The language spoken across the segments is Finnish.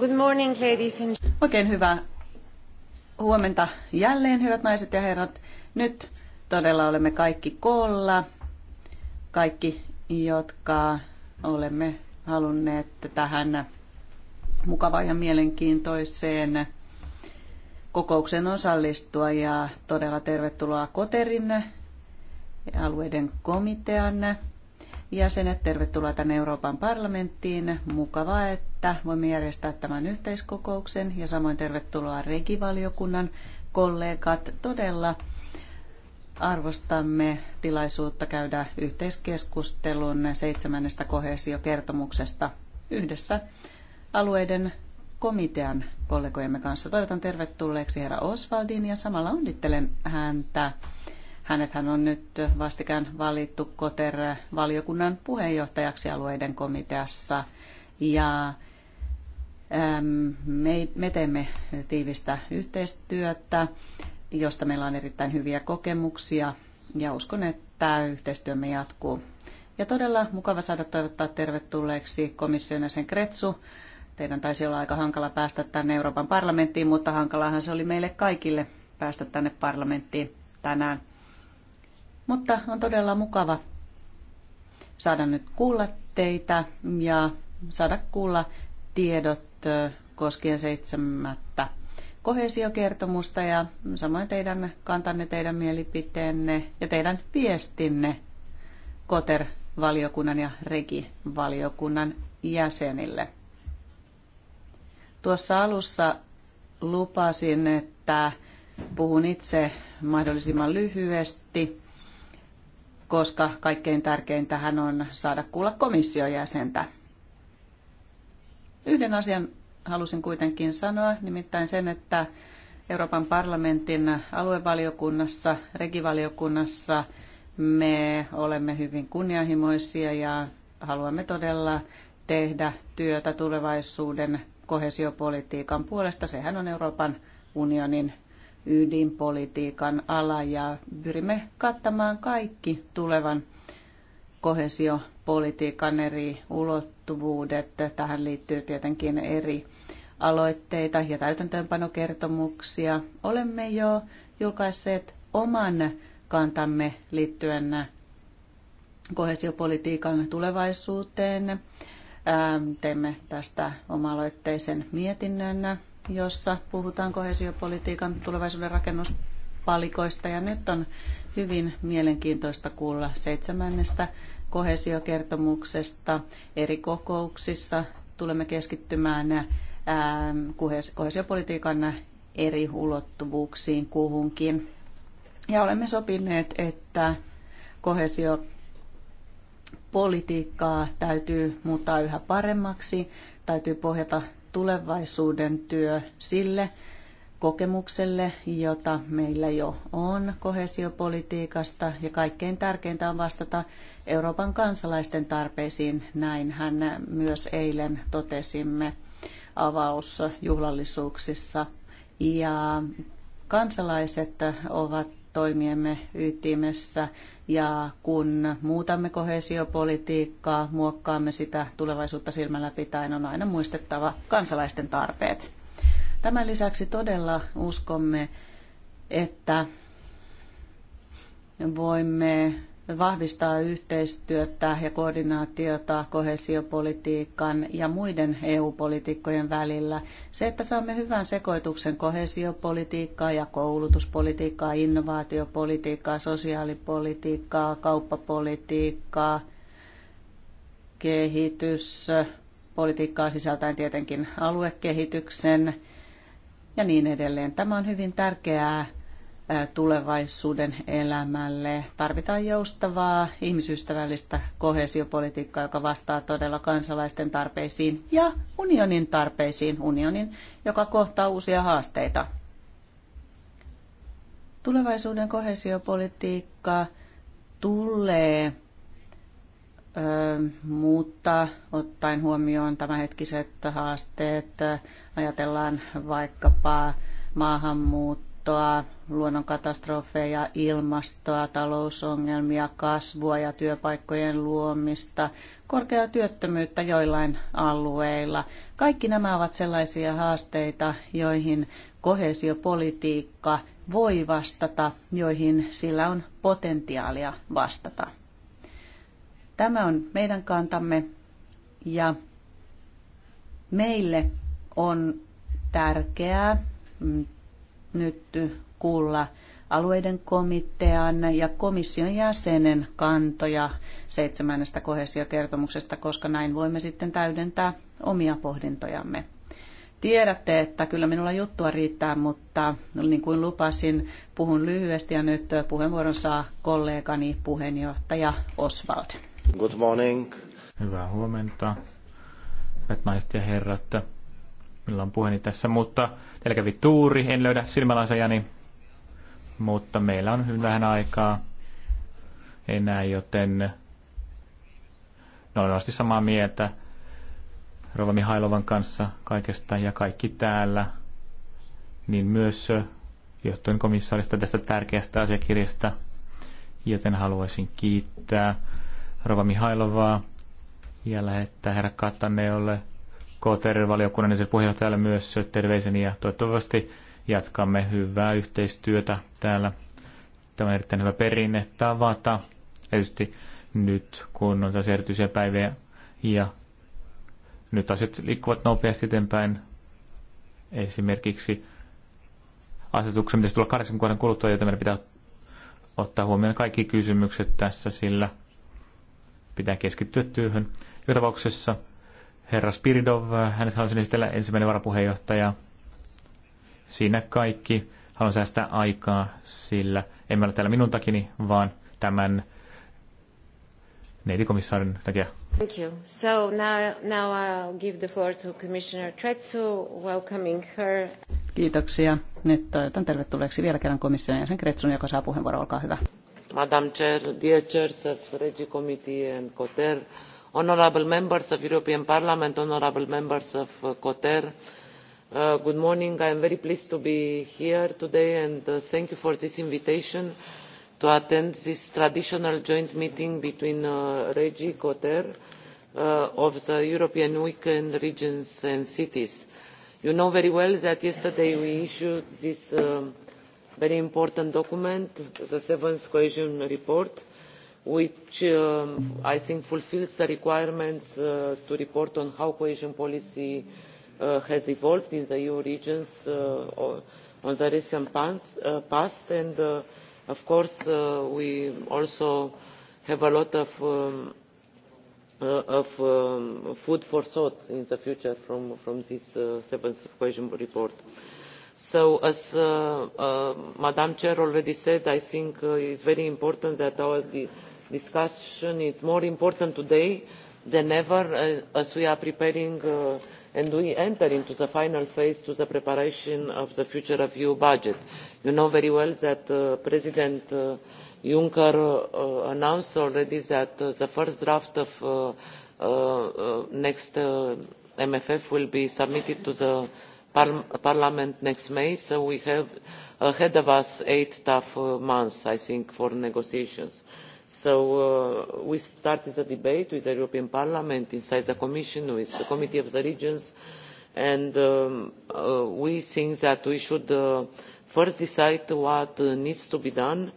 Good morning, ladies and... Oikein hyvää huomenta jälleen, hyvät naiset ja herrat. Nyt todella olemme kaikki koolla. Kaikki, jotka olemme halunneet tähän mukavaan ja mielenkiintoiseen kokoukseen osallistua ja todella tervetuloa Koterin alueiden komitean jäsenet, tervetuloa tänne Euroopan parlamenttiin. Mukavaa, että voimme järjestää tämän yhteiskokouksen ja samoin tervetuloa regivaliokunnan kollegat. Todella arvostamme tilaisuutta käydä yhteiskeskustelun seitsemännestä kohesiokertomuksesta yhdessä alueiden komitean kollegojemme kanssa. Toivotan tervetulleeksi herra Osvaldin ja samalla onnittelen häntä hänet hän on nyt vastikään valittu Koter-valiokunnan puheenjohtajaksi alueiden komiteassa. Ja me, me teemme tiivistä yhteistyötä, josta meillä on erittäin hyviä kokemuksia ja uskon, että yhteistyömme jatkuu. Ja todella mukava saada toivottaa tervetulleeksi komission jäsen Kretsu. Teidän taisi olla aika hankala päästä tänne Euroopan parlamenttiin, mutta hankalahan se oli meille kaikille päästä tänne parlamenttiin tänään. Mutta on todella mukava saada nyt kuulla teitä ja saada kuulla tiedot koskien seitsemättä kohesiokertomusta ja samoin teidän kantanne, teidän mielipiteenne ja teidän viestinne Koter-valiokunnan ja Regi-valiokunnan jäsenille. Tuossa alussa lupasin, että puhun itse mahdollisimman lyhyesti koska kaikkein tärkein tähän on saada kuulla komission jäsentä. Yhden asian halusin kuitenkin sanoa, nimittäin sen, että Euroopan parlamentin aluevaliokunnassa, regivaliokunnassa me olemme hyvin kunnianhimoisia ja haluamme todella tehdä työtä tulevaisuuden kohesiopolitiikan puolesta. Sehän on Euroopan unionin ydinpolitiikan ala ja pyrimme kattamaan kaikki tulevan kohesiopolitiikan eri ulottuvuudet. Tähän liittyy tietenkin eri aloitteita ja täytäntöönpanokertomuksia. Olemme jo julkaisseet oman kantamme liittyen kohesiopolitiikan tulevaisuuteen. Teimme tästä oma-aloitteisen mietinnön jossa puhutaan kohesiopolitiikan tulevaisuuden rakennuspalikoista. Ja nyt on hyvin mielenkiintoista kuulla seitsemännestä kohesiokertomuksesta eri kokouksissa. Tulemme keskittymään kohesiopolitiikan eri ulottuvuuksiin kuhunkin. Ja olemme sopineet, että politiikkaa täytyy muuttaa yhä paremmaksi, täytyy pohjata tulevaisuuden työ sille kokemukselle, jota meillä jo on kohesiopolitiikasta. Ja kaikkein tärkeintä on vastata Euroopan kansalaisten tarpeisiin. Näin hän myös eilen totesimme avausjuhlallisuuksissa. Ja kansalaiset ovat toimiemme ytimessä ja kun muutamme kohesiopolitiikkaa, muokkaamme sitä tulevaisuutta silmällä pitäen, on aina muistettava kansalaisten tarpeet. Tämän lisäksi todella uskomme, että voimme vahvistaa yhteistyötä ja koordinaatiota kohesiopolitiikan ja muiden EU-politiikkojen välillä. Se, että saamme hyvän sekoituksen kohesiopolitiikkaa ja koulutuspolitiikkaa, innovaatiopolitiikkaa, sosiaalipolitiikkaa, kauppapolitiikkaa, kehityspolitiikkaa sisältäen tietenkin aluekehityksen ja niin edelleen. Tämä on hyvin tärkeää tulevaisuuden elämälle. Tarvitaan joustavaa, ihmisystävällistä kohesiopolitiikkaa, joka vastaa todella kansalaisten tarpeisiin ja unionin tarpeisiin, unionin, joka kohtaa uusia haasteita. Tulevaisuuden kohesiopolitiikka tulee muuttaa. ottaen huomioon tämänhetkiset haasteet, ajatellaan vaikkapa maahanmuuttoa, maahanmuuttoa, luonnonkatastrofeja, ilmastoa, talousongelmia, kasvua ja työpaikkojen luomista, korkeaa työttömyyttä joillain alueilla. Kaikki nämä ovat sellaisia haasteita, joihin kohesiopolitiikka voi vastata, joihin sillä on potentiaalia vastata. Tämä on meidän kantamme ja meille on tärkeää mm, nyt kuulla alueiden komitean ja komission jäsenen kantoja seitsemännestä kohesiokertomuksesta, koska näin voimme sitten täydentää omia pohdintojamme. Tiedätte, että kyllä minulla juttua riittää, mutta niin kuin lupasin, puhun lyhyesti ja nyt puheenvuoron saa kollegani puheenjohtaja Oswald. Good morning. Hyvää huomenta, hyvät naiset ja herrat millä on puheeni tässä, mutta teillä kävi tuuri, en löydä silmälasejani, mutta meillä on hyvin vähän aikaa enää, joten noin asti samaa mieltä Rova Mihailovan kanssa kaikesta ja kaikki täällä, niin myös johtuen komissaarista tästä tärkeästä asiakirjasta, joten haluaisin kiittää Rova Mihailovaa ja lähettää herra Kataneolle KTR-valiokunnan ja sen puheenjohtajalle myös terveiseni ja toivottavasti jatkamme hyvää yhteistyötä täällä. Tämä on erittäin hyvä perinne tavata. Tietysti nyt, kun on taas erityisiä päiviä ja nyt asiat liikkuvat nopeasti eteenpäin. Esimerkiksi asetuksen pitäisi tulla kahdeksan kuukauden kuluttua, joten meidän pitää ottaa huomioon kaikki kysymykset tässä, sillä pitää keskittyä työhön. Joka tapauksessa herra Spiridov, hänet haluaisin esitellä ensimmäinen varapuheenjohtaja. Siinä kaikki. Haluan säästää aikaa, sillä emme ole täällä minun takini, vaan tämän neitikomissaarin takia. Thank you. So now, now I'll give the floor to Commissioner Tretsu, welcoming her. Kiitoksia. Nyt toivotan tervetulleeksi vielä kerran komission jäsen Kretsun, joka saa puheenvuoron. Olkaa hyvä. Madam Chair, dear chairs of Regi Committee and Coter, honourable members of the european parliament honourable members of uh, coter uh, good morning. i am very pleased to be here today and uh, thank you for this invitation to attend this traditional joint meeting between regi and coter of the european week in regions and cities. you know very well that yesterday we issued this um, very important document the seventh cohesion report which um, I think fulfills the requirements uh, to report on how cohesion policy uh, has evolved in the EU regions uh, on the recent past, uh, past. and uh, of course uh, we also have a lot of, um, uh, of um, food for thought in the future from, from this uh, seventh cohesion report. So as uh, uh, Madam Chair already said, I think uh, it's very important that our discussion is more important today than ever uh, as we are preparing uh, and we enter into the final phase to the preparation of the future of EU budget. You know very well that uh, President uh, Juncker uh, announced already that uh, the first draft of uh, uh, uh next uh, MFF will be submitted to the par Parliament next May, so we have ahead of us eight tough uh, months, I think, for negotiations. Uh, So uh, we started the debate with the European Parliament, inside the Commission, with the Committee of the Regions, and um, uh, we think that we should uh, first decide what uh, needs to be done,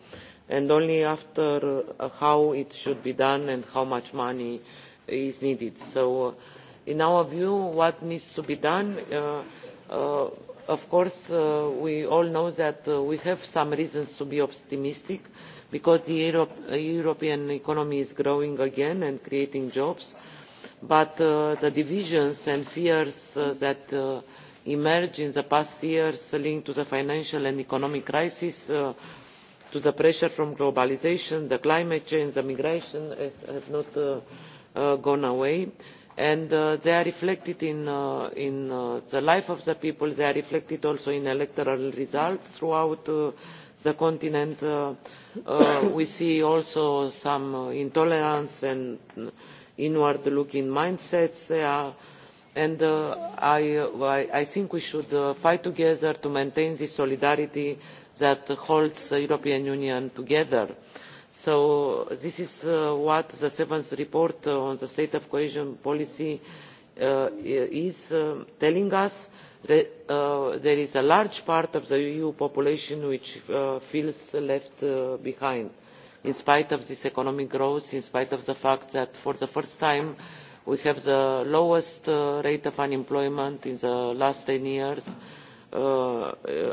and only after uh, how it should be done and how much money is needed. So, uh, in our view, what needs to be done, uh, uh, of course, uh, we all know that uh, we have some reasons to be optimistic. Uh, because the Europe, uh, European economy is growing again and creating jobs, but uh, the divisions and fears uh, that uh, emerged in the past years linked to the financial and economic crisis, uh, to the pressure from globalization, the climate change, the migration eh, have not uh, uh, gone away. And uh, they are reflected in, uh, in uh, the life of the people. They are reflected also in electoral results throughout uh, the continent uh, uh, we see also some uh, intolerance and inward looking mindsets there and I, i think we should fight together to maintain the solidarity that holds the european union together. so this is what the seventh report on the state of cohesion policy is um, telling us Uh, there is a large part of the eu population which uh, feels left uh, behind in spite of this economic growth in spite of the fact that for the first time we have the lowest rate of unemployment in the last ten years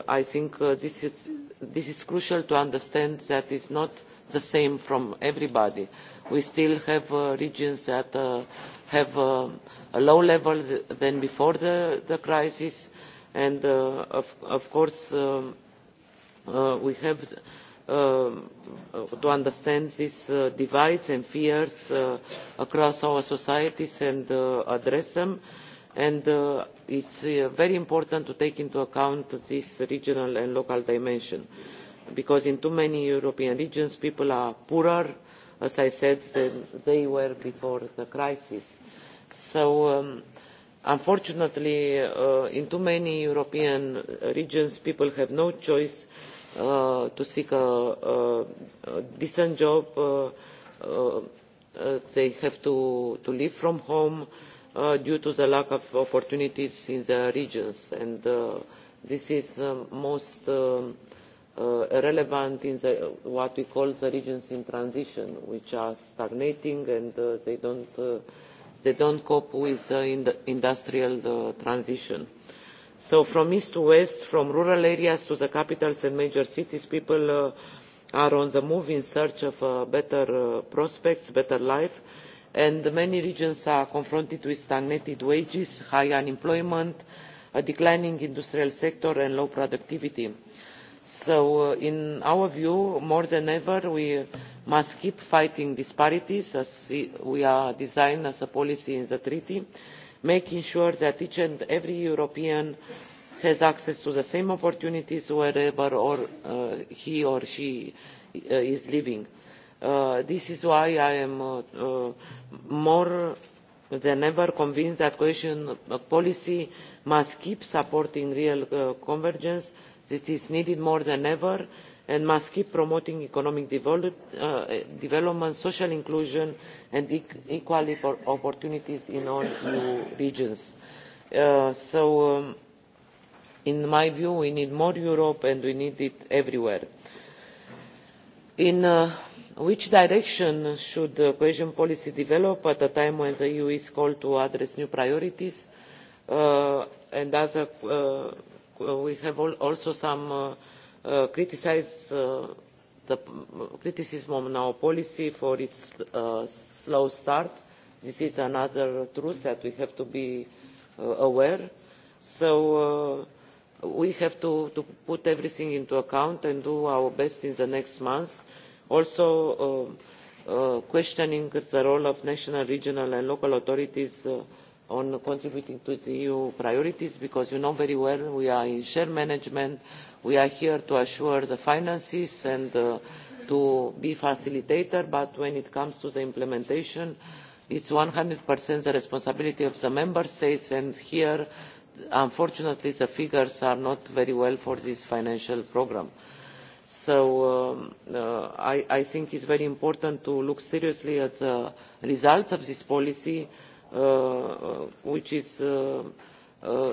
i think this is, this is crucial to understand that it's not the same from everybody. we still have regions that have a, a low level than before the, the crisis and uh, of, of course uh, uh, we have uh, to understand these uh, divides and fears uh, across our societies and uh, address them and uh, it's uh, very important to take into account this regional and local dimension because in too many European regions people are poorer, as I said, than they were before the crisis So um, unfortunately, uh, in too many European regions, people have no choice uh, to seek a, a, a decent job. Uh, uh, uh they have to, to live from home uh, due to the lack of opportunities in the regions. And uh, this is uh, most um, uh, relevant in the, what we call the regions in transition, which are stagnating and uh, they don't uh, they don't cope with the industrial uh, transition. So from east to west, from rural areas to the capitals and major cities, people uh, are on the move in search of uh, better uh, prospects, better life, and many regions are confronted with stagnated wages, high unemployment, a declining industrial sector and low productivity. Uh, So uh, in our view, more than ever, we must keep fighting disparities as we are designed as a policy in the treaty, making sure that each and every European has access to the same opportunities wherever or, uh, he or she uh, is living. Uh, this is why I am uh, uh, more than ever convinced that cohesion policy must keep supporting real uh, convergence that is needed more than ever and must keep promoting economic uh, development, social inclusion and equal opportunities in all EU regions. Uh, so, um, in my view, we need more Europe and we need it everywhere. In uh, which direction should cohesion policy develop at a time when the EU is called to address new priorities and other Uh, we have also some uh, uh, criticism on our policy for its slow start. This is another truth that we have to be aware. So we have to, to put everything into account and do our best in the next months. Also, uh, uh, questioning the role of national, regional and local authorities uh, on contributing to the EU priorities because you know very well we are in share management. We are here to assure the finances and uh, to be facilitator, but when it comes to the implementation, it's 100% the responsibility of the member states, and here, unfortunately, the figures are not very well for this financial program. So um, uh, I, I think it's very important to look seriously at the results of this policy, Uh, uh, which is uh,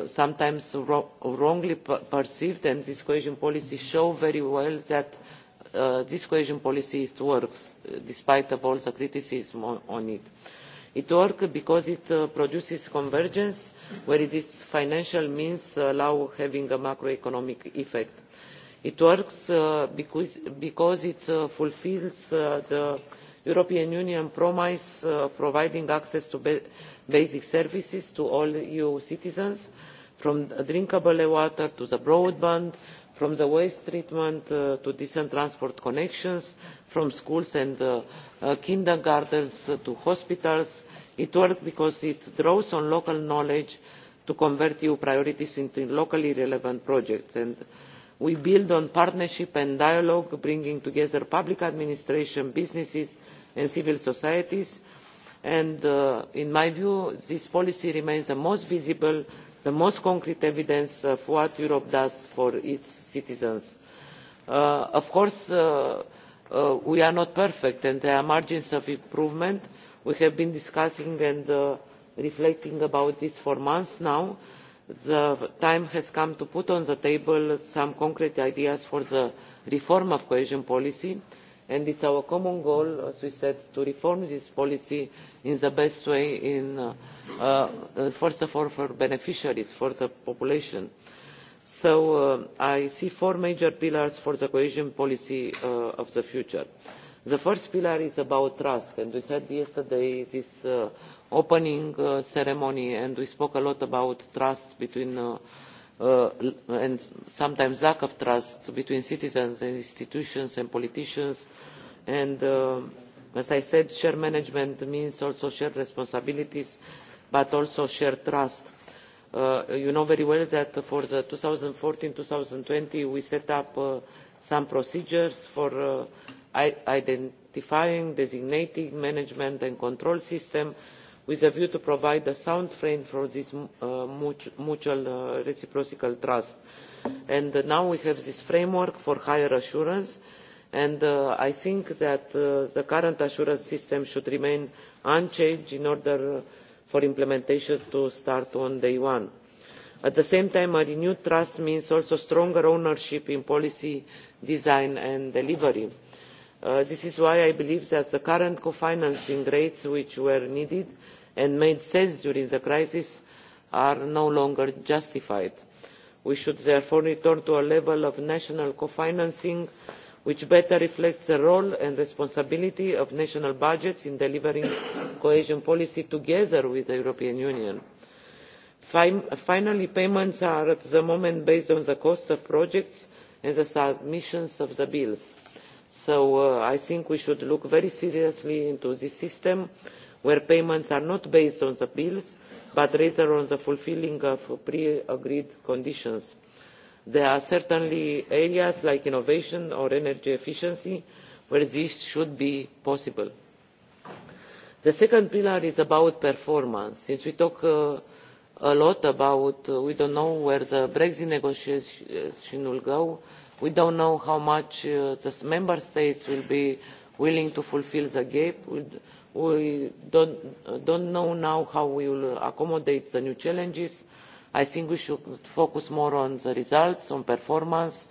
sometimes wrongly perceived and this cohesion policy show very well that this cohesion policy works despite of all the criticism on it. It works because it produces convergence where is financial means allow having a macroeconomic effect. It works because, because it fulfills the european union promises uh, providing access to basic services to all eu citizens from drinkable water to the broadband from the waste treatment uh, to decent transport connections from schools and uh, kindergartens to hospitals. it works because it draws on local knowledge to convert eu priorities into locally relevant projects and we build on partnership and dialogue bringing together public administration businesses and civil societies and uh, in my view this policy remains the most visible the most concrete evidence of what europe does for its citizens. Uh, of course uh, we are not perfect and there are margins of improvement. we have been discussing and reflecting about this for months now. the time has come to put on the table some concrete ideas for the reform of cohesion policy and it's our common goal, as we said, to reform this policy in the best way, in, uh, uh, uh, first of all for beneficiaries, for the population. So uh, I see four major pillars for the cohesion policy uh, of the future. The first pillar is about trust, and we had yesterday this uh, opening uh, ceremony, and we spoke a lot about trust between uh, Uh, and sometimes lack of trust between citizens and institutions and politicians and uh, as i said shared management means also shared responsibilities but also shared trust. Uh, you know very well that for the two thousand and fourteen two thousand and twenty we set up uh, some procedures for uh, identifying designating management and control systems with a view to provide a sound frame for this uh, mutual uh, reciprocal trust. And uh, now we have this framework for higher assurance, and uh, I think that uh, the current assurance system should remain unchanged in order uh, for implementation to start on day one. At the same time, a renewed trust means also stronger ownership in policy design and delivery. Uh, Uh, this is why I believe that the current co-financing rates which were needed and made sense during the crisis are no longer justified. We should therefore return to a level of national co-financing which better reflects the role and responsibility of national budgets in delivering cohesion policy together with the European Union. finally, payments are at the moment based on the cost of projects and the submissions of the bills so uh, i think we should look very seriously into this system where payments are not based on the bills but rather on the fulfilling of pre agreed conditions. there are certainly areas like innovation or energy efficiency where this should be possible. the second pillar is about performance. since we talk uh, a lot about uh, we don't know where the brexit negotiations will go we don't know how much uh, the member states will be willing to fulfil the gap. We, we uh, don't, know now how we will accommodate the new challenges. I think we should focus more on the results, on performance.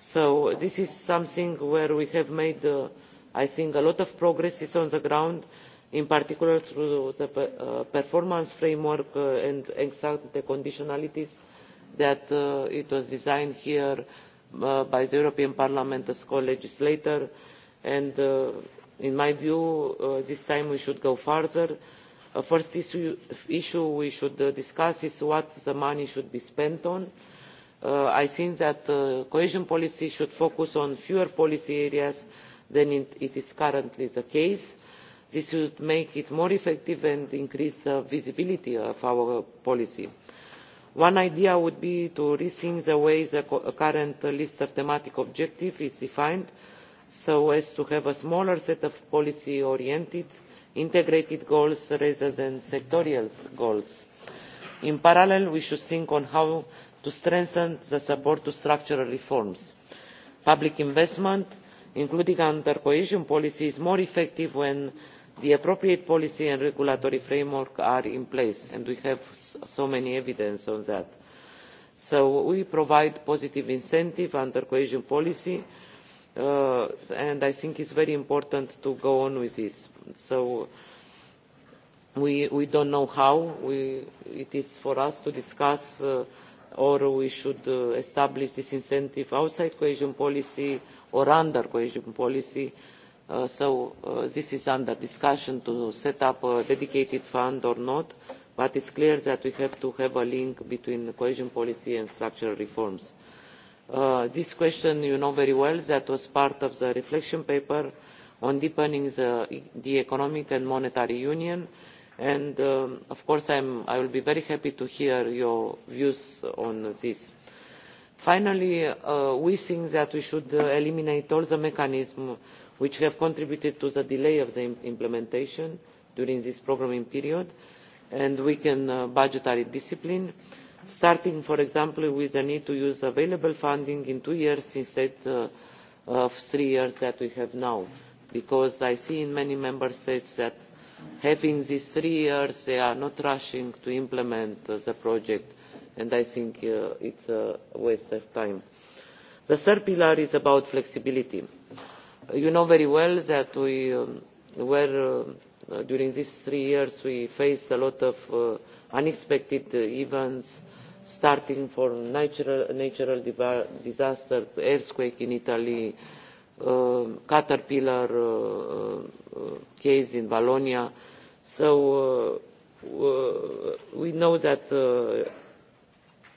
So this is something where we have made, uh, I think, a lot of progress is on the ground, in particular through the uh, performance framework uh, and ex-ante conditionalities that uh, it was designed here Uh, by the European Parliament as co-legislator. And uh, in my view, uh, this time we should go further. Uh, first issue, issue we should uh, discuss is what the money should be spent on. Uh, I think that uh, cohesion policy should focus on fewer policy areas than it, it is currently the case. This would make it more effective and increase the visibility of our policy. Uh, One idea would be to rethink the way the current list of thematic objectives is defined so as to have a smaller set of policy-oriented, integrated goals rather than sectorial goals. In parallel, we should think on how to strengthen the support to structural reforms. Public investment, including under cohesion policy, is more effective when the appropriate policy and regulatory framework are in place and we have so many evidence on that. so we provide positive incentive under cohesion policy uh, and i think it's very important to go on with this. so we, we don't know how. We, it is for us to discuss uh, or we should uh, establish this incentive outside cohesion policy or under cohesion policy uh, Uh, so uh, this is under discussion to set up a dedicated fund or not, but it's clear that we have to have a link between cohesion policy and structural reforms. Uh, this question you know very well that was part of the reflection paper on deepening the, economic and monetary union and um, of course i will be very happy to hear your views on this. finally we think that we should eliminate all the mechanisms which have contributed to the delay of the implementation during this programming period and weaken can uh, budgetary discipline starting for example with the need to use available funding in two years instead uh, of three years that we have now because i see in many member states that having these three years they are not rushing to implement uh, the project and i think it's a waste of time. the third pillar is about flexibility you know very well that we um, were uh, during these three years we faced a lot of uh, unexpected uh, events starting from natural, natural disasters earthquake in italy um, caterpillar uh, uh, case in Wallonia. So uh, we know that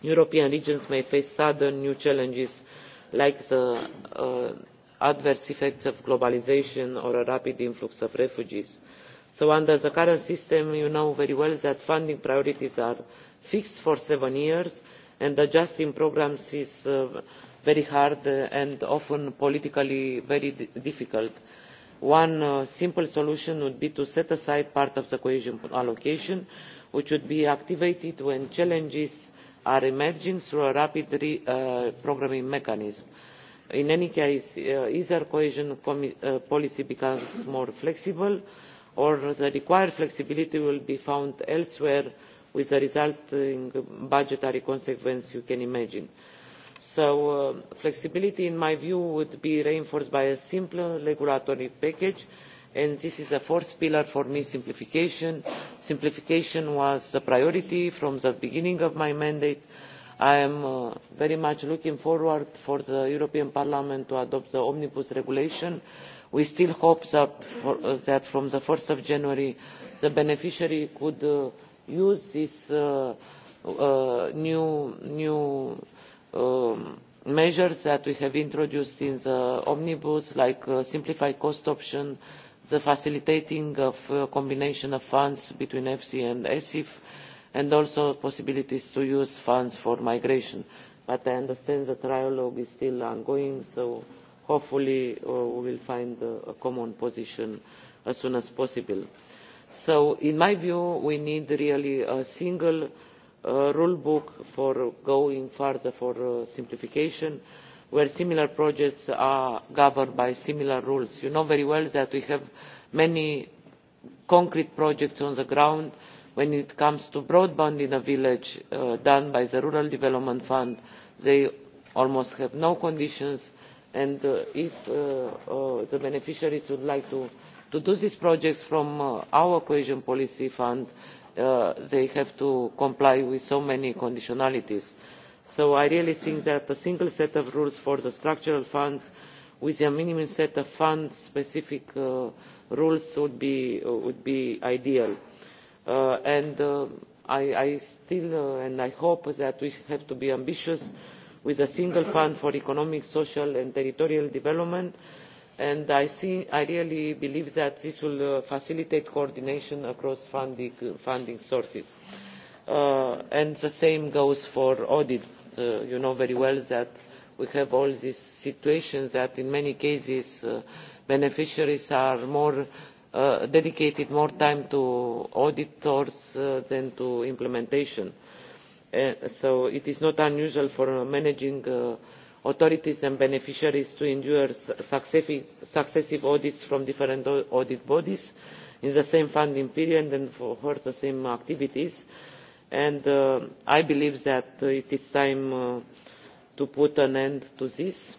European regions may face sudden new challenges like the adverse effects of globalisation or a rapid influx of refugees. So under the current system, you know very well that funding priorities are fixed for seven years, and adjusting programmes is uh, very hard uh, and often politically very difficult. One uh, simple solution would be to set aside part of the cohesion allocation, which would be activated when challenges are emerging through a rapid re, uh, programming mechanism in any case either uh, cohesion uh, policy becomes more flexible or the required flexibility will be found elsewhere with the resulting budgetary consequence you can imagine. so uh, flexibility in my view would be reinforced by a simpler regulatory package and this is a fourth pillar for me simplification. simplification was a priority from the beginning of my mandate i am uh, very much looking forward for the european parliament to adopt the omnibus regulation. we still hope that, uh, from one january the beneficiary could uh, use this new, um, measures that we have introduced in the omnibus like a simplified cost option the facilitating of a combination of funds between efsi and esif and also possibilities to use funds for migration. But I understand the trialogue is still ongoing, so hopefully uh, we will find uh, a common position as soon as possible. So in my view, we need really a single uh, rule book for going further for uh, simplification, where similar projects are governed by similar rules. You know very well that we have many concrete projects on the ground uh, when it comes to broadband in a village uh, done by the rural development fund they almost have no conditions and uh, if uh, uh, the beneficiaries would like to, to do these projects from uh, our cohesion policy fund they have to comply with so many conditionalities. so i really think that a single set of rules for the structural funds with a minimum set of fund specific rules would be, would be ideal. Uh, and uh, I, I still uh, and I hope that we have to be ambitious with a single fund for economic, social and territorial development. And I, see, I really believe that this will uh, facilitate coordination across funding, uh, funding sources. Uh, and the same goes for audit. Uh, you know very well that we have all these situations that in many cases uh, beneficiaries are more Uh, dedicated more time to auditors uh, than to implementation. Uh, so it is not unusual for managing authorities and beneficiaries to endure successive, audits from different audit bodies in the same funding period and for the same activities. And I believe that it is time to put an end to this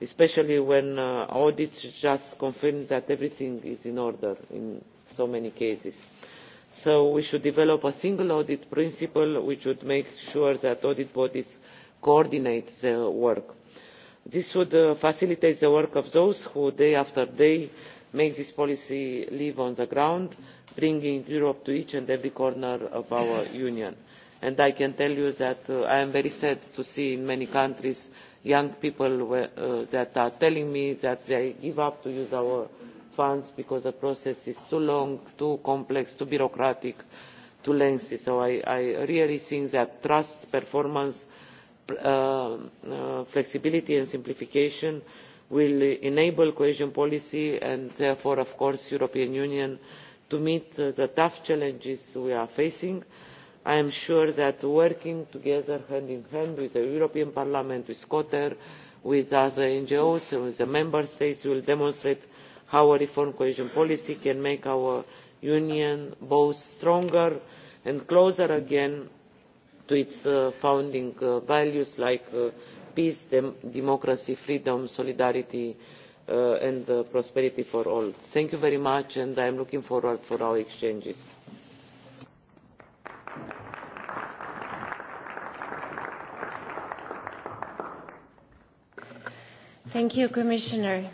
especially when uh, audits just confirm that everything is in order in so many cases. So we should develop a single audit principle which would make sure that audit bodies coordinate their work. This would uh, facilitate the work of those who day after day make this policy live on the ground, bringing Europe to each and every corner of our union. And I can tell you that uh, I am very sad to see in many countries young people were, uh, that are telling me that they give up to use our funds because the process is too long, too complex, too bureaucratic, too lengthy. So I, I really think that trust, performance, uh, uh, flexibility and simplification will enable cohesion policy and therefore, of course, European Union to meet uh, the tough challenges we are facing uh, I am sure that working together hand in hand with the European Parliament, with COTER, with other NGOs, and with the member states will demonstrate how a reformed cohesion policy can make our union both stronger and closer again to its uh, founding uh, values like uh, peace, dem democracy, freedom, solidarity, uh, and uh, prosperity for all. Thank you very much, and I am looking forward for our exchanges. Uh,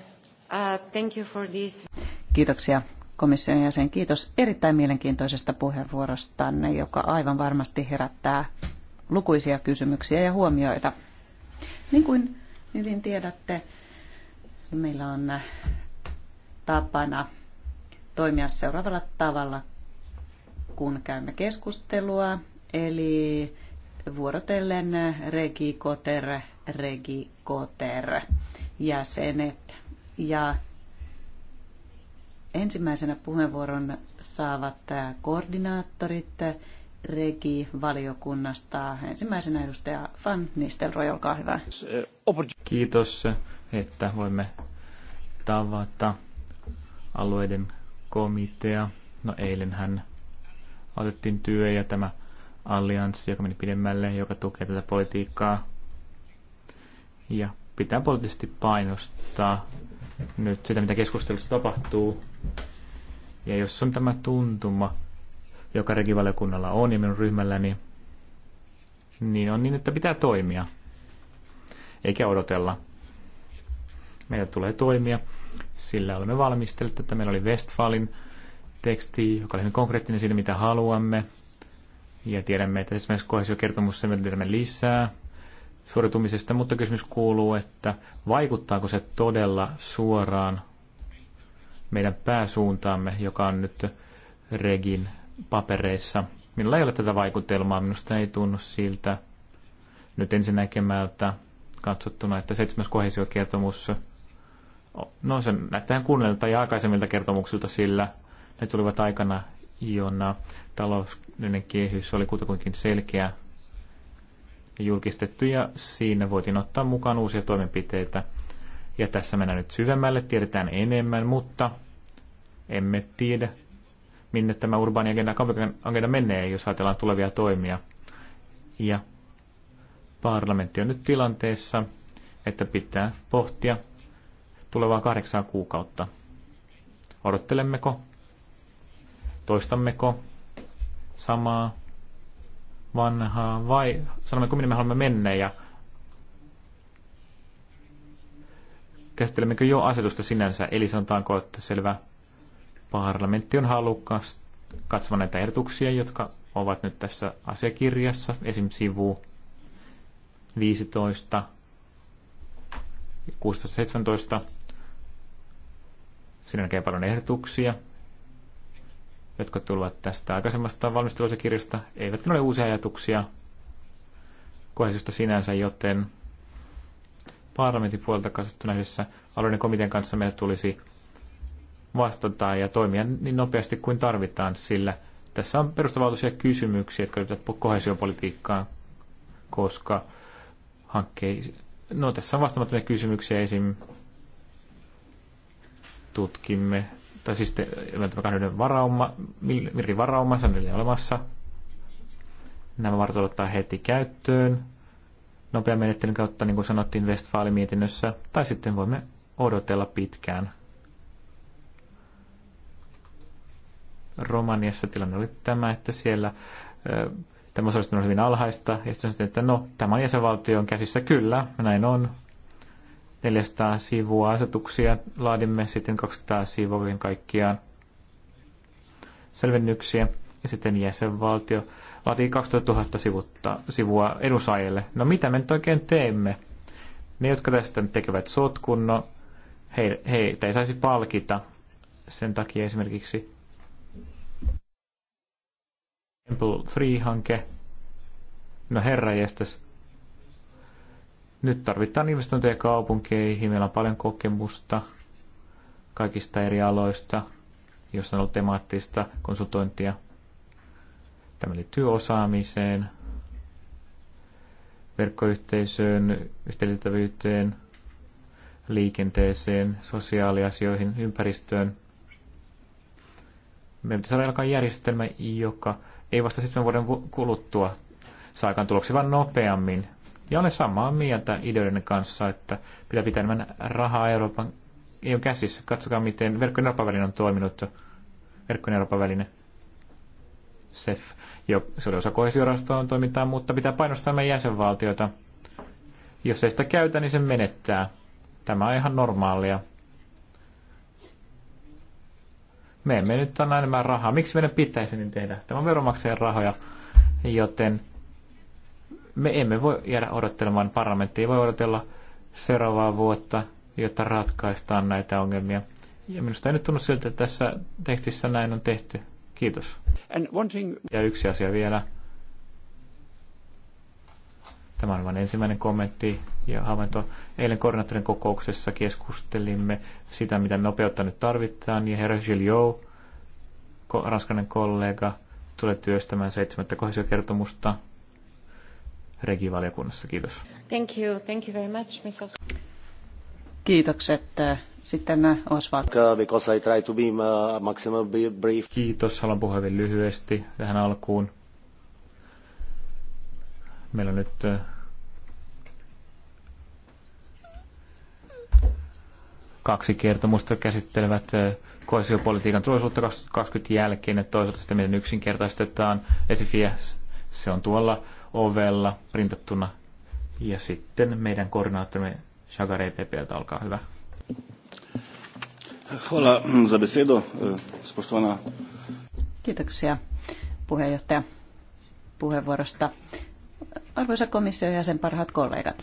Kiitoksia komission jäsen. Kiitos erittäin mielenkiintoisesta puheenvuorostanne, joka aivan varmasti herättää lukuisia kysymyksiä ja huomioita. Niin kuin hyvin tiedätte, meillä on tapana toimia seuraavalla tavalla, kun käymme keskustelua. Eli vuorotellen regi koter, regi koter jäsenet. Ja ensimmäisenä puheenvuoron saavat äh, koordinaattorit Regi-valiokunnasta. Ensimmäisenä edustaja Van Nistelrooy, olkaa hyvä. Kiitos, että voimme tavata alueiden komitea. No eilen hän otettiin työ ja tämä allianssi, joka meni pidemmälle, joka tukee tätä politiikkaa. Ja pitää poliittisesti painostaa nyt sitä, mitä keskustelussa tapahtuu. Ja jos on tämä tuntuma, joka regivaliokunnalla on ja minun ryhmälläni, niin on niin, että pitää toimia, eikä odotella. Meidän tulee toimia, sillä olemme valmistelleet, että meillä oli Westfalin teksti, joka oli hyvin konkreettinen siinä, mitä haluamme. Ja tiedämme, että esimerkiksi kohdassa kertomussa me tiedämme lisää, suoritumisesta, mutta kysymys kuuluu, että vaikuttaako se todella suoraan meidän pääsuuntaamme, joka on nyt Regin papereissa. Minulla ei ole tätä vaikutelmaa, minusta ei tunnu siltä nyt ensinnäkemältä katsottuna, että seitsemäs kohesiokertomus, no se näyttää kuunnelta ja aikaisemmilta kertomuksilta, sillä ne tulivat aikana, jona taloudellinen kehys oli kutakuinkin selkeä julkistettu ja siinä voitiin ottaa mukaan uusia toimenpiteitä. Ja tässä mennään nyt syvemmälle, tiedetään enemmän, mutta emme tiedä, minne tämä urbaani agenda, agenda menee, jos ajatellaan tulevia toimia. Ja parlamentti on nyt tilanteessa, että pitää pohtia tulevaa kahdeksaa kuukautta. Odottelemmeko? Toistammeko samaa? vanhaa vai sanomme, minne me haluamme mennä ja käsittelemmekö jo asetusta sinänsä, eli sanotaanko, että selvä parlamentti on halukas katsomaan näitä ehdotuksia, jotka ovat nyt tässä asiakirjassa, esim. sivu 15, 16, 17. Siinä näkee paljon ehdotuksia, jotka tulevat tästä aikaisemmasta valmistelusekirjasta, eivätkä ole uusia ajatuksia kohdistusta sinänsä, joten parlamentin puolelta katsottuna yhdessä alueiden komitean kanssa meidän tulisi vastata ja toimia niin nopeasti kuin tarvitaan, sillä tässä on perustavaltuisia kysymyksiä, jotka liittyvät kohesiopolitiikkaan, koska hankkeen... No tässä on vastaamattomia kysymyksiä esim. tutkimme tai siis tämän yhden varauma, Mirri varauma, se on olemassa. Nämä varat ottaa heti käyttöön nopean menettelyn kautta, niin kuin sanottiin Westfaali-mietinnössä, tai sitten voimme odotella pitkään. Romaniassa tilanne oli tämä, että siellä tämä osallistuminen on hyvin alhaista, ja sitten, että no, tämä on jäsenvaltion käsissä, kyllä, näin on, 400 sivua asetuksia. Laadimme sitten 200 sivua kaikkiaan selvennyksiä ja sitten jäsenvaltio laatii 2000 sivutta, sivua edunsaajille. No mitä me nyt oikein teemme? Ne, jotka tästä nyt tekevät sotkun, no he, heitä ei saisi palkita. Sen takia esimerkiksi Temple Free-hanke, no herra jästäs, nyt tarvitaan investointeja kaupunkeihin, meillä on paljon kokemusta kaikista eri aloista, jos on ollut temaattista konsultointia. Tämä liittyy osaamiseen, verkkoyhteisöön, yhteenliittävyyteen, liikenteeseen, sosiaaliasioihin, ympäristöön. Meidän pitäisi saada alkaa järjestelmä, joka ei vasta sitten vuoden kuluttua saakaan tuloksia, vaan nopeammin. Ja olen samaa mieltä ideoiden kanssa, että pitää pitää enemmän rahaa Euroopan EU käsissä. Katsokaa, miten verkkojen Euroopan väline on toiminut. Verkkojen Euroopan väline. SEF. Jo, se oli osa kohesiorastoon toimintaa, mutta pitää painostaa meidän jäsenvaltiota. Jos ei sitä käytä, niin se menettää. Tämä on ihan normaalia. Me emme nyt anna enemmän rahaa. Miksi meidän pitäisi niin tehdä? Tämä on veronmaksajan rahoja, joten me emme voi jäädä odottelemaan, parlamentti ei voi odotella seuraavaa vuotta, jotta ratkaistaan näitä ongelmia. Ja minusta ei nyt tunnu siltä, että tässä tekstissä näin on tehty. Kiitos. Thing... Ja yksi asia vielä. Tämä on vain ensimmäinen kommentti ja havainto. Eilen koordinaattorin kokouksessa keskustelimme sitä, mitä nopeutta nyt tarvitaan. Ja herra Gilliot, ranskainen kollega, tulee työstämään seitsemättä kertomusta regivaliokunnassa. Kiitos. Thank you. Thank you very much, Mrs. Kiitokset. Äh, sitten äh, Oswald. Uh, because I try to be uh, maximum brief. Kiitos. Haluan puhua hyvin lyhyesti tähän alkuun. Meillä on nyt äh, kaksi kertomusta käsittelevät koesiopolitiikan tulosuutta 2020 jälkeen ja toisaalta sitä, miten yksinkertaistetaan. Esifiä, se on tuolla ovella printattuna. Ja sitten meidän koordinaattorimme Shagar EPPltä, olkaa hyvä. Hvala za besedo, eh, spoštovana. Kiitoksia puheenjohtaja puheenvuorosta. Arvoisa komission jäsen, parhaat kollegat.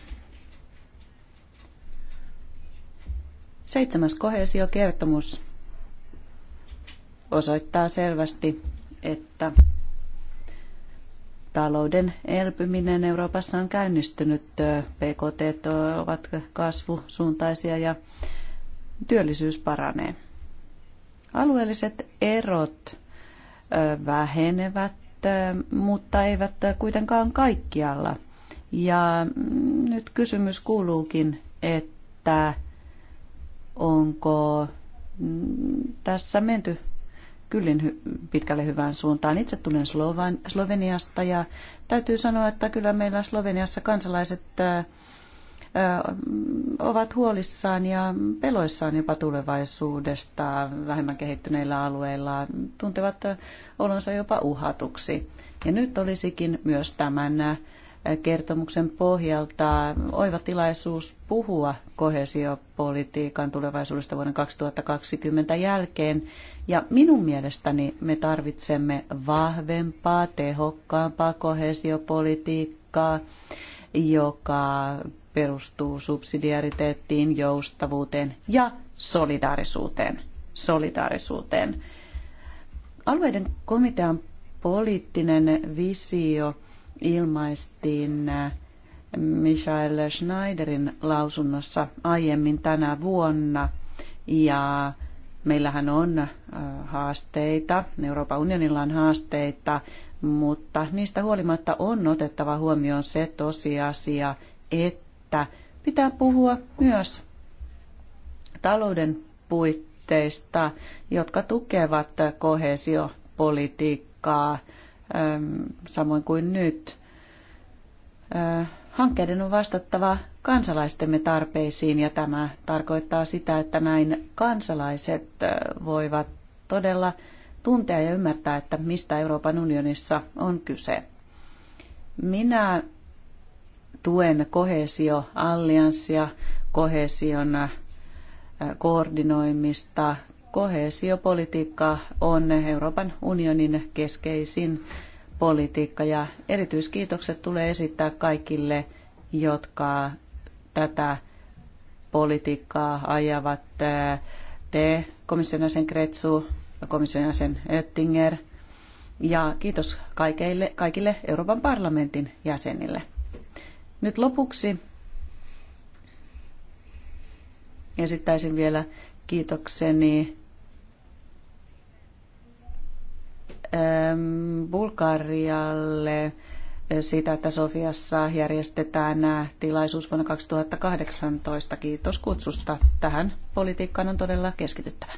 Seitsemäs kohesiokertomus osoittaa selvästi, että talouden elpyminen Euroopassa on käynnistynyt. PKT ovat kasvusuuntaisia ja työllisyys paranee. Alueelliset erot vähenevät, mutta eivät kuitenkaan kaikkialla. Ja mm, nyt kysymys kuuluukin, että onko mm, tässä menty kyllin hy- pitkälle hyvään suuntaan. Itse tulen Slovan, Sloveniasta ja täytyy sanoa, että kyllä meillä Sloveniassa kansalaiset ää, ovat huolissaan ja peloissaan jopa tulevaisuudesta vähemmän kehittyneillä alueilla, tuntevat olonsa jopa uhatuksi. Ja nyt olisikin myös tämän kertomuksen pohjalta oiva tilaisuus puhua kohesiopolitiikan tulevaisuudesta vuoden 2020 jälkeen. Ja minun mielestäni me tarvitsemme vahvempaa, tehokkaampaa kohesiopolitiikkaa, joka perustuu subsidiariteettiin, joustavuuteen ja solidaarisuuteen. solidaarisuuteen. Alueiden komitean poliittinen visio – ilmaistiin äh, Michael Schneiderin lausunnossa aiemmin tänä vuonna. Ja meillähän on äh, haasteita, Euroopan unionilla on haasteita, mutta niistä huolimatta on otettava huomioon se tosiasia, että pitää puhua myös talouden puitteista, jotka tukevat kohesiopolitiikkaa – samoin kuin nyt. Hankkeiden on vastattava kansalaistemme tarpeisiin ja tämä tarkoittaa sitä, että näin kansalaiset voivat todella tuntea ja ymmärtää, että mistä Euroopan unionissa on kyse. Minä tuen kohesioallianssia, kohesion koordinoimista, Koheesiopolitiikka on Euroopan unionin keskeisin politiikka ja erityiskiitokset tulee esittää kaikille, jotka tätä politiikkaa ajavat. Te, komission jäsen Kretsu, komission jäsen Oettinger ja kiitos kaikille, kaikille Euroopan parlamentin jäsenille. Nyt lopuksi esittäisin vielä kiitokseni Ähm, Bulgarialle äh, siitä, että Sofiassa järjestetään äh, tilaisuus vuonna 2018. Kiitos kutsusta. Tähän politiikkaan on todella keskityttävä.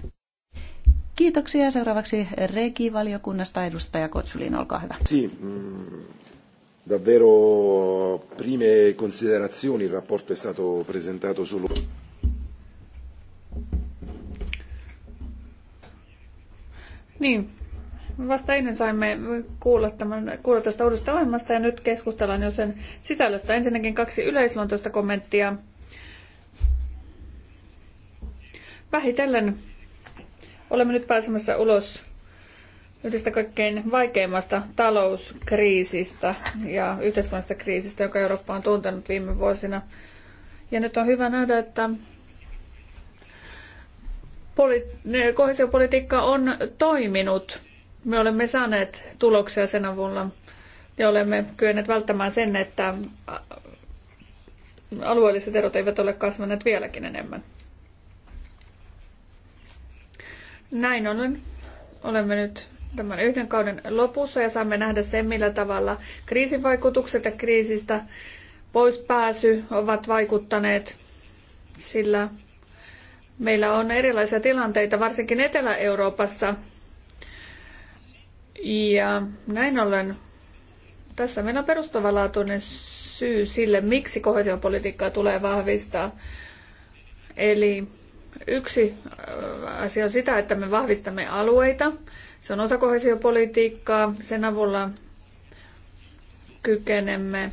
Kiitoksia. Seuraavaksi Regi-valiokunnasta edustaja Kotsulin, olkaa hyvä. Si, mm, davvero prime considerazioni, il rapporto è stato presentato sul... Niin, Vasta ennen saimme kuulla, tämän, kuulla tästä uudesta ohjelmasta ja nyt keskustellaan jo sen sisällöstä. Ensinnäkin kaksi yleisluontoista kommenttia. Vähitellen olemme nyt pääsemässä ulos yhdestä kaikkein vaikeimmasta talouskriisistä ja yhteiskunnallisesta kriisistä, joka Eurooppa on tuntenut viime vuosina. Ja nyt on hyvä nähdä, että poli- kohesiopolitiikka on toiminut me olemme saaneet tuloksia sen avulla ja olemme kyenneet välttämään sen, että alueelliset erot eivät ole kasvaneet vieläkin enemmän. Näin ollen olemme nyt tämän yhden kauden lopussa ja saamme nähdä sen, millä tavalla kriisin vaikutukset ja kriisistä pois pääsy ovat vaikuttaneet, sillä meillä on erilaisia tilanteita, varsinkin Etelä-Euroopassa, ja näin ollen tässä meillä on perustavanlaatuinen syy sille, miksi kohesiopolitiikkaa tulee vahvistaa. Eli yksi äh, asia on sitä, että me vahvistamme alueita. Se on osa kohesiopolitiikkaa. Sen avulla kykenemme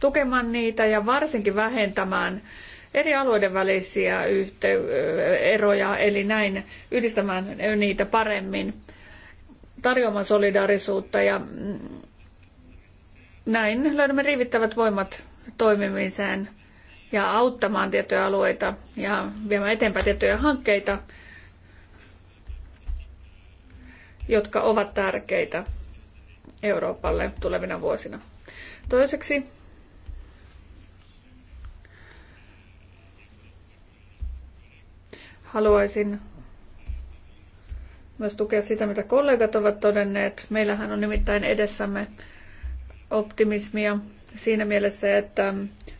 tukemaan niitä ja varsinkin vähentämään eri alueiden välisiä yhtey- äh, eroja, eli näin yhdistämään niitä paremmin tarjoamaan solidaarisuutta ja mm, näin löydämme riivittävät voimat toimimiseen ja auttamaan tiettyjä alueita ja viemään eteenpäin tiettyjä hankkeita, jotka ovat tärkeitä Euroopalle tulevina vuosina. Toiseksi haluaisin myös tukea sitä, mitä kollegat ovat todenneet. Meillähän on nimittäin edessämme optimismia siinä mielessä, että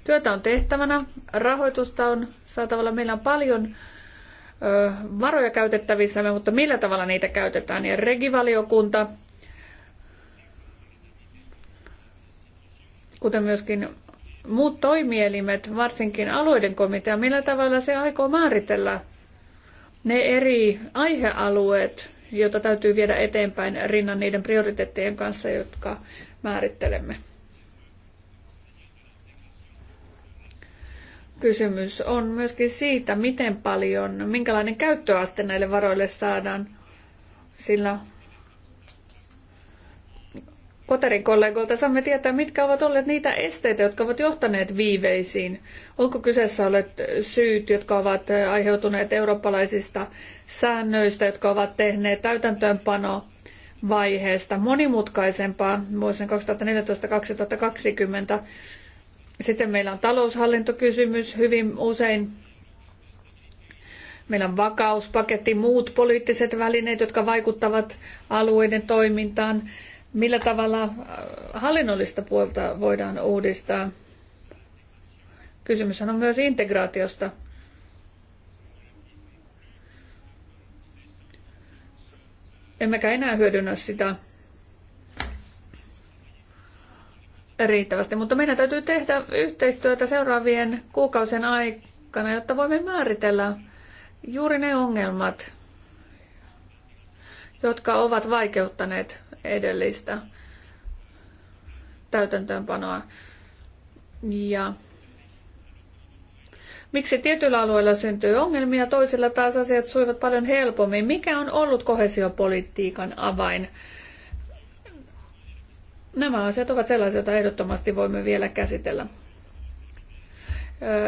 työtä on tehtävänä, rahoitusta on saatavalla. Meillä on paljon varoja käytettävissä, mutta millä tavalla niitä käytetään. Ja regivaliokunta, kuten myöskin muut toimielimet, varsinkin alueiden komitea, millä tavalla se aikoo määritellä ne eri aihealueet, joita täytyy viedä eteenpäin rinnan niiden prioriteettien kanssa, jotka määrittelemme. Kysymys on myöskin siitä, miten paljon, minkälainen käyttöaste näille varoille saadaan, sillä Koterin kollegoilta saamme tietää, mitkä ovat olleet niitä esteitä, jotka ovat johtaneet viiveisiin. Onko kyseessä olleet syyt, jotka ovat aiheutuneet eurooppalaisista säännöistä, jotka ovat tehneet täytäntöönpano vaiheesta monimutkaisempaa vuosien 2014-2020. Sitten meillä on taloushallintokysymys hyvin usein. Meillä on vakauspaketti, muut poliittiset välineet, jotka vaikuttavat alueiden toimintaan millä tavalla äh, hallinnollista puolta voidaan uudistaa. Kysymys on myös integraatiosta. Emmekä enää hyödynnä sitä riittävästi, mutta meidän täytyy tehdä yhteistyötä seuraavien kuukausien aikana, jotta voimme määritellä juuri ne ongelmat, jotka ovat vaikeuttaneet edellistä täytäntöönpanoa. Ja miksi tietyillä alueilla syntyy ongelmia, toisilla taas asiat suivat paljon helpommin. Mikä on ollut kohesiopolitiikan avain? Nämä asiat ovat sellaisia, joita ehdottomasti voimme vielä käsitellä.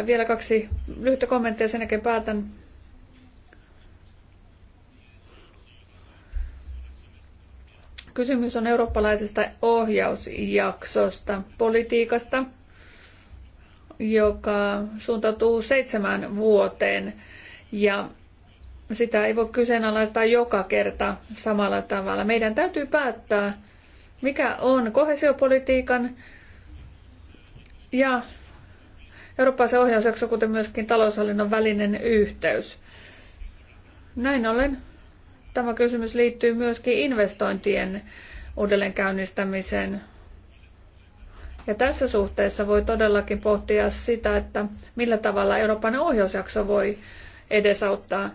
Vielä kaksi lyhyttä kommenttia, sen jälkeen päätän Kysymys on eurooppalaisesta ohjausjaksosta, politiikasta, joka suuntautuu seitsemän vuoteen ja sitä ei voi kyseenalaistaa joka kerta samalla tavalla. Meidän täytyy päättää, mikä on kohesiopolitiikan ja eurooppalaisen ohjausjakso, kuten myöskin taloushallinnon välinen yhteys. Näin ollen Tämä kysymys liittyy myöskin investointien uudelleenkäynnistämiseen. Ja tässä suhteessa voi todellakin pohtia sitä, että millä tavalla Euroopan ohjausjakso voi edesauttaa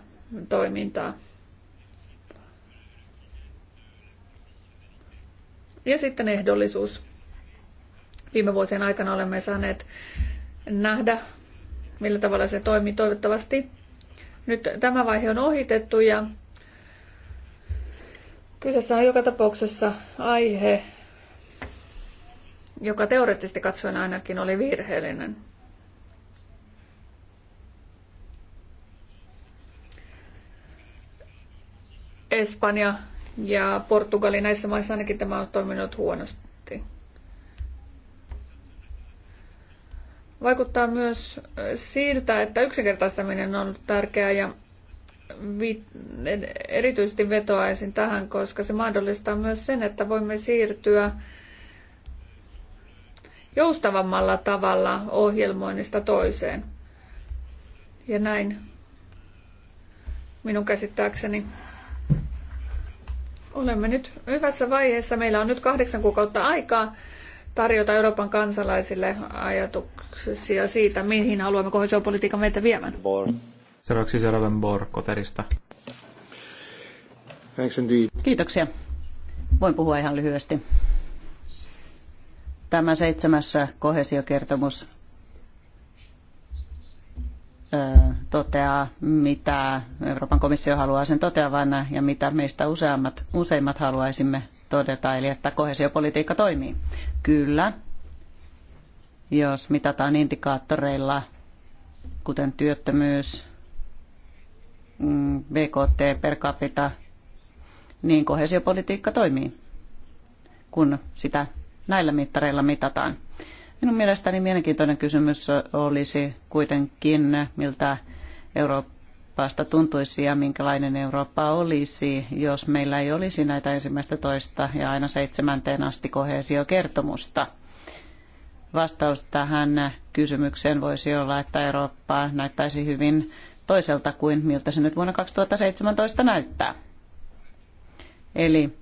toimintaa. Ja sitten ehdollisuus. Viime vuosien aikana olemme saaneet nähdä, millä tavalla se toimii toivottavasti. Nyt tämä vaihe on ohitettu ja Kyseessä on joka tapauksessa aihe, joka teoreettisesti katsoen ainakin oli virheellinen. Espanja ja Portugali, näissä maissa ainakin tämä on toiminut huonosti. Vaikuttaa myös siltä, että yksinkertaistaminen on ollut tärkeää ja erityisesti vetoaisin tähän, koska se mahdollistaa myös sen, että voimme siirtyä joustavammalla tavalla ohjelmoinnista toiseen. Ja näin minun käsittääkseni olemme nyt hyvässä vaiheessa. Meillä on nyt kahdeksan kuukautta aikaa tarjota Euroopan kansalaisille ajatuksia siitä, mihin haluamme kohesiopolitiikan meitä viemään. Born. Seuraavaksi Seraven Bor Koterista. Thanks indeed. Kiitoksia. Voin puhua ihan lyhyesti. Tämä seitsemässä kohesiokertomus toteaa, mitä Euroopan komissio haluaa sen toteavan ja mitä meistä useammat, useimmat haluaisimme todeta, eli että kohesiopolitiikka toimii. Kyllä, jos mitataan indikaattoreilla, kuten työttömyys, BKT per capita, niin kohesiopolitiikka toimii, kun sitä näillä mittareilla mitataan. Minun mielestäni mielenkiintoinen kysymys olisi kuitenkin, miltä Euroopasta tuntuisi ja minkälainen Eurooppa olisi, jos meillä ei olisi näitä ensimmäistä toista ja aina seitsemänteen asti kohesiokertomusta. Vastaus tähän kysymykseen voisi olla, että Eurooppa näyttäisi hyvin toiselta kuin miltä se nyt vuonna 2017 näyttää. Eli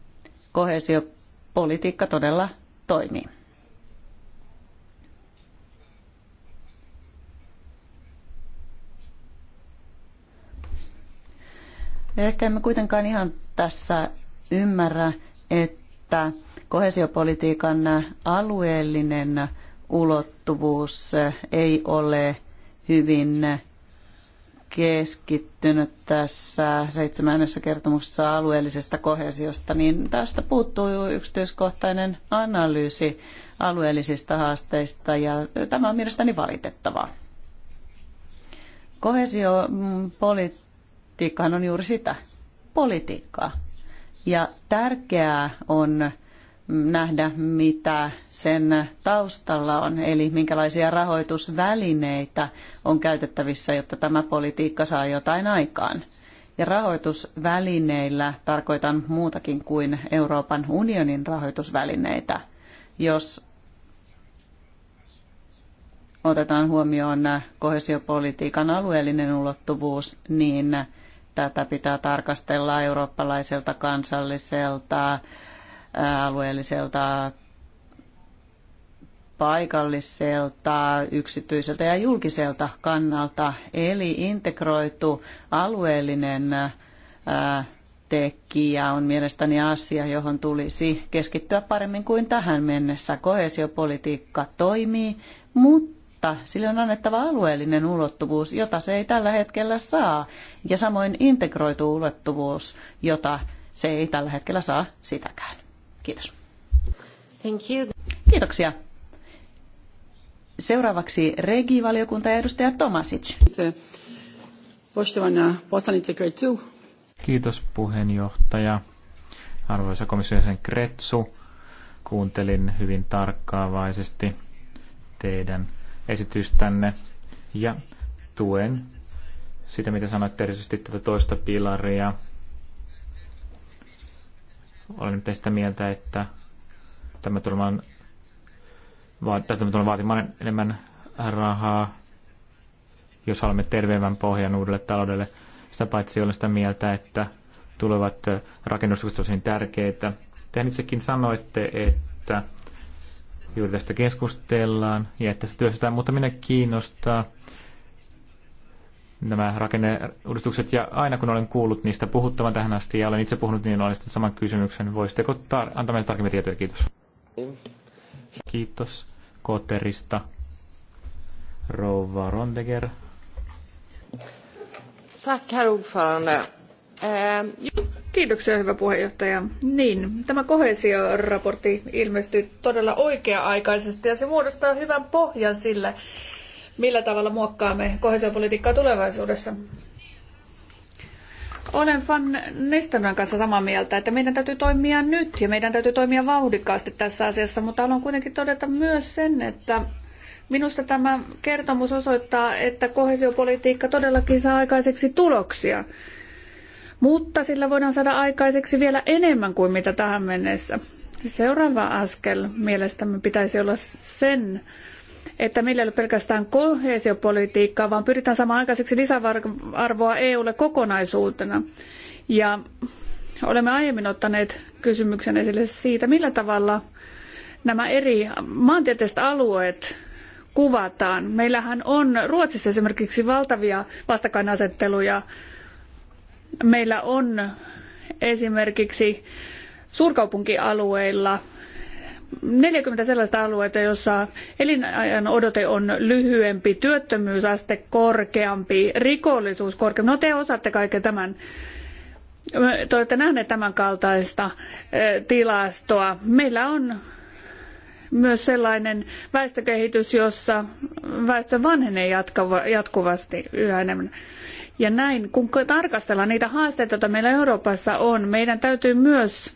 kohesiopolitiikka todella toimii. Ehkä emme kuitenkaan ihan tässä ymmärrä, että kohesiopolitiikan alueellinen ulottuvuus ei ole hyvin keskittynyt tässä seitsemännessä kertomuksessa alueellisesta kohesiosta, niin tästä puuttuu yksityiskohtainen analyysi alueellisista haasteista ja tämä on mielestäni valitettavaa. Kohesiopolitiikkahan mm, on juuri sitä, politiikkaa. Ja tärkeää on nähdä, mitä sen taustalla on, eli minkälaisia rahoitusvälineitä on käytettävissä, jotta tämä politiikka saa jotain aikaan. Ja rahoitusvälineillä tarkoitan muutakin kuin Euroopan unionin rahoitusvälineitä. Jos otetaan huomioon kohesiopolitiikan alueellinen ulottuvuus, niin tätä pitää tarkastella eurooppalaiselta, kansalliselta, alueelliselta, paikalliselta, yksityiseltä ja julkiselta kannalta. Eli integroitu alueellinen tekijä on mielestäni asia, johon tulisi keskittyä paremmin kuin tähän mennessä. Kohesiopolitiikka toimii, mutta sillä on annettava alueellinen ulottuvuus, jota se ei tällä hetkellä saa, ja samoin integroitu ulottuvuus, jota se ei tällä hetkellä saa sitäkään. Kiitos. Thank you. Kiitoksia. Seuraavaksi regi ja edustaja Tomasic. Kiitos puheenjohtaja. Arvoisa komission jäsen Kretsu, kuuntelin hyvin tarkkaavaisesti teidän esitystänne ja tuen sitä, mitä sanoitte erityisesti tätä toista pilaria, olen sitä mieltä, että tämä tulee, tämä tulee vaatimaan enemmän rahaa, jos haluamme terveemmän pohjan uudelle taloudelle. Sitä paitsi olen sitä mieltä, että tulevat rakennukset tosi tärkeitä. Tehän itsekin sanoitte, että juuri tästä keskustellaan ja että se työstetään, mutta minä kiinnostaa nämä rakenneuudistukset, ja aina kun olen kuullut niistä puhuttavan tähän asti ja olen itse puhunut, niin olen saman kysymyksen. Voisitteko tar- antaa meille tarkemmin tietoja? Kiitos. Kiitos Koterista. Rouva Rondeger. Tack, herr ordförande. Ehm, Kiitoksia, hyvä puheenjohtaja. Niin, tämä kohesioraportti ilmestyi todella oikea-aikaisesti ja se muodostaa hyvän pohjan sille, millä tavalla muokkaamme kohesiopolitiikkaa tulevaisuudessa. Olen Fan Nistelman kanssa samaa mieltä, että meidän täytyy toimia nyt ja meidän täytyy toimia vauhdikkaasti tässä asiassa, mutta haluan kuitenkin todeta myös sen, että minusta tämä kertomus osoittaa, että kohesiopolitiikka todellakin saa aikaiseksi tuloksia, mutta sillä voidaan saada aikaiseksi vielä enemmän kuin mitä tähän mennessä. Seuraava askel mielestämme pitäisi olla sen että meillä ei ole pelkästään koheesiopolitiikkaa, vaan pyritään saamaan aikaiseksi lisäarvoa EUlle kokonaisuutena. Ja olemme aiemmin ottaneet kysymyksen esille siitä, millä tavalla nämä eri maantieteelliset alueet kuvataan. Meillähän on Ruotsissa esimerkiksi valtavia vastakkainasetteluja. Meillä on esimerkiksi suurkaupunkialueilla 40 sellaista aluetta, jossa elinajan odote on lyhyempi, työttömyysaste korkeampi, rikollisuus korkeampi. No te osaatte kaiken tämän. Te olette nähneet tämän kaltaista eh, tilastoa. Meillä on myös sellainen väestökehitys, jossa väestö vanhenee jatkuvasti yhä enemmän. Ja näin, kun tarkastellaan niitä haasteita, joita meillä Euroopassa on, meidän täytyy myös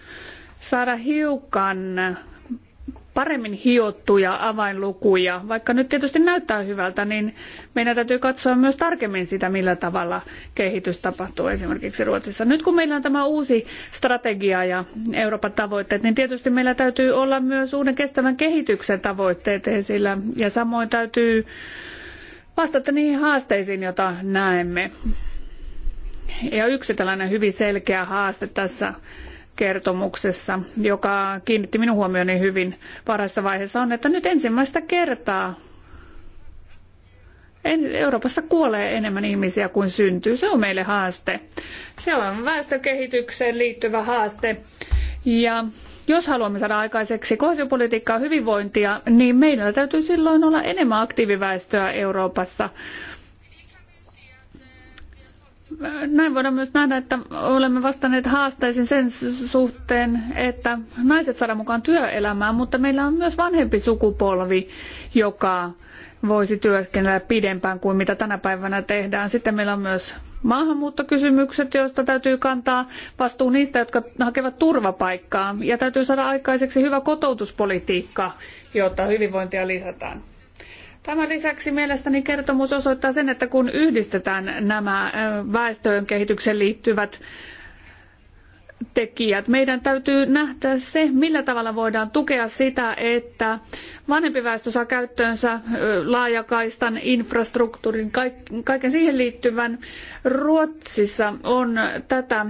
saada hiukan paremmin hiottuja avainlukuja. Vaikka nyt tietysti näyttää hyvältä, niin meidän täytyy katsoa myös tarkemmin sitä, millä tavalla kehitys tapahtuu esimerkiksi Ruotsissa. Nyt kun meillä on tämä uusi strategia ja Euroopan tavoitteet, niin tietysti meillä täytyy olla myös uuden kestävän kehityksen tavoitteet esillä ja samoin täytyy vastata niihin haasteisiin, joita näemme. Ja yksi tällainen hyvin selkeä haaste tässä kertomuksessa, joka kiinnitti minun huomioni hyvin parhaassa vaiheessa, on, että nyt ensimmäistä kertaa Euroopassa kuolee enemmän ihmisiä kuin syntyy. Se on meille haaste. Se on väestökehitykseen liittyvä haaste. Ja jos haluamme saada aikaiseksi kohesiopolitiikkaa hyvinvointia, niin meillä täytyy silloin olla enemmän aktiiviväestöä Euroopassa näin voidaan myös nähdä, että olemme vastanneet haasteisiin sen suhteen, että naiset saadaan mukaan työelämään, mutta meillä on myös vanhempi sukupolvi, joka voisi työskennellä pidempään kuin mitä tänä päivänä tehdään. Sitten meillä on myös maahanmuuttokysymykset, joista täytyy kantaa vastuu niistä, jotka hakevat turvapaikkaa. Ja täytyy saada aikaiseksi hyvä kotoutuspolitiikka, jotta hyvinvointia lisätään. Tämän lisäksi mielestäni kertomus osoittaa sen, että kun yhdistetään nämä väestöön kehitykseen liittyvät tekijät, meidän täytyy nähdä se, millä tavalla voidaan tukea sitä, että Vanhempi väestö saa käyttöönsä laajakaistan, infrastruktuurin, kaiken siihen liittyvän. Ruotsissa on tätä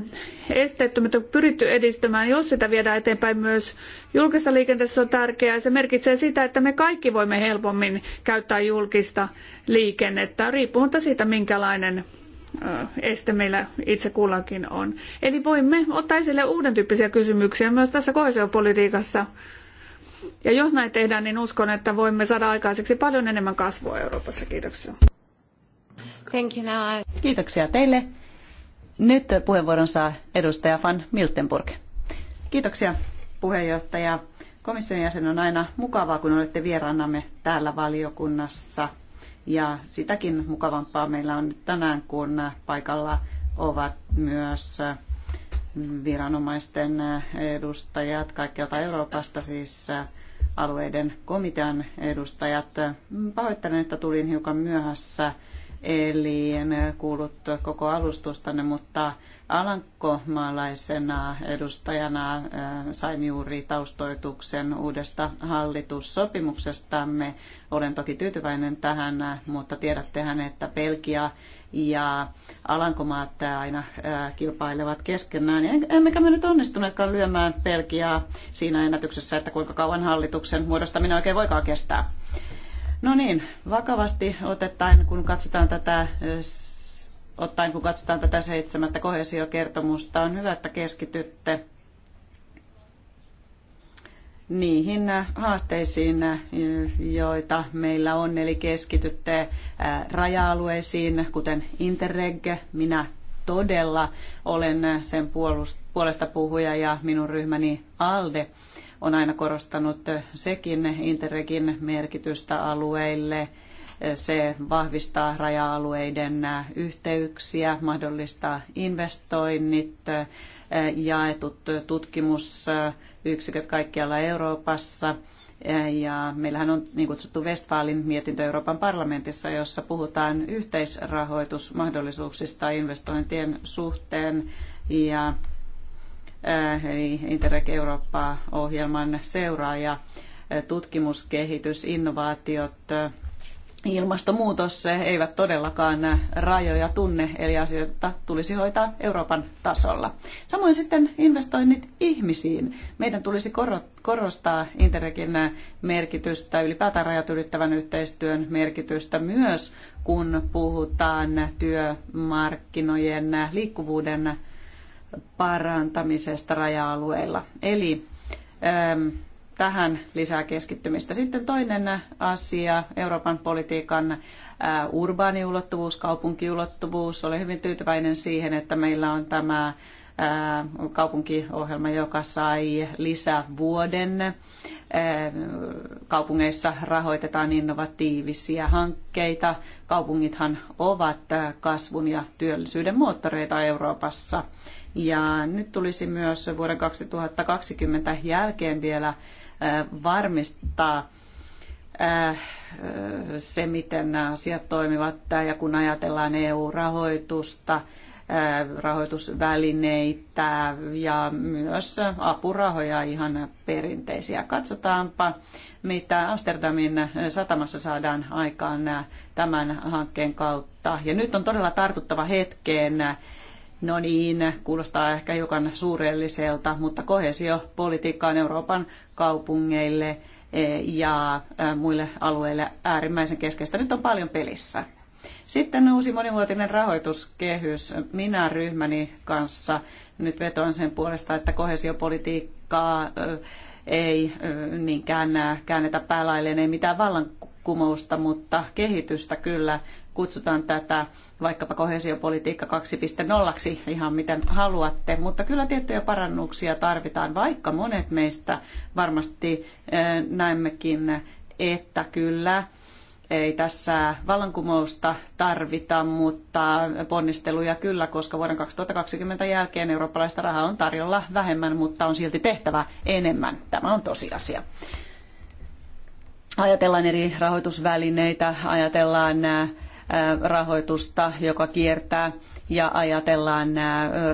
esteettömyyttä pyritty edistämään, jos sitä viedään eteenpäin myös julkisessa liikenteessä on tärkeää. Se merkitsee sitä, että me kaikki voimme helpommin käyttää julkista liikennettä, riippumatta siitä, minkälainen este meillä itse kullakin on. Eli voimme ottaa esille uuden tyyppisiä kysymyksiä myös tässä kohesiopolitiikassa. politiikassa ja jos näin tehdään, niin uskon, että voimme saada aikaiseksi paljon enemmän kasvua Euroopassa. Kiitoksia. Thank you now. Kiitoksia teille. Nyt puheenvuoron saa edustaja Van Miltenburg. Kiitoksia puheenjohtaja. Komission jäsen on aina mukavaa, kun olette vieraanamme täällä valiokunnassa. Ja sitäkin mukavampaa meillä on nyt tänään, kun paikalla ovat myös viranomaisten edustajat, kaikkialta Euroopasta siis alueiden komitean edustajat. Pahoittelen, että tulin hiukan myöhässä. Eli en kuullut koko alustustanne, mutta alankomaalaisena edustajana äh, sain juuri taustoituksen uudesta hallitussopimuksestamme. Olen toki tyytyväinen tähän, mutta tiedättehän, että Belgia ja Alankomaat aina äh, kilpailevat keskenään. Emmekä me nyt onnistuneetkaan lyömään Belgiaa siinä ennätyksessä, että kuinka kauan hallituksen muodostaminen oikein voikaan kestää. No niin, vakavasti otetaan, kun katsotaan tätä eh, ottaen kun katsotaan tätä seitsemättä kohesiokertomusta, on hyvä, että keskitytte niihin eh, haasteisiin, eh, joita meillä on, eli keskitytte raja-alueisiin, kuten Interreg. Minä todella olen sen puolesta puhuja ja minun ryhmäni ALDE on aina korostanut sekin Interregin merkitystä alueille. Se vahvistaa raja-alueiden yhteyksiä, mahdollistaa investoinnit, jaetut tutkimusyksiköt kaikkialla Euroopassa. Ja meillähän on niin kutsuttu Westfalin mietintö Euroopan parlamentissa, jossa puhutaan yhteisrahoitusmahdollisuuksista investointien suhteen. Ja Äh, eli Interreg Eurooppa-ohjelman seuraaja, äh, kehitys, innovaatiot, äh, ilmastonmuutos eivät todellakaan rajoja tunne, eli asioita tulisi hoitaa Euroopan tasolla. Samoin sitten investoinnit ihmisiin. Meidän tulisi korostaa Interregin merkitystä, ylipäätään rajat ylittävän yhteistyön merkitystä myös, kun puhutaan työmarkkinojen liikkuvuuden parantamisesta raja-alueilla. Eli ähm, tähän lisää keskittymistä. Sitten toinen asia, Euroopan politiikan äh, urbaani ulottuvuus, kaupunkiulottuvuus. Olen hyvin tyytyväinen siihen, että meillä on tämä äh, kaupunkiohjelma, joka sai lisävuoden. Äh, kaupungeissa rahoitetaan innovatiivisia hankkeita. Kaupungithan ovat kasvun ja työllisyyden moottoreita Euroopassa. Ja nyt tulisi myös vuoden 2020 jälkeen vielä varmistaa se, miten nämä asiat toimivat. Ja kun ajatellaan EU-rahoitusta, rahoitusvälineitä ja myös apurahoja, ihan perinteisiä. Katsotaanpa, mitä Amsterdamin satamassa saadaan aikaan tämän hankkeen kautta. Ja nyt on todella tartuttava hetkeen No niin, kuulostaa ehkä hiukan suurelliselta, mutta kohesiopolitiikka on Euroopan kaupungeille eh, ja eh, muille alueille äärimmäisen keskeistä. Nyt on paljon pelissä. Sitten uusi monivuotinen rahoituskehys. Minä ryhmäni kanssa nyt vetoan sen puolesta, että kohesiopolitiikkaa eh, ei niinkään käännetä päälailleen, ei mitään vallankumousta, mutta kehitystä kyllä kutsutaan tätä vaikkapa kohesiopolitiikka 2.0, ihan miten haluatte, mutta kyllä tiettyjä parannuksia tarvitaan, vaikka monet meistä varmasti eh, näemmekin, että kyllä ei tässä vallankumousta tarvita, mutta ponnisteluja kyllä, koska vuoden 2020 jälkeen eurooppalaista rahaa on tarjolla vähemmän, mutta on silti tehtävä enemmän. Tämä on tosiasia. Ajatellaan eri rahoitusvälineitä, ajatellaan eh, rahoitusta, joka kiertää ja ajatellaan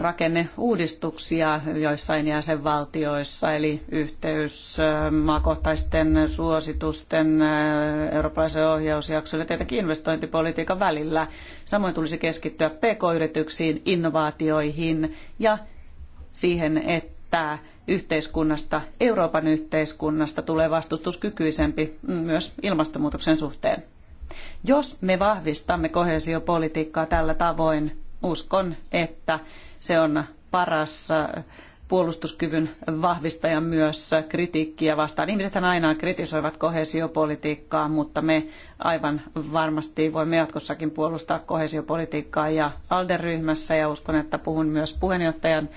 rakenneuudistuksia joissain jäsenvaltioissa, eli yhteys maakohtaisten suositusten eurooppalaisen ohjausjakson ja tietenkin investointipolitiikan välillä. Samoin tulisi keskittyä pk-yrityksiin, innovaatioihin ja siihen, että yhteiskunnasta, Euroopan yhteiskunnasta tulee vastustuskykyisempi myös ilmastonmuutoksen suhteen. Jos me vahvistamme kohesiopolitiikkaa tällä tavoin, uskon, että se on paras äh, puolustuskyvyn vahvistaja myös kritiikkiä vastaan. Ihmisethän aina kritisoivat kohesiopolitiikkaa, mutta me aivan varmasti voimme jatkossakin puolustaa kohesiopolitiikkaa ja ALDE-ryhmässä ja uskon, että puhun myös puheenjohtajan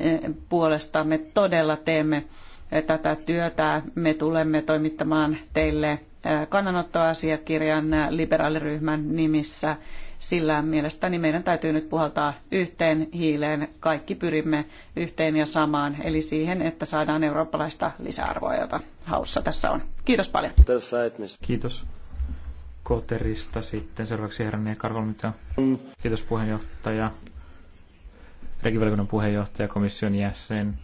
eh, puolesta. Me todella teemme eh, tätä työtä. Me tulemme toimittamaan teille kannanottoasiakirjan liberaaliryhmän nimissä, sillä mielestäni meidän täytyy nyt puhaltaa yhteen hiileen. Kaikki pyrimme yhteen ja samaan, eli siihen, että saadaan eurooppalaista lisäarvoa, jota haussa tässä on. Kiitos paljon. Kiitos. Koterista sitten seuraavaksi Herran ja Karvalmita. Kiitos puheenjohtaja. Regivaliokunnan puheenjohtaja, komission jäsen.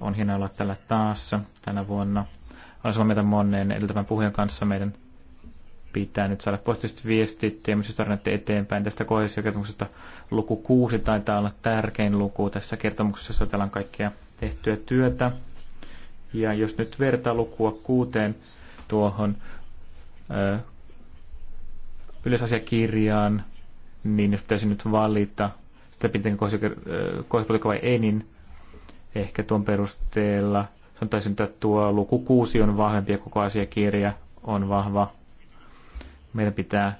On hienoa olla täällä taas tänä vuonna. Olen samaa mieltä monen edeltävän puhujan kanssa. Meidän pitää nyt saada positiiviset viestit ja myös tarinat eteenpäin tästä kohdallisesta Luku 6 taitaa olla tärkein luku tässä kertomuksessa, jossa täällä on kaikkea tehtyä työtä. Ja jos nyt vertaa lukua kuuteen tuohon ö, yleisasiakirjaan, niin jos pitäisi nyt valita, sitä pitääkö kohdallispolitiikka vai ei, niin ehkä tuon perusteella – Sanoisin, että tuo luku 6 on vahvempi ja koko asiakirja on vahva. Meidän pitää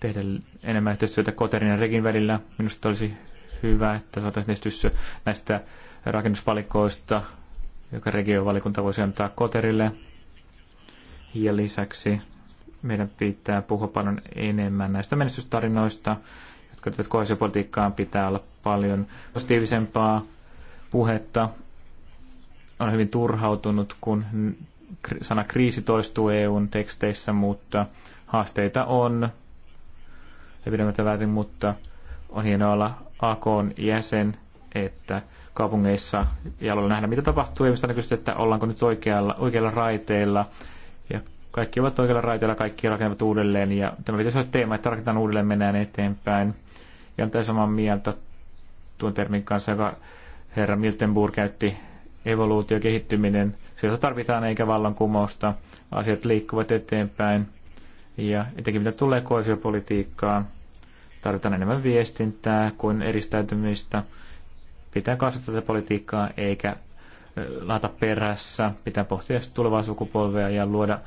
tehdä enemmän yhteistyötä Koterin ja Regin välillä. Minusta olisi hyvä, että saataisiin esitys näistä rakennuspalikoista, joka regiovalikunta voisi antaa Koterille. Ja lisäksi meidän pitää puhua paljon enemmän näistä menestystarinoista, jotka liittyvät Pitää olla paljon positiivisempaa puhetta on hyvin turhautunut, kun sana kriisi toistuu EUn teksteissä, mutta haasteita on epidemättä väärin, mutta on hienoa olla AKn jäsen, että kaupungeissa jaloilla nähdään, mitä tapahtuu. Ihmiset aina kysyvät, että ollaanko nyt oikealla, oikealla raiteilla. Ja kaikki ovat oikealla raiteilla, kaikki rakentavat uudelleen. Ja tämä pitäisi olla teema, että rakennetaan uudelleen, mennään eteenpäin. Ja on samaa mieltä tuon termin kanssa, joka herra Miltenburg käytti evoluutio, kehittyminen, sieltä tarvitaan eikä vallankumousta. Asiat liikkuvat eteenpäin ja etenkin mitä tulee koesiopolitiikkaan, tarvitaan enemmän viestintää kuin eristäytymistä. Pitää kasvattaa tätä politiikkaa eikä laata perässä. Pitää pohtia tulevaa sukupolvea ja luoda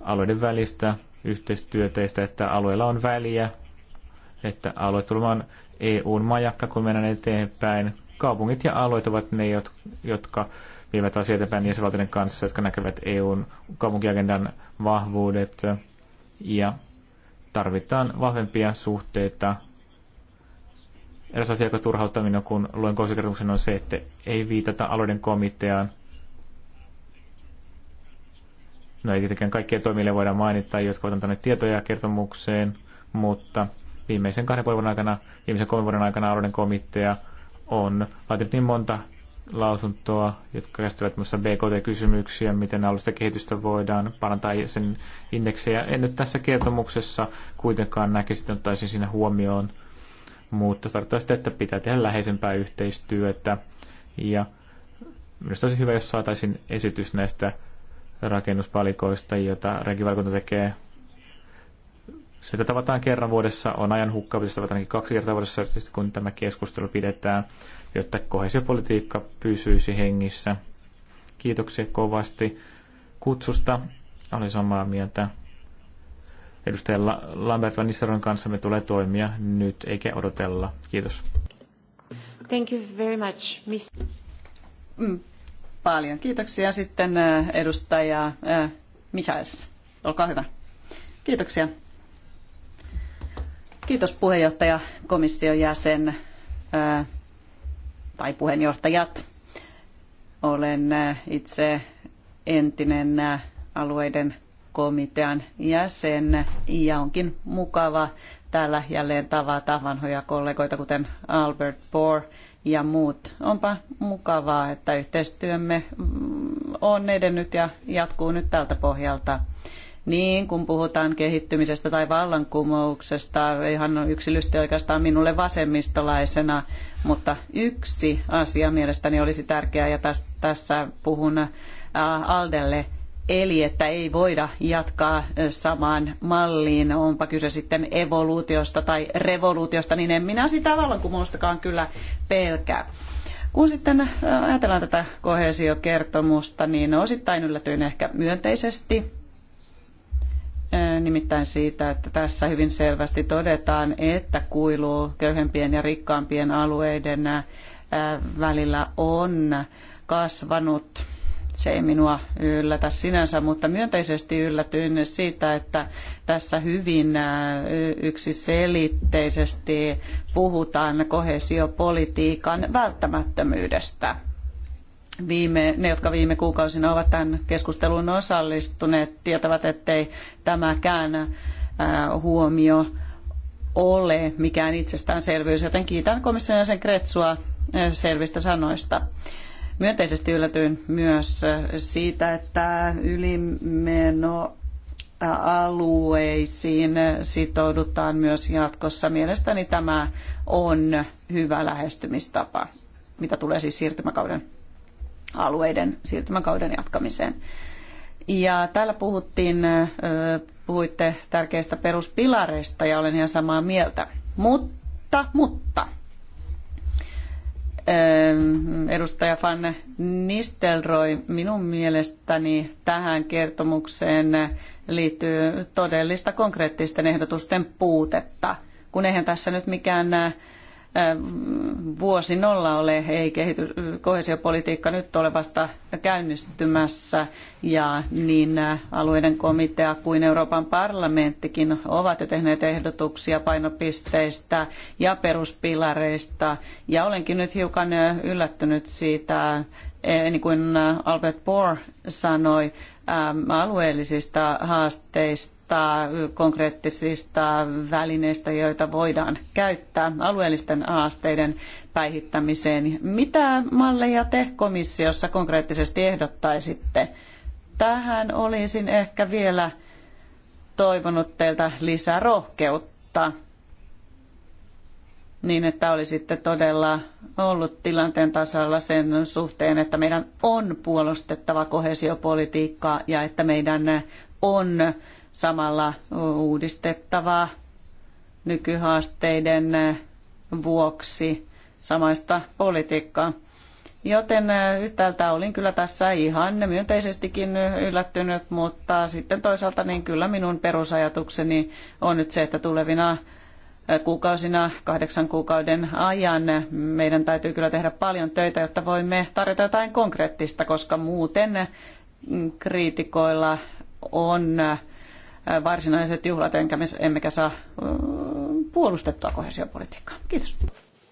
alueiden välistä yhteistyöteistä, että alueella on väliä, että alue tulemaan EUn majakka, kun mennään eteenpäin kaupungit ja alueet ovat ne, jotka vievät asioita päin jäsenvaltioiden kanssa, jotka näkevät EUn kaupunkiagendan vahvuudet ja tarvitaan vahvempia suhteita. Eräs asia, joka turhauttaa minua, kun luen koulutuskertomuksen, on se, että ei viitata alueiden komiteaan. No ei tietenkään kaikkia toimijoille voida mainita, jotka ovat antaneet tietoja kertomukseen, mutta viimeisen kahden vuoden aikana, viimeisen kolmen vuoden aikana alueiden komitea on laitettu niin monta lausuntoa, jotka käsittelevät muissa BKT-kysymyksiä, miten alusta kehitystä voidaan parantaa sen indeksejä. En nyt tässä kertomuksessa kuitenkaan näkisi, ottaisin siinä huomioon, mutta tarkoittaa sitä, että pitää tehdä läheisempää yhteistyötä. Ja minusta olisi hyvä, jos saataisiin esitys näistä rakennuspalikoista, joita rekivalkunta tekee sitä tavataan kerran vuodessa, on ajan hukkaamisessa tavataan kaksi kertaa vuodessa, kun tämä keskustelu pidetään, jotta kohesiopolitiikka pysyisi hengissä. Kiitoksia kovasti kutsusta. Olen samaa mieltä. Edustaja Lambert Van Nistelrooyn kanssa me tulee toimia nyt, eikä odotella. Kiitos. Thank you very much, Miss... Mm, paljon kiitoksia sitten edustaja äh, Michaels. Olkaa hyvä. Kiitoksia Kiitos puheenjohtaja, komission jäsen tai puheenjohtajat. Olen itse entinen alueiden komitean jäsen ja onkin mukava täällä jälleen tavata vanhoja kollegoita, kuten Albert Bohr ja muut. Onpa mukavaa, että yhteistyömme on edennyt ja jatkuu nyt tältä pohjalta niin kun puhutaan kehittymisestä tai vallankumouksesta, ihan yksilysti oikeastaan minulle vasemmistolaisena, mutta yksi asia mielestäni olisi tärkeää ja täs, tässä puhun äh, Aldelle Eli että ei voida jatkaa äh, samaan malliin, onpa kyse sitten evoluutiosta tai revoluutiosta, niin en minä sitä vallankumoustakaan kyllä pelkää. Kun sitten äh, ajatellaan tätä kohesiokertomusta, niin osittain yllätyin ehkä myönteisesti nimittäin siitä, että tässä hyvin selvästi todetaan, että kuilu köyhempien ja rikkaampien alueiden välillä on kasvanut. Se ei minua yllätä sinänsä, mutta myönteisesti yllätyin siitä, että tässä hyvin yksiselitteisesti puhutaan kohesiopolitiikan välttämättömyydestä viime, ne, jotka viime kuukausina ovat tämän keskusteluun osallistuneet, tietävät, ettei tämäkään äh, huomio ole mikään itsestäänselvyys, joten kiitän komission sen Kretsua äh, selvistä sanoista. Myönteisesti yllätyin myös äh, siitä, että ylimeno alueisiin sitoudutaan myös jatkossa. Mielestäni tämä on hyvä lähestymistapa, mitä tulee siis siirtymäkauden alueiden siirtymäkauden jatkamiseen. Ja täällä puhuttiin, puhuitte tärkeistä peruspilareista ja olen ihan samaa mieltä. Mutta, mutta, edustaja Van Nistelrooy, minun mielestäni tähän kertomukseen liittyy todellista konkreettisten ehdotusten puutetta, kun eihän tässä nyt mikään vuosi nolla ole, ei kehitys, kohesiopolitiikka nyt ole vasta käynnistymässä ja niin alueiden komitea kuin Euroopan parlamenttikin ovat jo tehneet ehdotuksia painopisteistä ja peruspilareista ja olenkin nyt hiukan yllättynyt siitä, e, niin kuin Albert Bohr sanoi, alueellisista haasteista tiedottaa konkreettisista välineistä, joita voidaan käyttää alueellisten haasteiden päihittämiseen. Mitä malleja te komissiossa konkreettisesti ehdottaisitte? Tähän olisin ehkä vielä toivonut teiltä lisää rohkeutta niin, että olisitte todella ollut tilanteen tasalla sen suhteen, että meidän on puolustettava kohesiopolitiikkaa ja että meidän on samalla uudistettava nykyhaasteiden vuoksi samaista politiikkaa. Joten yhtäältä olin kyllä tässä ihan myönteisestikin yllättynyt, mutta sitten toisaalta niin kyllä minun perusajatukseni on nyt se, että tulevina kuukausina, kahdeksan kuukauden ajan meidän täytyy kyllä tehdä paljon töitä, jotta voimme tarjota jotain konkreettista, koska muuten kriitikoilla on varsinaiset juhlat, enkä me, emmekä saa puolustettua kohesiopolitiikkaa. Kiitos.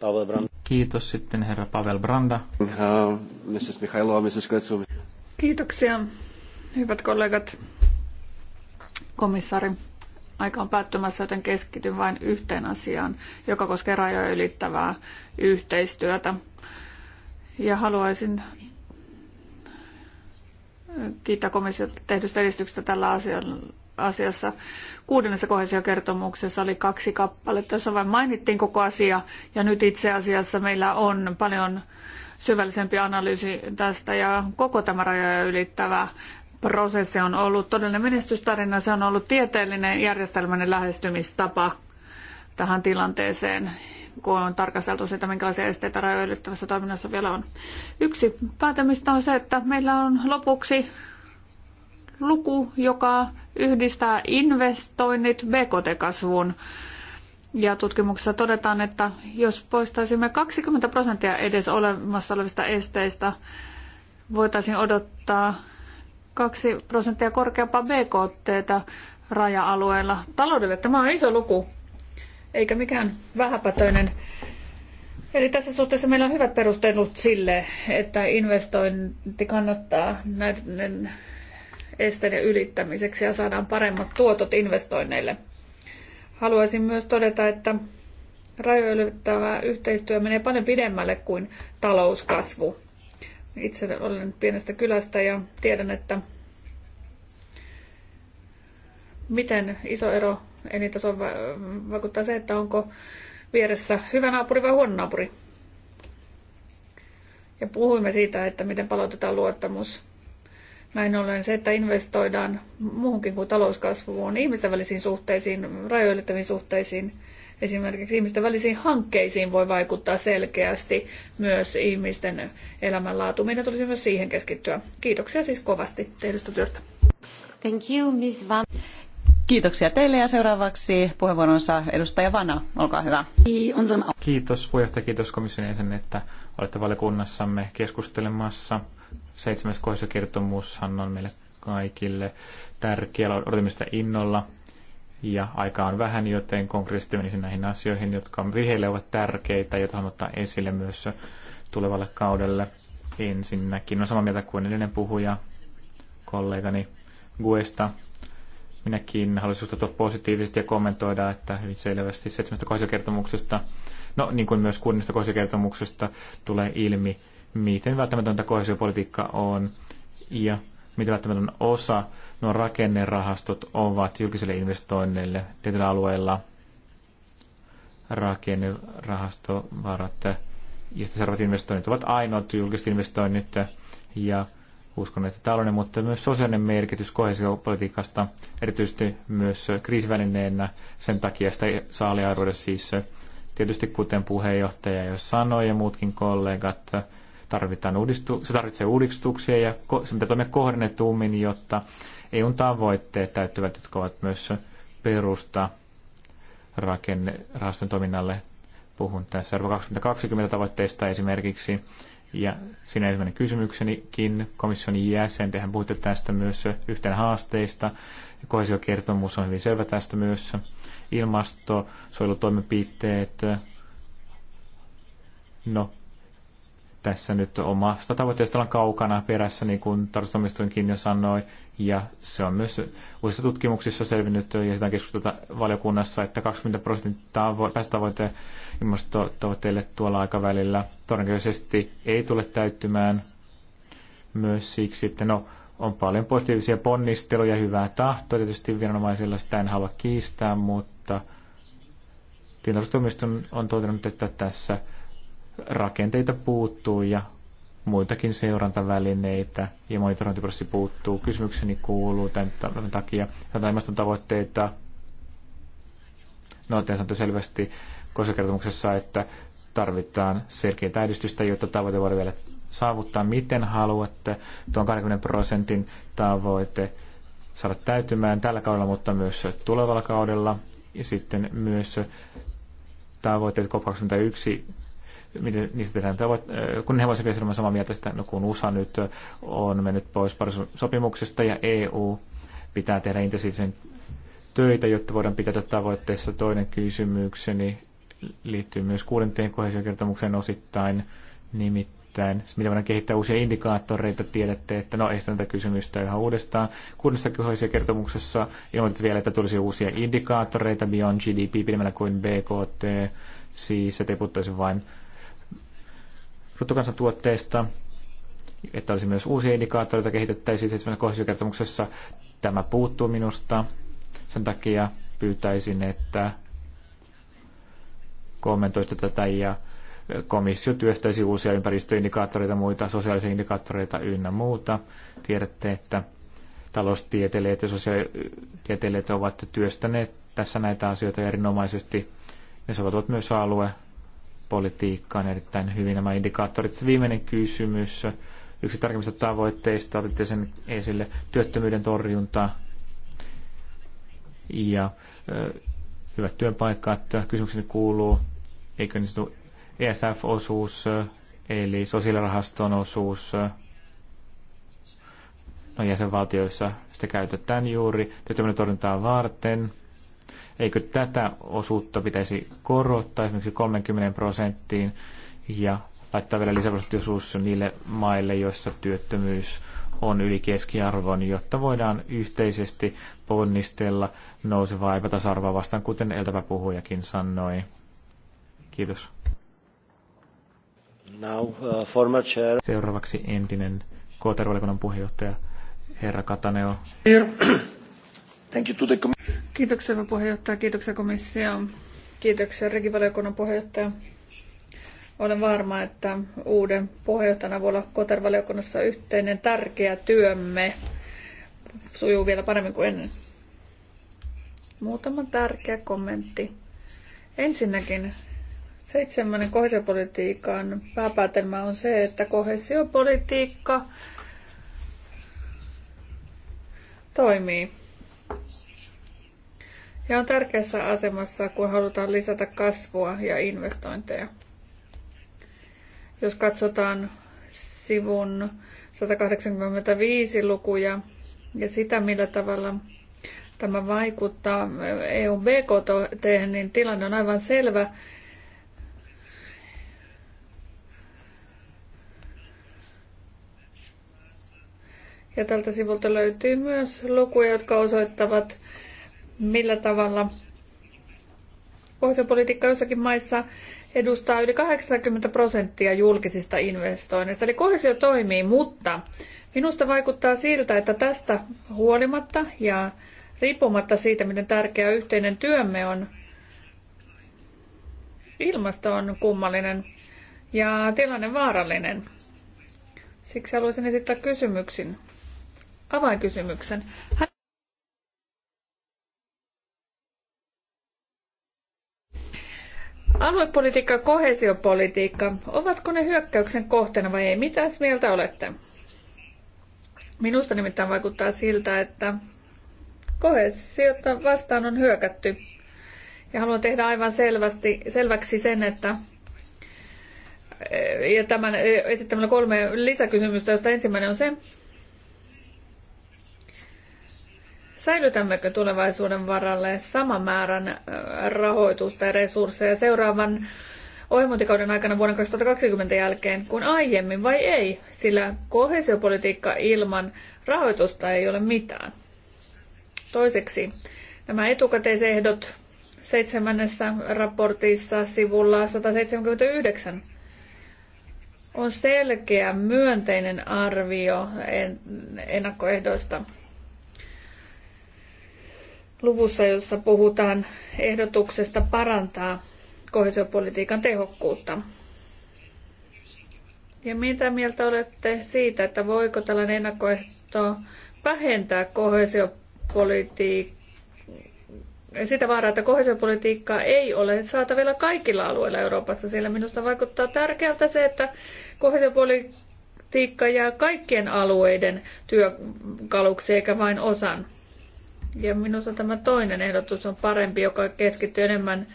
Pavel Kiitos sitten herra Pavel Branda. Uh, Mrs. Mihailova, Mrs. Kretsumi. Kiitoksia, hyvät kollegat. Komissaari, aika on päättymässä, joten keskityn vain yhteen asiaan, joka koskee rajoja ylittävää yhteistyötä. Ja haluaisin kiittää komissiota tehdystä edistyksestä tällä asialla asiassa kuudennessa kohesiokertomuksessa oli kaksi kappaletta, jossa vain mainittiin koko asia. Ja nyt itse asiassa meillä on paljon syvällisempi analyysi tästä ja koko tämä rajoja ylittävä prosessi on ollut todellinen menestystarina. Se on ollut tieteellinen järjestelmällinen lähestymistapa tähän tilanteeseen, kun on tarkasteltu sitä, minkälaisia esteitä rajoja ylittävässä toiminnassa vielä on. Yksi päätämistä on se, että meillä on lopuksi luku, joka yhdistää investoinnit BKT-kasvuun. Ja tutkimuksessa todetaan, että jos poistaisimme 20 prosenttia edes olemassa olevista esteistä, voitaisiin odottaa 2 prosenttia korkeampaa bkt raja-alueella. Taloudelle tämä on iso luku, eikä mikään vähäpätöinen. Eli tässä suhteessa meillä on hyvät perustelut sille, että investointi kannattaa näiden esteiden ylittämiseksi ja saadaan paremmat tuotot investoinneille. Haluaisin myös todeta, että rajoilyttävä yhteistyö menee paljon pidemmälle kuin talouskasvu. Itse olen pienestä kylästä ja tiedän, että miten iso ero elintasoon vaikuttaa se, että onko vieressä hyvä naapuri vai huono naapuri. Ja puhuimme siitä, että miten palautetaan luottamus näin ollen se, että investoidaan muuhunkin kuin talouskasvuun, ihmisten välisiin suhteisiin, rajoilettaviin suhteisiin, esimerkiksi ihmisten välisiin hankkeisiin voi vaikuttaa selkeästi myös ihmisten elämänlaatu. Meidän tulisi myös siihen keskittyä. Kiitoksia siis kovasti tehdystä työstä. Thank you, Ms. Van. Kiitoksia teille ja seuraavaksi puheenvuoronsa edustaja Vana, olkaa hyvä. Kiitos puheenjohtaja, kiitos komission jäsen, että olette valiokunnassamme keskustelemassa Seitsemäs kohdistokertomushan on meille kaikille tärkeä. Odotamme sitä innolla ja aika on vähän, joten konkreettisesti menisin näihin asioihin, jotka vihreille ovat tärkeitä, joita haluan ottaa esille myös tulevalle kaudelle. Ensinnäkin on samaa mieltä kuin edellinen puhuja, kollegani Guesta. Minäkin haluaisin suhtautua positiivisesti ja kommentoida, että hyvin selvästi seitsemästä kohdistokertomuksesta, no niin kuin myös kunnista kohdistokertomuksesta tulee ilmi, miten välttämätöntä kohesiopolitiikka on ja miten välttämätön osa nuo rakennerahastot ovat julkiselle investoinneille tietyillä alueilla rakennerahastovarat, joista seuraavat investoinnit ovat ainoat julkiset investoinnit ja uskon, että talouden, mutta myös sosiaalinen merkitys kohesiopolitiikasta, erityisesti myös kriisivälineenä. Sen takia sitä saa siis tietysti kuten puheenjohtaja jo sanoi ja muutkin kollegat, tarvitaan uudistu- se tarvitsee uudistuksia ja ko- se pitää toimia kohdennetummin, jotta EUn tavoitteet täyttyvät, jotka ovat myös perusta rakennerahaston toiminnalle. Puhun tässä Arvo 2020 tavoitteista esimerkiksi. Ja siinä ensimmäinen kysymyksenikin komission jäsen, tehän puhutte tästä myös yhteen haasteista. Kohesiokertomus on hyvin selvä tästä myös. Ilmasto, suojelutoimenpiteet, no tässä nyt omasta tavoitteesta ollaan kaukana perässä, niin kuin tarkastusomistuinkin jo sanoi, ja se on myös uusissa tutkimuksissa selvinnyt, ja sitä keskustelta valiokunnassa, että 20 prosentin tavo- päästötavoite ilmastotavoitteille tuolla aikavälillä todennäköisesti ei tule täyttymään myös siksi, että no, on paljon positiivisia ponnisteluja, hyvää tahtoa tietysti viranomaisilla, sitä en halua kiistää, mutta tilastustoimiston on todennut, että tässä rakenteita puuttuu ja muitakin seurantavälineitä ja monitorointiprosessi puuttuu. Kysymykseni kuuluu tämän takia, Tämä ilmaston tavoitteita. no te sanotte selvästi kertomuksessa, että tarvitaan selkeää edistystä, jotta tavoite voidaan vielä saavuttaa, miten haluatte tuon 20 prosentin tavoite saada täytymään tällä kaudella, mutta myös tulevalla kaudella. Ja sitten myös tavoitteet COP21 miten, niistä tehdään tavoit, äh, kun he voisivat olla samaa mieltä sitä, no kun USA nyt on mennyt pois sopimuksesta ja EU pitää tehdä intensiivisen töitä, jotta voidaan pitää tavoitteessa. Toinen kysymykseni liittyy myös kuudenteen kohesiokertomukseen osittain, nimittäin miten voidaan kehittää uusia indikaattoreita. Tiedätte, että no ei tätä kysymystä ihan uudestaan. Kuudessa kohesiokertomuksessa ilmoitit vielä, että tulisi uusia indikaattoreita beyond GDP pidemmällä kuin BKT, siis se ei vain bruttokansantuotteesta, että olisi myös uusia indikaattoreita kehitettäisiin seitsemän kohdistuskertomuksessa. Tämä puuttuu minusta. Sen takia pyytäisin, että kommentoisitte tätä ja komissio työstäisi uusia ympäristöindikaattoreita, muita sosiaalisia indikaattoreita ynnä muuta. Tiedätte, että taloustieteilijät ja sosiaalitieteilijät ovat työstäneet tässä näitä asioita erinomaisesti. Ne soveltuvat myös alue politiikkaan erittäin hyvin nämä indikaattorit. Se viimeinen kysymys, yksi tärkeimmistä tavoitteista, otitte sen esille, työttömyyden torjunta ja ö, hyvät työpaikat. Kysymykseni kuuluu, eikö niin sanottu ESF-osuus, eli sosiaalirahaston osuus, no jäsenvaltioissa sitä käytetään juuri työttömyyden torjuntaa varten – Eikö tätä osuutta pitäisi korottaa esimerkiksi 30 prosenttiin ja laittaa vielä lisäprosenttiosuus niille maille, joissa työttömyys on yli keskiarvon, jotta voidaan yhteisesti ponnistella nousevaa epätasa-arvoa vastaan, kuten eltävä puhujakin sanoi. Kiitos. Now, uh, former chair. Seuraavaksi entinen KTR-valikunnan puheenjohtaja herra Kataneo. Here. Thank you to the Kiitoksia puheenjohtaja, kiitoksia komissio, kiitoksia regivaliokunnan puheenjohtaja. Olen varma, että uuden puheenjohtajana voi olla Kotervaliokunnassa yhteinen tärkeä työmme. Sujuu vielä paremmin kuin ennen. Muutama tärkeä kommentti. Ensinnäkin seitsemännen kohesiopolitiikan pääpäätelmä on se, että kohesiopolitiikka toimii ja on tärkeässä asemassa, kun halutaan lisätä kasvua ja investointeja. Jos katsotaan sivun 185 lukuja ja sitä, millä tavalla tämä vaikuttaa eu BKT, niin tilanne on aivan selvä. Ja tältä sivulta löytyy myös lukuja, jotka osoittavat, millä tavalla pohjoispolitiikka jossakin maissa edustaa yli 80 prosenttia julkisista investoinneista. Eli kohesio toimii, mutta minusta vaikuttaa siltä, että tästä huolimatta ja riippumatta siitä, miten tärkeä yhteinen työmme on, ilmasto on kummallinen ja tilanne vaarallinen. Siksi haluaisin esittää kysymyksen, avainkysymyksen. Hän Aluepolitiikka ja kohesiopolitiikka, ovatko ne hyökkäyksen kohteena vai ei? mitä mieltä olette? Minusta nimittäin vaikuttaa siltä, että kohesiota vastaan on hyökätty. Ja haluan tehdä aivan selvästi, selväksi sen, että ja tämän esittämällä kolme lisäkysymystä, josta ensimmäinen on se, Säilytämmekö tulevaisuuden varalle saman määrän rahoitusta ja resursseja seuraavan ohjelmointikauden aikana vuoden 2020 jälkeen kuin aiemmin vai ei, sillä kohesiopolitiikka ilman rahoitusta ei ole mitään. Toiseksi nämä etukäteisehdot seitsemännessä raportissa sivulla 179 on selkeä myönteinen arvio ennakkoehdoista luvussa, jossa puhutaan ehdotuksesta parantaa kohesiopolitiikan tehokkuutta. Ja mitä mieltä olette siitä, että voiko tällainen ennakkoehto vähentää kohesiopolitiikkaa? sitä vaaraa, että kohesiopolitiikkaa ei ole saatavilla kaikilla alueilla Euroopassa, sillä minusta vaikuttaa tärkeältä se, että kohesiopolitiikka jää kaikkien alueiden työkaluksi eikä vain osan. Ja minusta tämä toinen ehdotus on parempi, joka keskittyy enemmän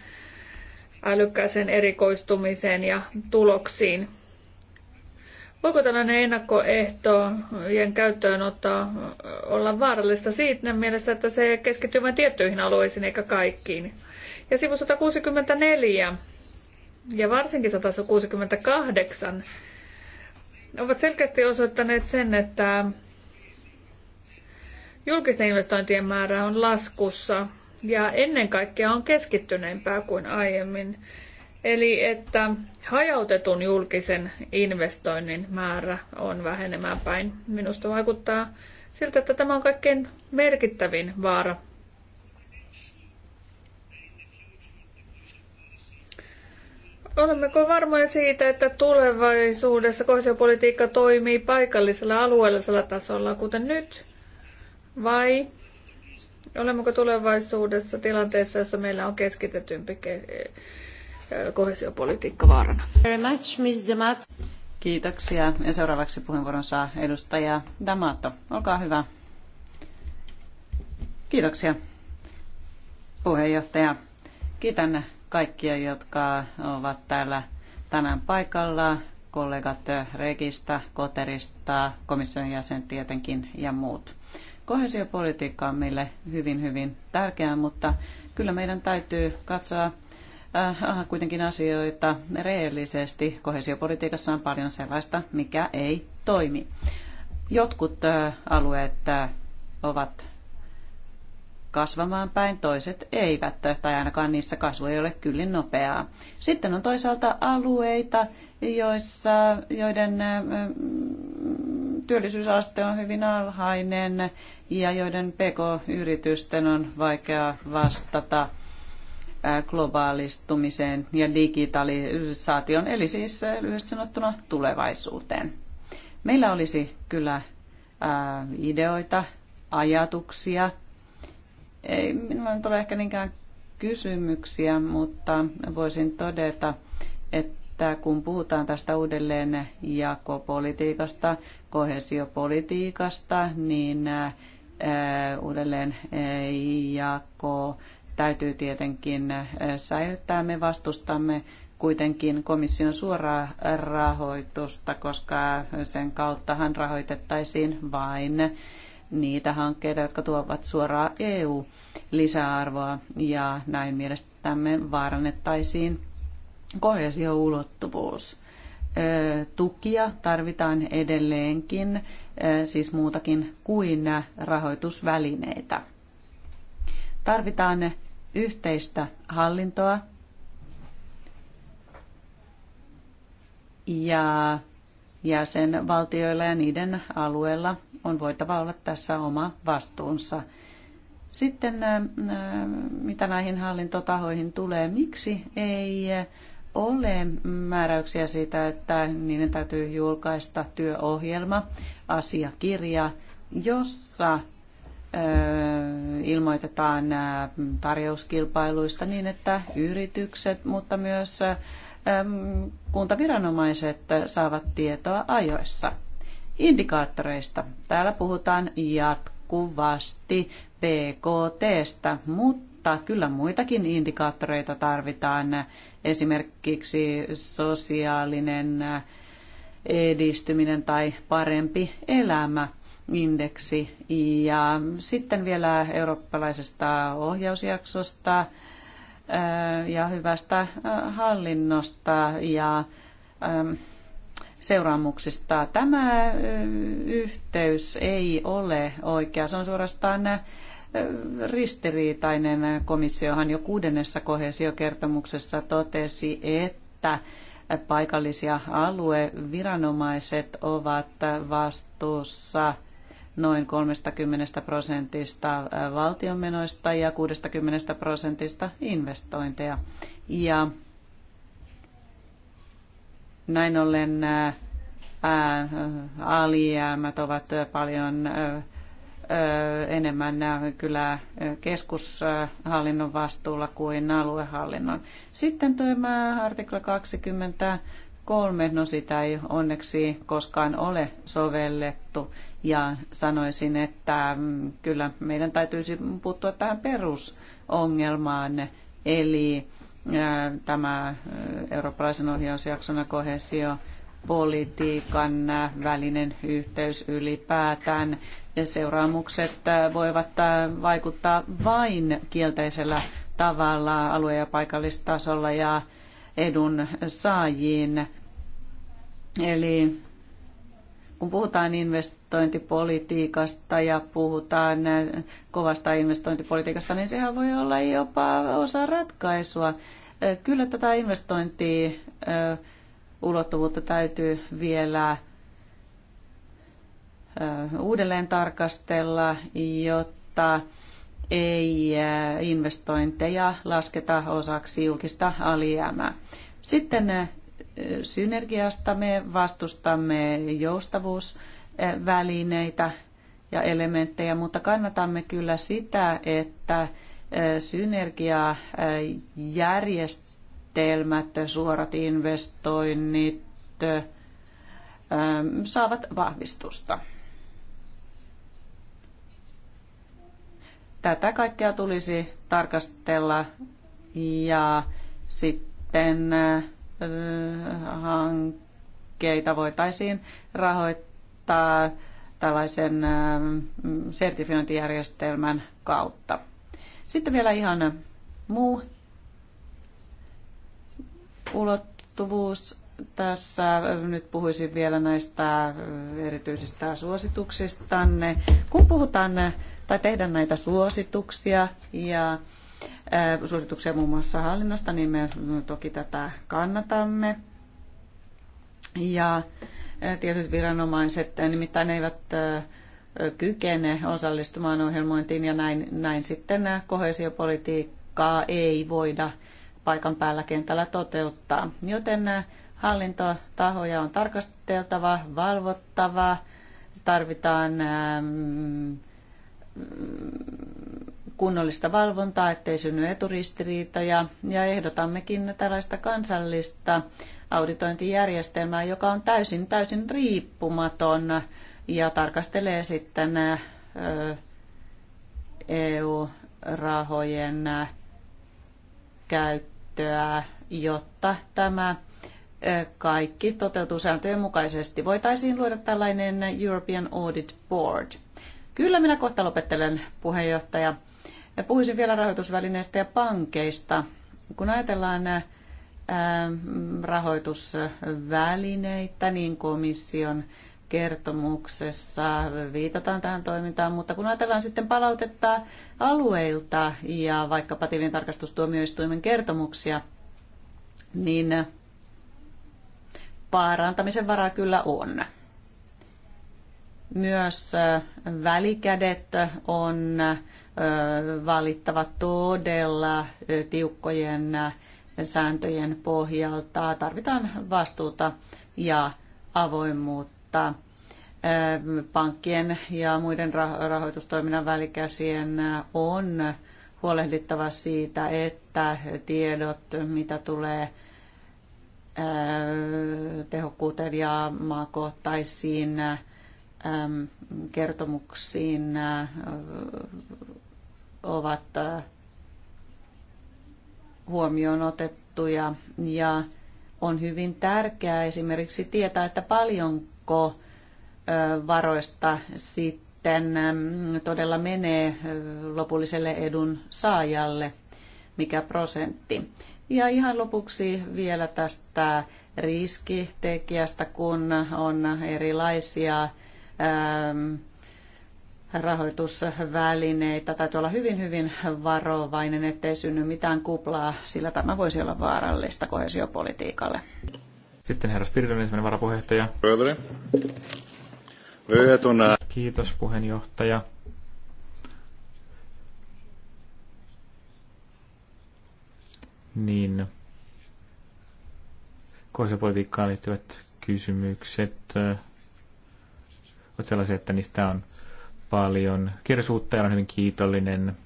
älykkäiseen erikoistumiseen ja tuloksiin. Voiko tällainen ennakkoehtojen käyttöön ottaa, olla vaarallista siitä mielessä, että se keskittyy vain tiettyihin alueisiin eikä kaikkiin? Ja sivu 164 ja varsinkin 168 ovat selkeästi osoittaneet sen, että Julkisten investointien määrä on laskussa ja ennen kaikkea on keskittyneempää kuin aiemmin. Eli että hajautetun julkisen investoinnin määrä on vähenemään päin. Minusta vaikuttaa siltä, että tämä on kaikkein merkittävin vaara. Olemmeko varmoja siitä, että tulevaisuudessa kohesiopolitiikka toimii paikallisella alueellisella tasolla, kuten nyt? Vai olemmeko tulevaisuudessa tilanteessa, jossa meillä on keskitetympi ke- eh, kohesiopolitiikka vaarana? Very much, Ms. Damato. Kiitoksia. Ja seuraavaksi puheenvuoron saa edustaja Damato. Olkaa hyvä. Kiitoksia puheenjohtaja. Kiitän kaikkia, jotka ovat täällä tänään paikalla. Kollegat Regista, Koterista, komission jäsen tietenkin ja muut. Kohesiopolitiikka on meille hyvin, hyvin tärkeää, mutta kyllä meidän täytyy katsoa äh, kuitenkin asioita rehellisesti. Kohesiopolitiikassa on paljon sellaista, mikä ei toimi. Jotkut äh, alueet äh, ovat kasvamaan päin, toiset eivät, tai ainakaan niissä kasvu ei ole kyllin niin nopeaa. Sitten on toisaalta alueita, joissa, joiden mm, työllisyysaste on hyvin alhainen ja joiden pk-yritysten on vaikea vastata globaalistumiseen ja digitalisaation, eli siis lyhyesti sanottuna tulevaisuuteen. Meillä olisi kyllä ideoita, ajatuksia, ei minulla nyt ole ehkä niinkään kysymyksiä, mutta voisin todeta, että kun puhutaan tästä uudelleen jakopolitiikasta, kohesiopolitiikasta, niin uudelleen jako täytyy tietenkin säilyttää. Me vastustamme kuitenkin komission suoraa rahoitusta, koska sen kauttahan rahoitettaisiin vain niitä hankkeita, jotka tuovat suoraan EU-lisäarvoa ja näin mielestämme vaarannettaisiin kohesioulottuvuus. Tukia tarvitaan edelleenkin, siis muutakin kuin rahoitusvälineitä. Tarvitaan yhteistä hallintoa ja jäsenvaltioilla ja niiden alueella on voitava olla tässä oma vastuunsa. Sitten mitä näihin hallintotahoihin tulee, miksi ei ole määräyksiä siitä, että niiden täytyy julkaista työohjelma, asiakirja, jossa ilmoitetaan tarjouskilpailuista niin, että yritykset, mutta myös kuntaviranomaiset saavat tietoa ajoissa indikaattoreista. Täällä puhutaan jatkuvasti BKTstä, mutta kyllä muitakin indikaattoreita tarvitaan, esimerkiksi sosiaalinen edistyminen tai parempi elämä indeksi. Ja sitten vielä eurooppalaisesta ohjausjaksosta ja hyvästä hallinnosta ja seuraamuksista. Tämä yhteys ei ole oikea. Se on suorastaan ristiriitainen. Komissiohan jo kuudennessa kohesiokertomuksessa totesi, että paikallisia alueviranomaiset ovat vastuussa noin 30 prosentista valtionmenoista ja 60 prosentista investointeja. Ja näin ollen ää, alijäämät ovat paljon ää, enemmän kyllä keskushallinnon vastuulla kuin aluehallinnon. Sitten tämä artikla 23, no sitä ei onneksi koskaan ole sovellettu ja sanoisin, että mm, kyllä meidän täytyisi puuttua tähän perusongelmaan, eli tämä eurooppalaisen ohjausjaksona kohesio politiikan välinen yhteys ylipäätään. Seuraamukset voivat vaikuttaa vain kielteisellä tavalla alue- ja paikallistasolla ja edun saajiin. Eli kun puhutaan investointipolitiikasta ja puhutaan kovasta investointipolitiikasta, niin sehän voi olla jopa osa ratkaisua. Kyllä tätä investointiulottuvuutta täytyy vielä uudelleen tarkastella, jotta ei investointeja lasketa osaksi julkista alijäämää. Sitten synergiasta. Me vastustamme joustavuusvälineitä ja elementtejä, mutta kannatamme kyllä sitä, että synergiajärjestelmät, suorat investoinnit saavat vahvistusta. Tätä kaikkea tulisi tarkastella ja sitten hankkeita voitaisiin rahoittaa tällaisen sertifiointijärjestelmän kautta. Sitten vielä ihan muu ulottuvuus tässä. Nyt puhuisin vielä näistä erityisistä suosituksistanne. Kun puhutaan tai tehdään näitä suosituksia ja suosituksia muun muassa hallinnosta, niin me toki tätä kannatamme. Ja tietyt viranomaiset nimittäin eivät kykene osallistumaan ohjelmointiin ja näin, näin sitten kohesiopolitiikkaa ei voida paikan päällä kentällä toteuttaa. Joten hallintotahoja on tarkasteltava, valvottava, tarvitaan kunnollista valvontaa, ettei synny eturistiriitoja ja ehdotammekin tällaista kansallista auditointijärjestelmää, joka on täysin, täysin riippumaton ja tarkastelee sitten EU-rahojen käyttöä, jotta tämä kaikki toteutuu sääntöjen mukaisesti. Voitaisiin luoda tällainen European Audit Board. Kyllä minä kohta lopettelen puheenjohtaja. Puhuisin vielä rahoitusvälineistä ja pankeista. Kun ajatellaan rahoitusvälineitä, niin komission kertomuksessa viitataan tähän toimintaan, mutta kun ajatellaan sitten palautetta alueilta ja vaikkapa tarkastustuomioistuimen kertomuksia, niin parantamisen varaa kyllä on. Myös välikädet on valittavat todella tiukkojen sääntöjen pohjalta. Tarvitaan vastuuta ja avoimuutta pankkien ja muiden rahoitustoiminnan välikäsien on huolehdittava siitä, että tiedot, mitä tulee tehokkuuteen ja maakohtaisiin kertomuksiin ovat huomioon otettuja ja on hyvin tärkeää esimerkiksi tietää, että paljonko varoista sitten todella menee lopulliselle edun saajalle, mikä prosentti. Ja ihan lopuksi vielä tästä riskitekijästä, kun on erilaisia rahoitusvälineitä. Täytyy olla hyvin, hyvin varovainen, ettei synny mitään kuplaa, sillä tämä voisi olla vaarallista kohesiopolitiikalle. Sitten herra Spiriton ensimmäinen varapuheenjohtaja. Kiitos puheenjohtaja. Niin. Kohesiopolitiikkaan liittyvät kysymykset äh, ovat sellaisia, että niistä on paljon Kirsuuttaja ja hyvin kiitollinen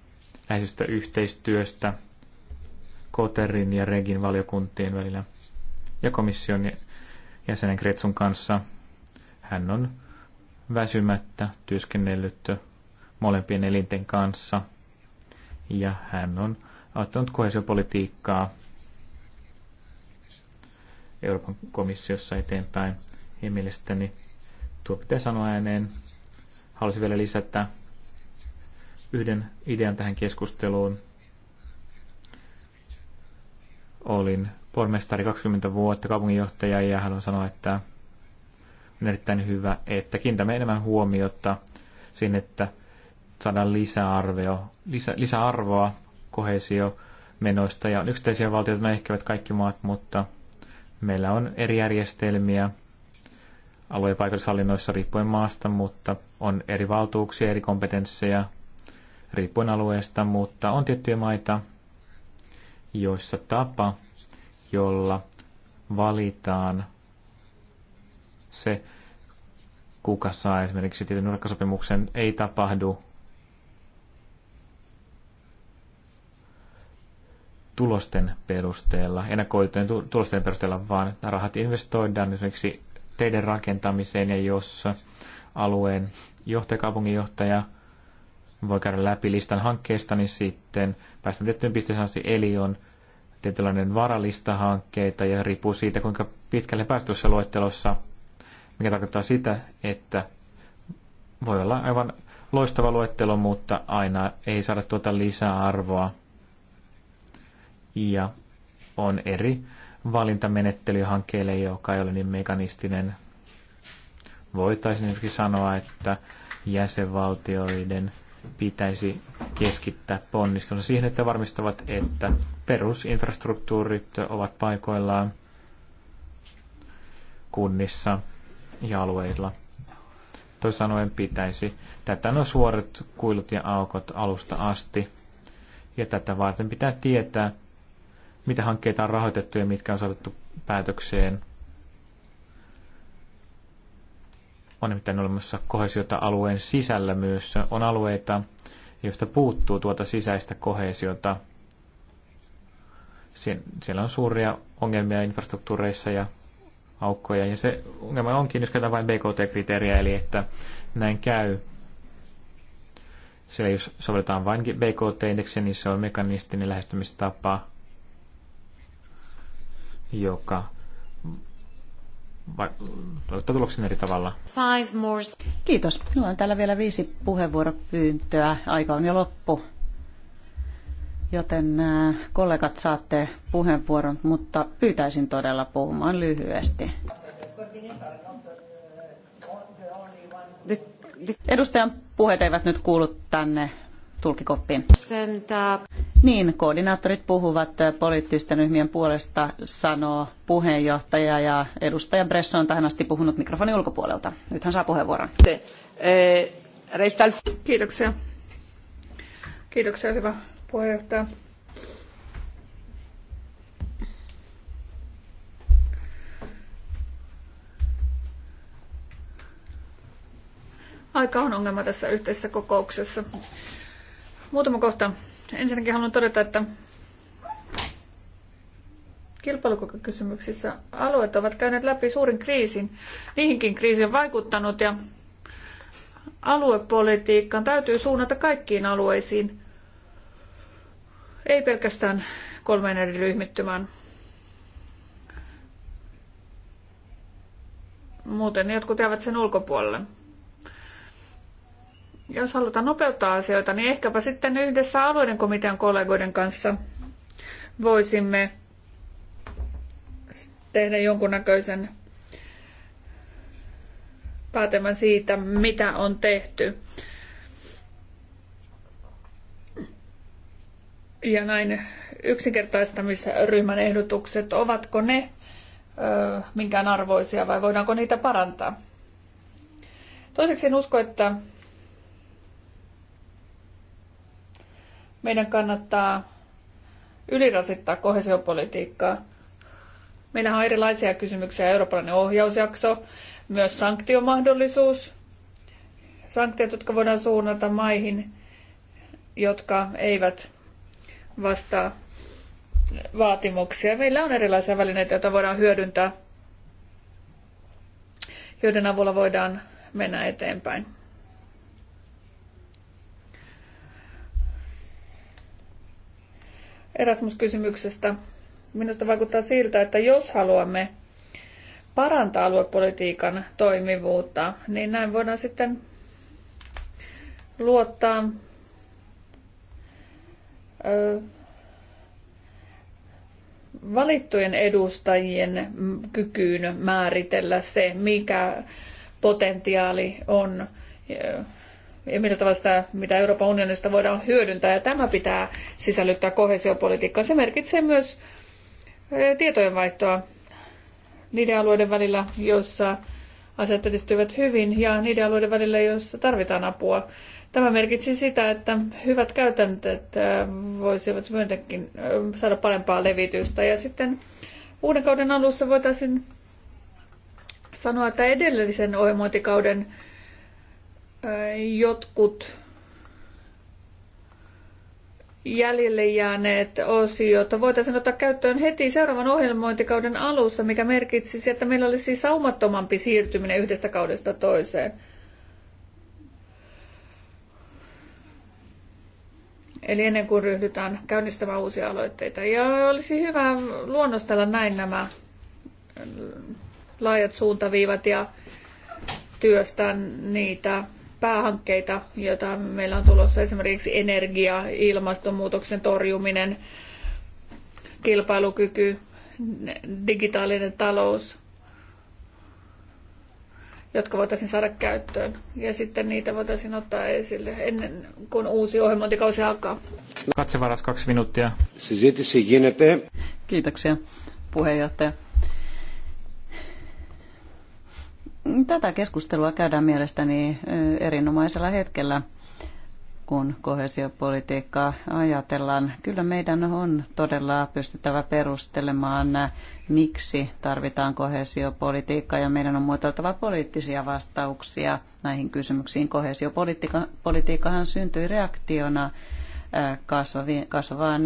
läheisestä yhteistyöstä Koterin ja Regin valiokuntien välillä ja komission jäsenen Kretsun kanssa. Hän on väsymättä työskennellyt molempien elinten kanssa ja hän on auttanut kohesiopolitiikkaa Euroopan komissiossa eteenpäin. Ja mielestäni tuo pitää sanoa ääneen, Haluaisin vielä lisätä yhden idean tähän keskusteluun. Olin pormestari 20 vuotta, kaupunginjohtaja ja haluan sanoa, että on erittäin hyvä, että kiinnitämme enemmän huomiota siihen, että saadaan lisäarvoa, lisä, lisäarvoa menoista Ja yksittäisiä valtioita, no ehkä kaikki maat, mutta meillä on eri järjestelmiä, alue- ja paikallishallinnoissa riippuen maasta, mutta on eri valtuuksia, eri kompetensseja riippuen alueesta, mutta on tiettyjä maita, joissa tapa, jolla valitaan se, kuka saa esimerkiksi tietyn nurkkasopimuksen, ei tapahdu tulosten perusteella, ennakoitujen tulosten perusteella, vaan rahat investoidaan esimerkiksi teiden rakentamiseen ja jos alueen johtajakaupunginjohtaja voi käydä läpi listan hankkeista, niin sitten päästään tiettyyn pisteeseen asti. Eli on tietynlainen varalista hankkeita ja riippuu siitä, kuinka pitkälle päästössä luettelossa, mikä tarkoittaa sitä, että voi olla aivan loistava luettelo, mutta aina ei saada tuota lisäarvoa. Ja on eri valintamenettely hankkeelle, joka ei ole niin mekanistinen. Voitaisiin esimerkiksi sanoa, että jäsenvaltioiden pitäisi keskittää ponnistunut siihen, että varmistavat, että perusinfrastruktuurit ovat paikoillaan kunnissa ja alueilla. Toisin sanoen pitäisi tätä on suorat kuilut ja aukot alusta asti. Ja tätä varten pitää tietää, mitä hankkeita on rahoitettu ja mitkä on saatettu päätökseen. On nimittäin olemassa kohesiota alueen sisällä myös. On alueita, joista puuttuu tuota sisäistä kohesiota. Siellä on suuria ongelmia infrastruktuureissa ja aukkoja. Ja se ongelma onkin, jos käytetään vain BKT-kriteeriä, eli että näin käy. Sillä jos sovelletaan vain BKT-indeksiä, niin se on mekanistinen lähestymistapa joka vaikuttaa tuloksen eri tavalla. Five more. Kiitos. Minulla on täällä vielä viisi puheenvuoropyyntöä. Aika on jo loppu. Joten kollegat saatte puheenvuoron, mutta pyytäisin todella puhumaan lyhyesti. Edustajan puheet eivät nyt kuulu tänne tulkikoppiin. Niin, koordinaattorit puhuvat äh, poliittisten ryhmien puolesta, sanoo puheenjohtaja ja edustaja Bresso on tähän asti puhunut mikrofonin ulkopuolelta. Nyt hän saa puheenvuoron. Eh, Kiitoksia. Kiitoksia, hyvä puheenjohtaja. Aika on ongelma tässä yhteisessä kokouksessa. Muutama kohta. Ensinnäkin haluan todeta, että kilpailukykykysymyksissä alueet ovat käyneet läpi suurin kriisin. Niihinkin kriisi on vaikuttanut ja aluepolitiikkaan täytyy suunnata kaikkiin alueisiin, ei pelkästään kolmeen eri ryhmittymään. Muuten jotkut jäävät sen ulkopuolelle. Jos halutaan nopeuttaa asioita, niin ehkäpä sitten yhdessä alueiden komitean kollegoiden kanssa voisimme tehdä jonkunnäköisen päätelmän siitä, mitä on tehty. Ja näin yksinkertaistamisryhmän ehdotukset, ovatko ne ö, minkään arvoisia vai voidaanko niitä parantaa? Toiseksi en usko, että Meidän kannattaa ylirasittaa kohesiopolitiikkaa. Meillä on erilaisia kysymyksiä, eurooppalainen ohjausjakso, myös sanktiomahdollisuus, sanktiot, jotka voidaan suunnata maihin, jotka eivät vastaa vaatimuksia. Meillä on erilaisia välineitä, joita voidaan hyödyntää, joiden avulla voidaan mennä eteenpäin. Erasmus-kysymyksestä. Minusta vaikuttaa siltä, että jos haluamme parantaa aluepolitiikan toimivuutta, niin näin voidaan sitten luottaa valittujen edustajien kykyyn määritellä se, mikä potentiaali on ja millä tavalla sitä, mitä Euroopan unionista voidaan hyödyntää. Ja tämä pitää sisällyttää kohesiopolitiikkaan. Se merkitsee myös tietojenvaihtoa niiden alueiden välillä, joissa asiat edistyvät hyvin, ja niiden alueiden välillä, joissa tarvitaan apua. Tämä merkitsi sitä, että hyvät käytännöt voisivat myöntäkin saada parempaa levitystä. Ja sitten uuden kauden alussa voitaisiin sanoa, että edellisen ohjelmointikauden jotkut jäljelle jääneet osiot voitaisiin ottaa käyttöön heti seuraavan ohjelmointikauden alussa, mikä merkitsisi, että meillä olisi saumattomampi siirtyminen yhdestä kaudesta toiseen. Eli ennen kuin ryhdytään käynnistämään uusia aloitteita. Ja olisi hyvä luonnostella näin nämä laajat suuntaviivat ja työstää niitä päähankkeita, joita meillä on tulossa, esimerkiksi energia, ilmastonmuutoksen torjuminen, kilpailukyky, digitaalinen talous, jotka voitaisiin saada käyttöön. Ja sitten niitä voitaisiin ottaa esille ennen kuin uusi ohjelmointikausi alkaa. Katsevaras kaksi minuuttia. Kiitoksia puheenjohtaja. Tätä keskustelua käydään mielestäni erinomaisella hetkellä, kun kohesiopolitiikkaa ajatellaan. Kyllä meidän on todella pystyttävä perustelemaan, miksi tarvitaan kohesiopolitiikkaa, ja meidän on muotoiltava poliittisia vastauksia näihin kysymyksiin. Kohesiopolitiikkahan syntyi reaktiona kasvavaan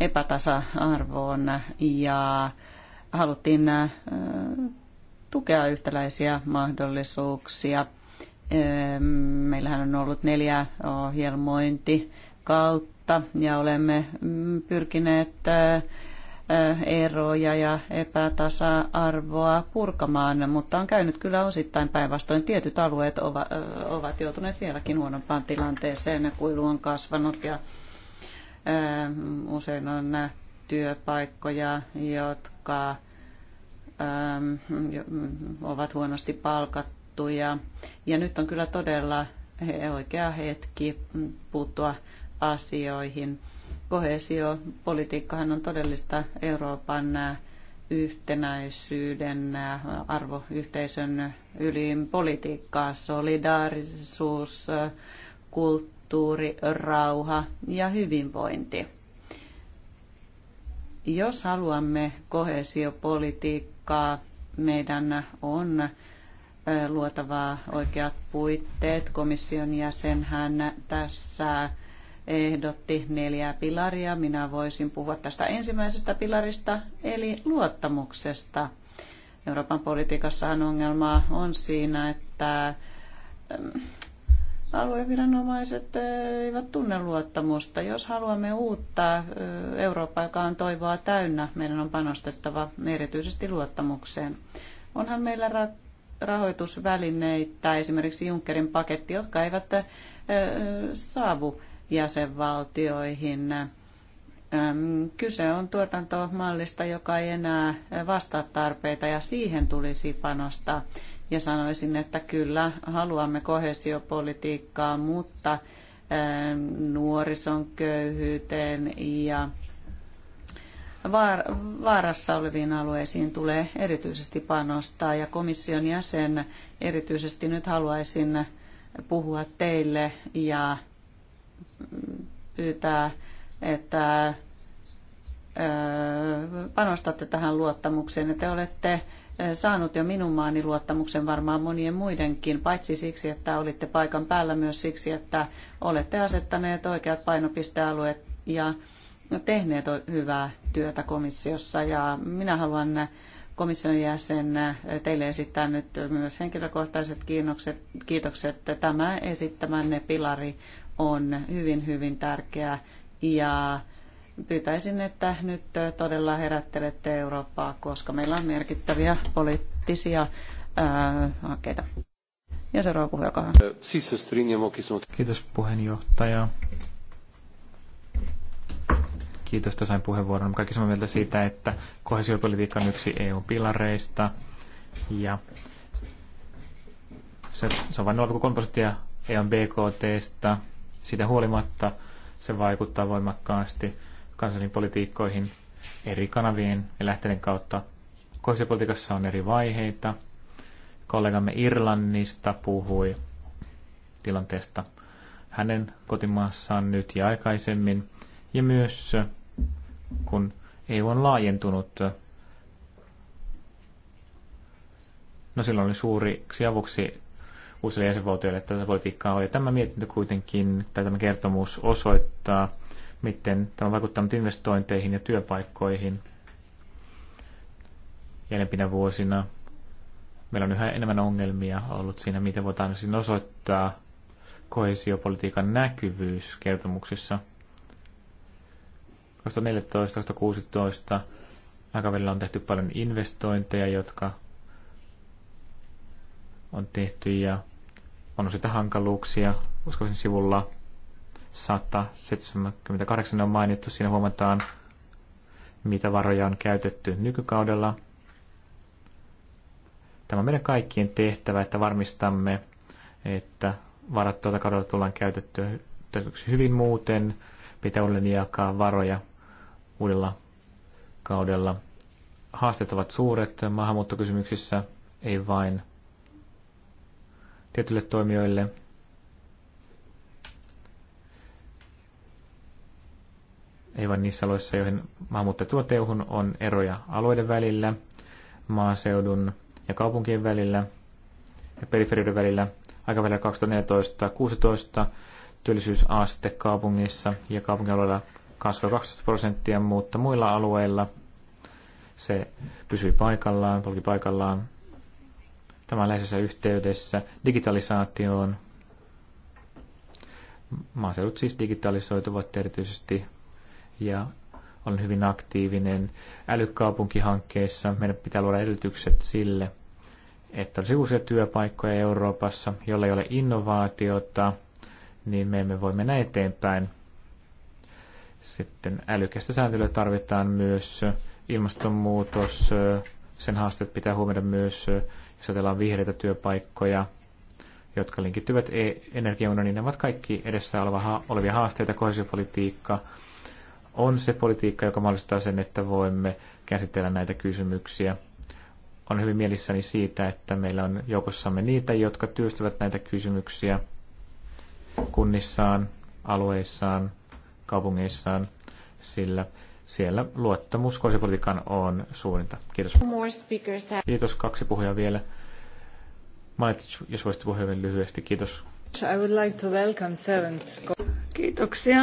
epätasa-arvoon ja haluttiin tukea yhtäläisiä mahdollisuuksia. Meillähän on ollut neljä ohjelmointi kautta ja olemme mm, pyrkineet eroja ja epätasa-arvoa purkamaan, mutta on käynyt kyllä osittain päinvastoin. Tietyt alueet ovat joutuneet vieläkin huonompaan tilanteeseen, kuilu on kasvanut ja usein on työpaikkoja, jotka Ähm, ovat huonosti palkattuja. Ja nyt on kyllä todella oikea hetki puuttua asioihin. Kohesiopolitiikkahan on todellista Euroopan äh, yhtenäisyyden äh, arvoyhteisön ylin politiikkaa, solidaarisuus, äh, kulttuuri, rauha ja hyvinvointi. Jos haluamme kohesiopolitiikkaa, aikaa. Meidän on luotavaa oikeat puitteet. Komission jäsenhän tässä ehdotti neljää pilaria. Minä voisin puhua tästä ensimmäisestä pilarista, eli luottamuksesta. Euroopan politiikassahan ongelma on siinä, että alueviranomaiset eh, eivät tunne luottamusta. Jos haluamme uutta eh, Eurooppaa, joka on toivoa täynnä, meidän on panostettava erityisesti luottamukseen. Onhan meillä ra- rahoitusvälineitä, esimerkiksi Junckerin paketti, jotka eivät eh, saavu jäsenvaltioihin. Kyse on tuotantomallista, joka ei enää vastaa tarpeita ja siihen tulisi panostaa ja sanoisin, että kyllä haluamme kohesiopolitiikkaa, mutta ähm, nuorison köyhyyteen ja vaarassa oleviin alueisiin tulee erityisesti panostaa ja komission jäsen erityisesti nyt haluaisin puhua teille ja mm, pyytää, että äh, panostatte tähän luottamukseen. Te olette saanut jo minun maani luottamuksen varmaan monien muidenkin, paitsi siksi, että olitte paikan päällä myös siksi, että olette asettaneet oikeat painopistealueet ja tehneet hyvää työtä komissiossa. Ja minä komission jäsen teille esittää nyt myös henkilökohtaiset kiitokset. Tämä esittämänne pilari on hyvin, hyvin tärkeä ja pyytäisin, että nyt todella herättelette Eurooppaa, koska meillä on merkittäviä poliittisia ää, äh, hankkeita. Ja seuraava puheenjohtaja. Kiitos puheenjohtaja. Kiitos, että sain puheenvuoron. Kaikki samaa mieltä siitä, että kohesiopolitiikka on yksi EU-pilareista. Ja se, se on vain 0,3 prosenttia eu BKTstä. Siitä huolimatta se vaikuttaa voimakkaasti kansallinpolitiikkoihin eri kanavien ja lähteiden kautta. Kohdistopolitiikassa on eri vaiheita. Kollegamme Irlannista puhui tilanteesta hänen kotimaassaan nyt ja aikaisemmin. Ja myös kun EU on laajentunut, no silloin oli suuriksi avuksi uusille jäsenvaltioille tätä politiikkaa on. Ja tämä mietintö kuitenkin, tai tämä kertomus osoittaa, miten tämä on vaikuttanut investointeihin ja työpaikkoihin jäljempinä vuosina. Meillä on yhä enemmän ongelmia ollut siinä, miten voidaan siinä osoittaa kohesiopolitiikan näkyvyys kertomuksissa. 2014-2016 aikavälillä on tehty paljon investointeja, jotka on tehty ja on sitä hankaluuksia. Uskoisin sivulla 178 on mainittu. Siinä huomataan, mitä varoja on käytetty nykykaudella. Tämä on meidän kaikkien tehtävä, että varmistamme, että varat tuolta kaudella tullaan käytettyä hyvin muuten. Pitää uudelleen jakaa varoja uudella kaudella. Haasteet ovat suuret maahanmuuttokysymyksissä, ei vain tietyille toimijoille, ei vain niissä aloissa, joihin maahanmuuttajatuoteuhun on eroja alueiden välillä, maaseudun ja kaupunkien välillä ja periferioiden välillä. Aikavälillä 2014-2016 työllisyysaste kaupungissa ja kaupunkialueilla kasvoi 12 prosenttia, mutta muilla alueilla se pysyi paikallaan, polki paikallaan. Tämä on läheisessä yhteydessä digitalisaatioon. Maaseudut siis digitalisoituvat erityisesti ja olen hyvin aktiivinen älykaupunkihankkeessa. Meidän pitää luoda edellytykset sille, että olisi uusia työpaikkoja Euroopassa, jolla ei ole innovaatiota, niin me emme voi mennä eteenpäin. Sitten älykästä sääntelyä tarvitaan myös ilmastonmuutos, sen haasteet pitää huomioida myös, jos ajatellaan vihreitä työpaikkoja, jotka linkittyvät e- energiaunioniin. Ne ovat kaikki edessä olevia haasteita, kohesiopolitiikka, on se politiikka, joka mahdollistaa sen, että voimme käsitellä näitä kysymyksiä. On hyvin mielissäni siitä, että meillä on joukossamme niitä, jotka työstävät näitä kysymyksiä kunnissaan, alueissaan, kaupungeissaan, sillä siellä luottamus kohdallisuuspolitiikkaan on suurinta. Kiitos. Kiitos. Kaksi puhujaa vielä. Mainitit, jos voisitte puhua hyvin lyhyesti. Kiitos. I would like to welcome seventh. Kiitoksia.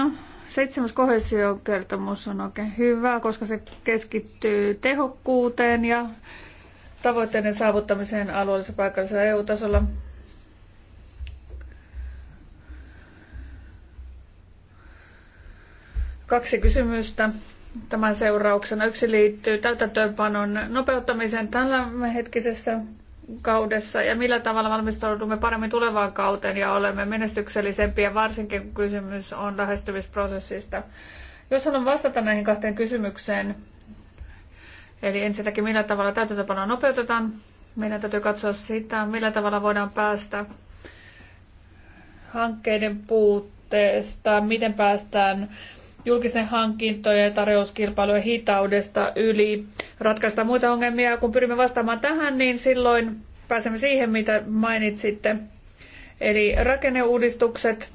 Seitsemäs kohesiokertomus on oikein hyvä, koska se keskittyy tehokkuuteen ja tavoitteiden saavuttamiseen alueellisessa paikallisella EU-tasolla. Kaksi kysymystä tämän seurauksena. Yksi liittyy täytäntöönpanon nopeuttamiseen tällä hetkisessä kaudessa ja millä tavalla valmistaudumme paremmin tulevaan kauteen ja olemme menestyksellisempiä, varsinkin kun kysymys on lähestymisprosessista. Jos haluan vastata näihin kahteen kysymykseen, eli ensinnäkin millä tavalla täytäntöpanoa nopeutetaan, meidän täytyy katsoa sitä, millä tavalla voidaan päästä hankkeiden puutteesta, miten päästään julkisen hankintojen ja tarjouskilpailujen hitaudesta yli, ratkaista muita ongelmia. Kun pyrimme vastaamaan tähän, niin silloin pääsemme siihen, mitä mainitsitte. Eli rakenneuudistukset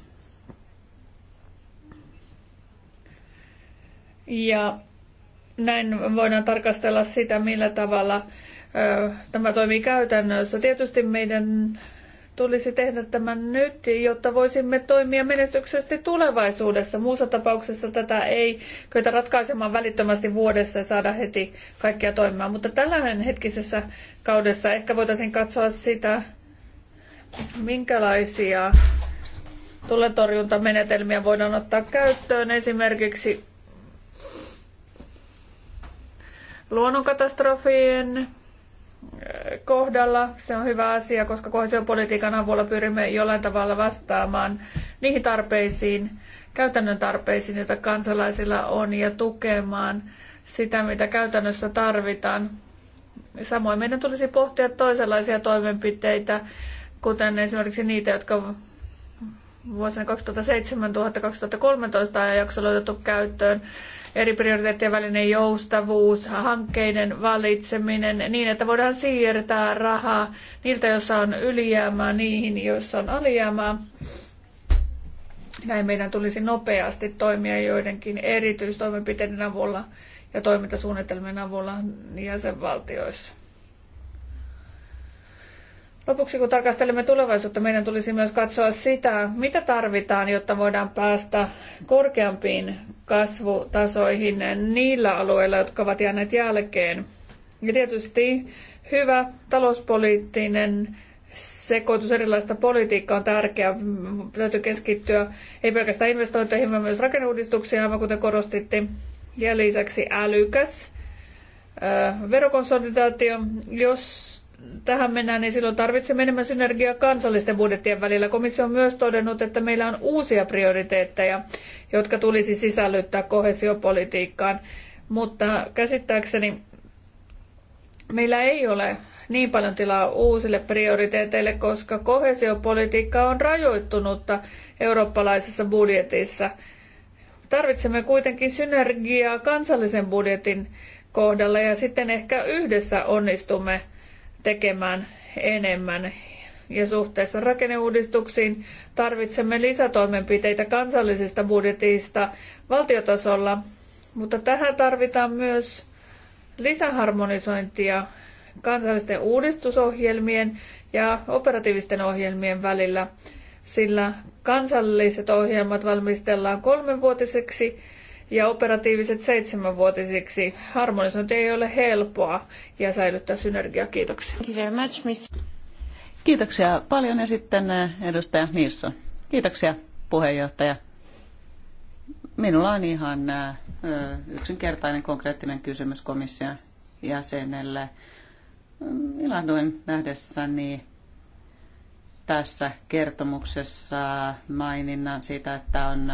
ja näin voidaan tarkastella sitä, millä tavalla tämä toimii käytännössä. Tietysti meidän tulisi tehdä tämän nyt, jotta voisimme toimia menestyksesti tulevaisuudessa. Muussa tapauksessa tätä ei kyetä ratkaisemaan välittömästi vuodessa ja saada heti kaikkia toimimaan. Mutta tällainen hetkisessä kaudessa ehkä voitaisiin katsoa sitä, minkälaisia tuletorjuntamenetelmiä voidaan ottaa käyttöön. Esimerkiksi luonnonkatastrofien kohdalla. Se on hyvä asia, koska kohesiopolitiikan avulla pyrimme jollain tavalla vastaamaan niihin tarpeisiin, käytännön tarpeisiin, joita kansalaisilla on, ja tukemaan sitä, mitä käytännössä tarvitaan. Samoin meidän tulisi pohtia toisenlaisia toimenpiteitä, kuten esimerkiksi niitä, jotka vuosina 2007-2013 ajanjaksolla otettu käyttöön eri prioriteettien välinen joustavuus, hankkeiden valitseminen niin, että voidaan siirtää rahaa niiltä, joissa on ylijäämää, niihin, joissa on alijäämää. Näin meidän tulisi nopeasti toimia joidenkin erityistoimenpiteiden avulla ja toimintasuunnitelmien avulla jäsenvaltioissa. Lopuksi kun tarkastelemme tulevaisuutta, meidän tulisi myös katsoa sitä, mitä tarvitaan, jotta voidaan päästä korkeampiin kasvutasoihin niillä alueilla, jotka ovat jääneet jälkeen. Ja tietysti hyvä talouspoliittinen sekoitus erilaista politiikkaa on tärkeää. Täytyy keskittyä ei pelkästään investointeihin, vaan myös rakenneuudistuksiin, aivan kuten korostitte. Ja lisäksi älykäs verokonsolidaatio, jos tähän mennään, niin silloin tarvitsemme enemmän synergiaa kansallisten budjettien välillä. Komissio on myös todennut, että meillä on uusia prioriteetteja, jotka tulisi sisällyttää kohesiopolitiikkaan, mutta käsittääkseni meillä ei ole niin paljon tilaa uusille prioriteeteille, koska kohesiopolitiikka on rajoittunutta eurooppalaisessa budjetissa. Tarvitsemme kuitenkin synergiaa kansallisen budjetin kohdalla ja sitten ehkä yhdessä onnistumme tekemään enemmän. Ja suhteessa rakenneuudistuksiin tarvitsemme lisätoimenpiteitä kansallisista budjetista valtiotasolla, mutta tähän tarvitaan myös lisäharmonisointia kansallisten uudistusohjelmien ja operatiivisten ohjelmien välillä, sillä kansalliset ohjelmat valmistellaan kolmenvuotiseksi ja operatiiviset seitsemänvuotisiksi. Harmonisointi ei ole helppoa ja säilyttää synergiaa. Kiitoksia. Kiitoksia paljon ja sitten eh, edustaja Nilsson. Kiitoksia puheenjohtaja. Minulla on ihan eh, eh, yksinkertainen konkreettinen kysymys komission jäsenelle. Ilahduin nähdessäni tässä kertomuksessa maininnan siitä, että on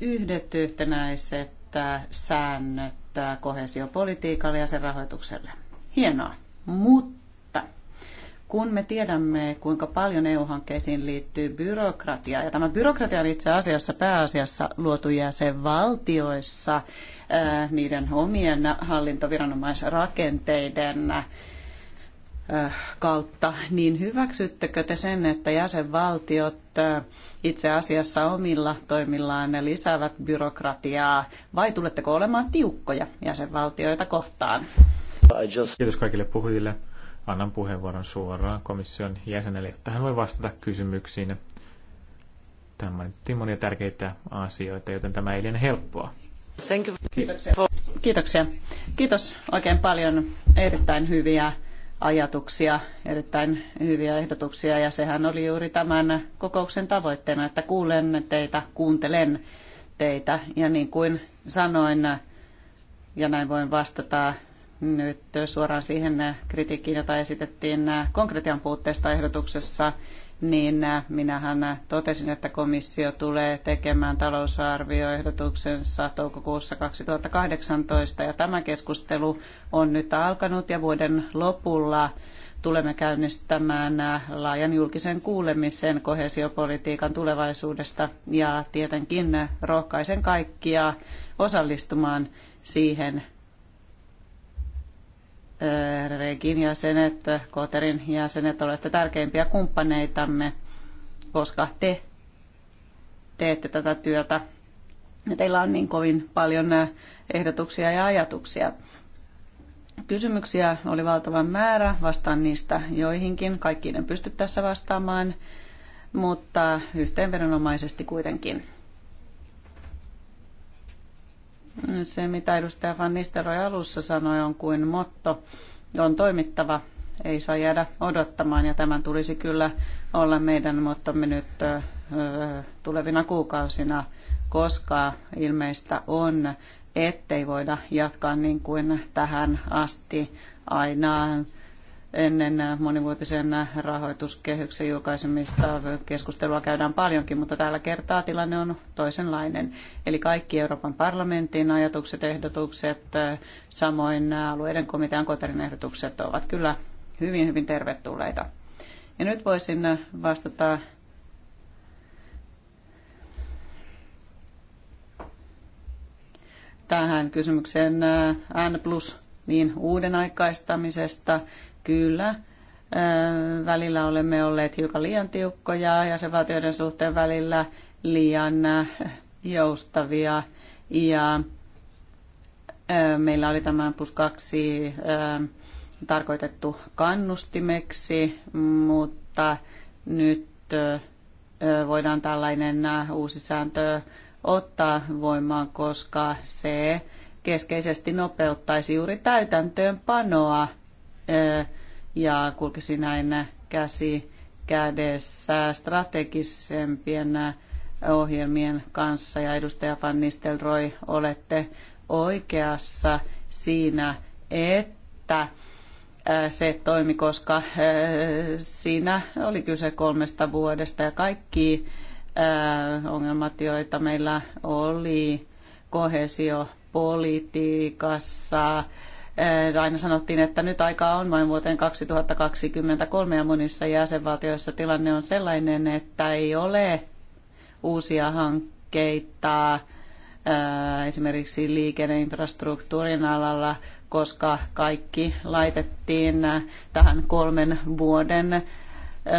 yhdet yhtenäiset säännöt kohesiopolitiikalle ja sen rahoitukselle. Hienoa. Mutta kun me tiedämme, kuinka paljon EU-hankkeisiin liittyy byrokratiaa, ja tämä byrokratia on itse asiassa pääasiassa luotu jäsenvaltioissa niiden omien hallintoviranomaisrakenteiden kautta, niin hyväksyttekö te sen, että jäsenvaltiot itse asiassa omilla toimillaan ne lisäävät byrokratiaa, vai tuletteko olemaan tiukkoja jäsenvaltioita kohtaan? Just... Kiitos kaikille puhujille. Annan puheenvuoron suoraan komission jäsenelle, jotta hän voi vastata kysymyksiin. Tämä on monia tärkeitä asioita, joten tämä ei liene helppoa. Kiitoksia. Kiitoksia. Kiitos oikein paljon erittäin hyviä ajatuksia, erittäin hyviä ehdotuksia ja sehän oli juuri tämän kokouksen tavoitteena, että kuulen teitä, kuuntelen teitä ja niin kuin sanoin, ja näin voin vastata nyt suoraan siihen kritiikkiin, jota esitettiin konkretian puutteesta ehdotuksessa, niin äh, minähän äh, totesin, että komissio tulee tekemään talousarvioehdotuksensa toukokuussa 2018 ja tämä keskustelu on nyt alkanut ja vuoden lopulla tulemme käynnistämään äh, laajan julkisen kuulemisen kohesiopolitiikan tulevaisuudesta ja tietenkin rohkaisen kaikkia osallistumaan siihen Regin jäsenet, Koterin jäsenet, olette tärkeimpiä kumppaneitamme, koska te teette tätä työtä. Ja teillä on niin kovin paljon ehdotuksia ja ajatuksia. Kysymyksiä oli valtavan määrä, vastaan niistä joihinkin, kaikkiin en pysty tässä vastaamaan, mutta yhteenvedonomaisesti kuitenkin. Se, mitä edustaja Van Nistelrooy alussa sanoi, on kuin motto. On toimittava, ei saa jäädä odottamaan ja tämän tulisi kyllä olla meidän mottomme nyt tulevina kuukausina, koska ilmeistä on, ettei voida jatkaa niin kuin tähän asti aina ennen monivuotisen rahoituskehyksen julkaisemista keskustelua käydään paljonkin, mutta tällä kertaa tilanne on toisenlainen. Eli kaikki Euroopan parlamentin ajatukset, ehdotukset, samoin alueiden komitean koterin ehdotukset ovat kyllä hyvin, hyvin tervetulleita. Ja nyt voisin vastata tähän kysymykseen N plus niin uuden aikaistamisesta kyllä välillä olemme olleet hiukan liian tiukkoja ja se valtioiden suhteen välillä liian joustavia. Ja meillä oli tämä plus kaksi tarkoitettu kannustimeksi, mutta nyt voidaan tällainen uusi sääntö ottaa voimaan, koska se keskeisesti nopeuttaisi juuri täytäntöönpanoa ja kulkisi näin käsi kädessä strategisempien ohjelmien kanssa. Ja edustaja Van Nistelrooy, olette oikeassa siinä, että se toimi, koska siinä oli kyse kolmesta vuodesta ja kaikki ongelmat, joita meillä oli kohesiopolitiikassa, aina sanottiin, että nyt aikaa on vain vuoteen 2023 ja monissa jäsenvaltioissa tilanne on sellainen, että ei ole uusia hankkeita esimerkiksi liikenneinfrastruktuurin alalla, koska kaikki laitettiin tähän kolmen vuoden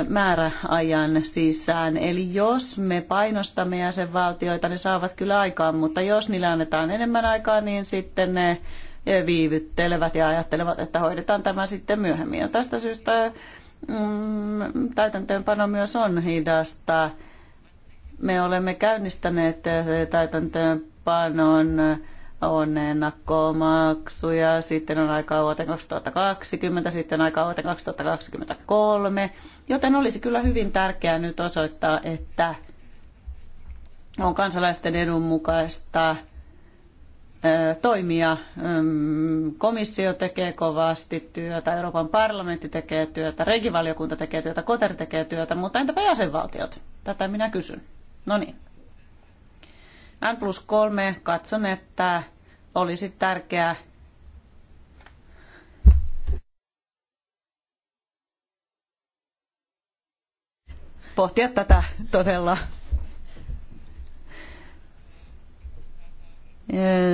määräajan sisään. Eli jos me painostamme jäsenvaltioita, ne saavat kyllä aikaan, mutta jos niillä annetaan enemmän aikaa, niin sitten ne viivyttelevät ja ajattelevat, että hoidetaan tämä sitten myöhemmin. Ja tästä syystä mm, täytäntöönpano myös on hidasta. Me olemme käynnistäneet täytäntöönpanon on ennakkomaksuja, sitten on aikaa vuoteen 2020, sitten aikaa vuoteen 2023, joten olisi kyllä hyvin tärkeää nyt osoittaa, että on kansalaisten edun mukaista toimia. Komissio tekee kovasti työtä, Euroopan parlamentti tekee työtä, regivaliokunta tekee työtä, Koter tekee työtä, mutta entäpä jäsenvaltiot? Tätä minä kysyn. No niin. N plus kolme katson, että olisi tärkeää pohtia tätä todella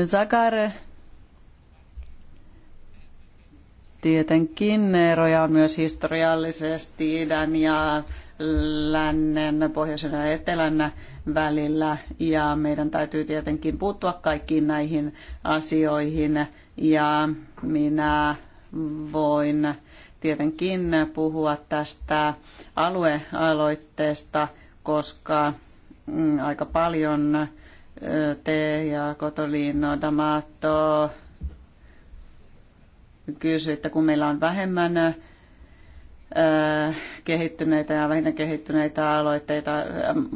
Zakare tietenkin eroja on myös historiallisesti idän ja lännen, pohjoisen ja etelän välillä. Ja meidän täytyy tietenkin puuttua kaikkiin näihin asioihin. Ja minä voin tietenkin puhua tästä aluealoitteesta, koska mm, aika paljon te ja Kotolino Damato kysyi, että kun meillä on vähemmän kehittyneitä ja vähintään kehittyneitä aloitteita,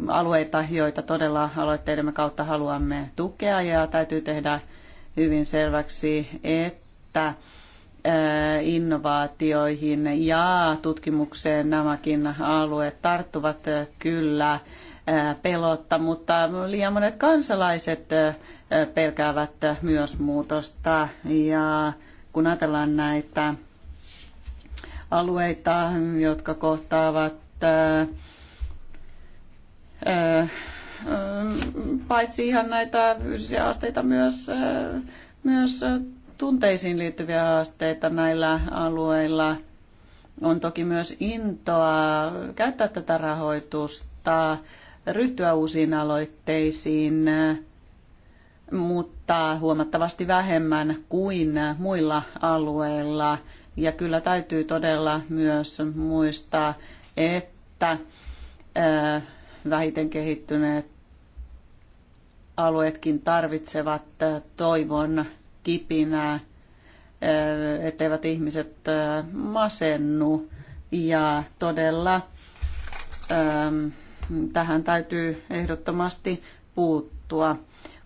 alueita, joita todella aloitteidemme kautta haluamme tukea ja täytyy tehdä hyvin selväksi, että innovaatioihin ja tutkimukseen nämäkin alueet tarttuvat kyllä pelotta, mutta liian monet kansalaiset pelkäävät myös muutosta. Ja kun ajatellaan näitä alueita, jotka kohtaavat paitsi ihan näitä fyysisiä haasteita, myös, myös tunteisiin liittyviä haasteita näillä alueilla. On toki myös intoa käyttää tätä rahoitusta ryhtyä uusiin aloitteisiin, mutta huomattavasti vähemmän kuin muilla alueilla. Ja kyllä täytyy todella myös muistaa, että vähiten kehittyneet alueetkin tarvitsevat toivon kipinää, etteivät ihmiset masennu ja todella ähm, Tähän täytyy ehdottomasti puuttua.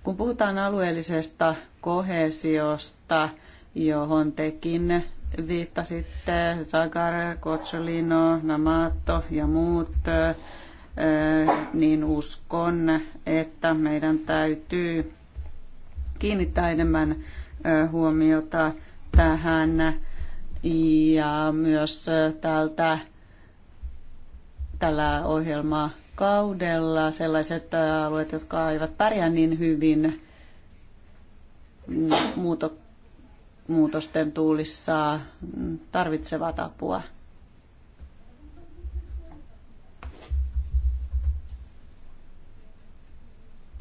Kun puhutaan alueellisesta kohesiosta, johon tekin viittasitte, Sagar, Kotsolino, Namato ja muut, niin uskon, että meidän täytyy kiinnittää enemmän huomiota tähän ja myös tältä tällä ohjelmaa kaudella sellaiset äh, alueet, jotka eivät pärjää niin hyvin mm, muuto, muutosten tuulissa, mm, tarvitsevat apua.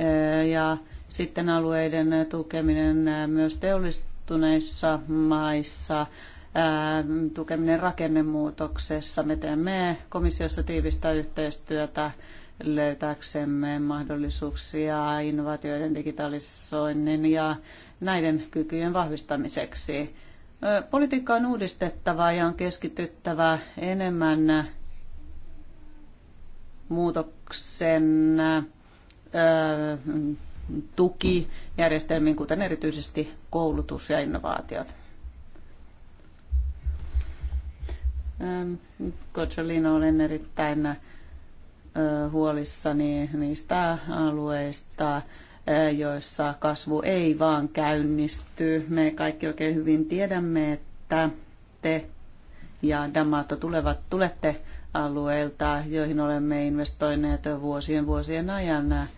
Äh, ja sitten alueiden tukeminen äh, myös teollistuneissa maissa Ähm, tukeminen rakennemuutoksessa. Me teemme komissiossa tiivistä yhteistyötä löytääksemme mahdollisuuksia innovaatioiden digitalisoinnin ja näiden kykyjen vahvistamiseksi. Politiikka on uudistettava ja on keskityttävä enemmän muutoksen tukijärjestelmiin, kuten erityisesti koulutus ja innovaatiot. Kotsolino, ähm, olen erittäin äh, huolissani niistä alueista, äh, joissa kasvu ei vaan käynnisty. Me kaikki oikein hyvin tiedämme, että te ja Damato tulevat, tulette alueilta, joihin olemme investoineet vuosien vuosien ajan äh,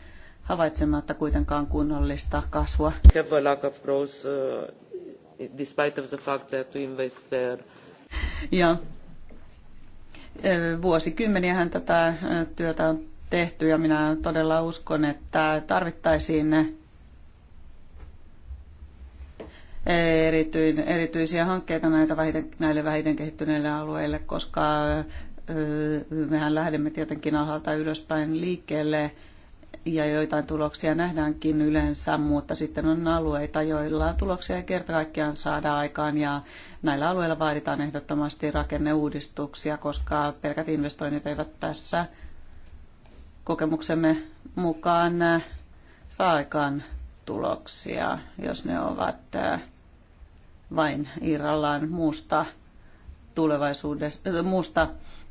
havaitsematta kuitenkaan kunnollista kasvua. Uh, ja Vuosikymmeniähän tätä työtä on tehty ja minä todella uskon, että tarvittaisiin erityinen, erityisiä hankkeita näitä vähiten, näille vähiten kehittyneille alueille, koska mehän lähdemme tietenkin alhaalta ylöspäin liikkeelle ja joitain tuloksia nähdäänkin yleensä, mutta sitten on alueita, joilla tuloksia ei kerta kaikkiaan saada aikaan ja näillä alueilla vaaditaan ehdottomasti rakenneuudistuksia, koska pelkät investoinnit eivät tässä kokemuksemme mukaan äh, saa aikaan tuloksia, jos ne ovat äh, vain irrallaan muusta tulevaisuudesta, äh, muusta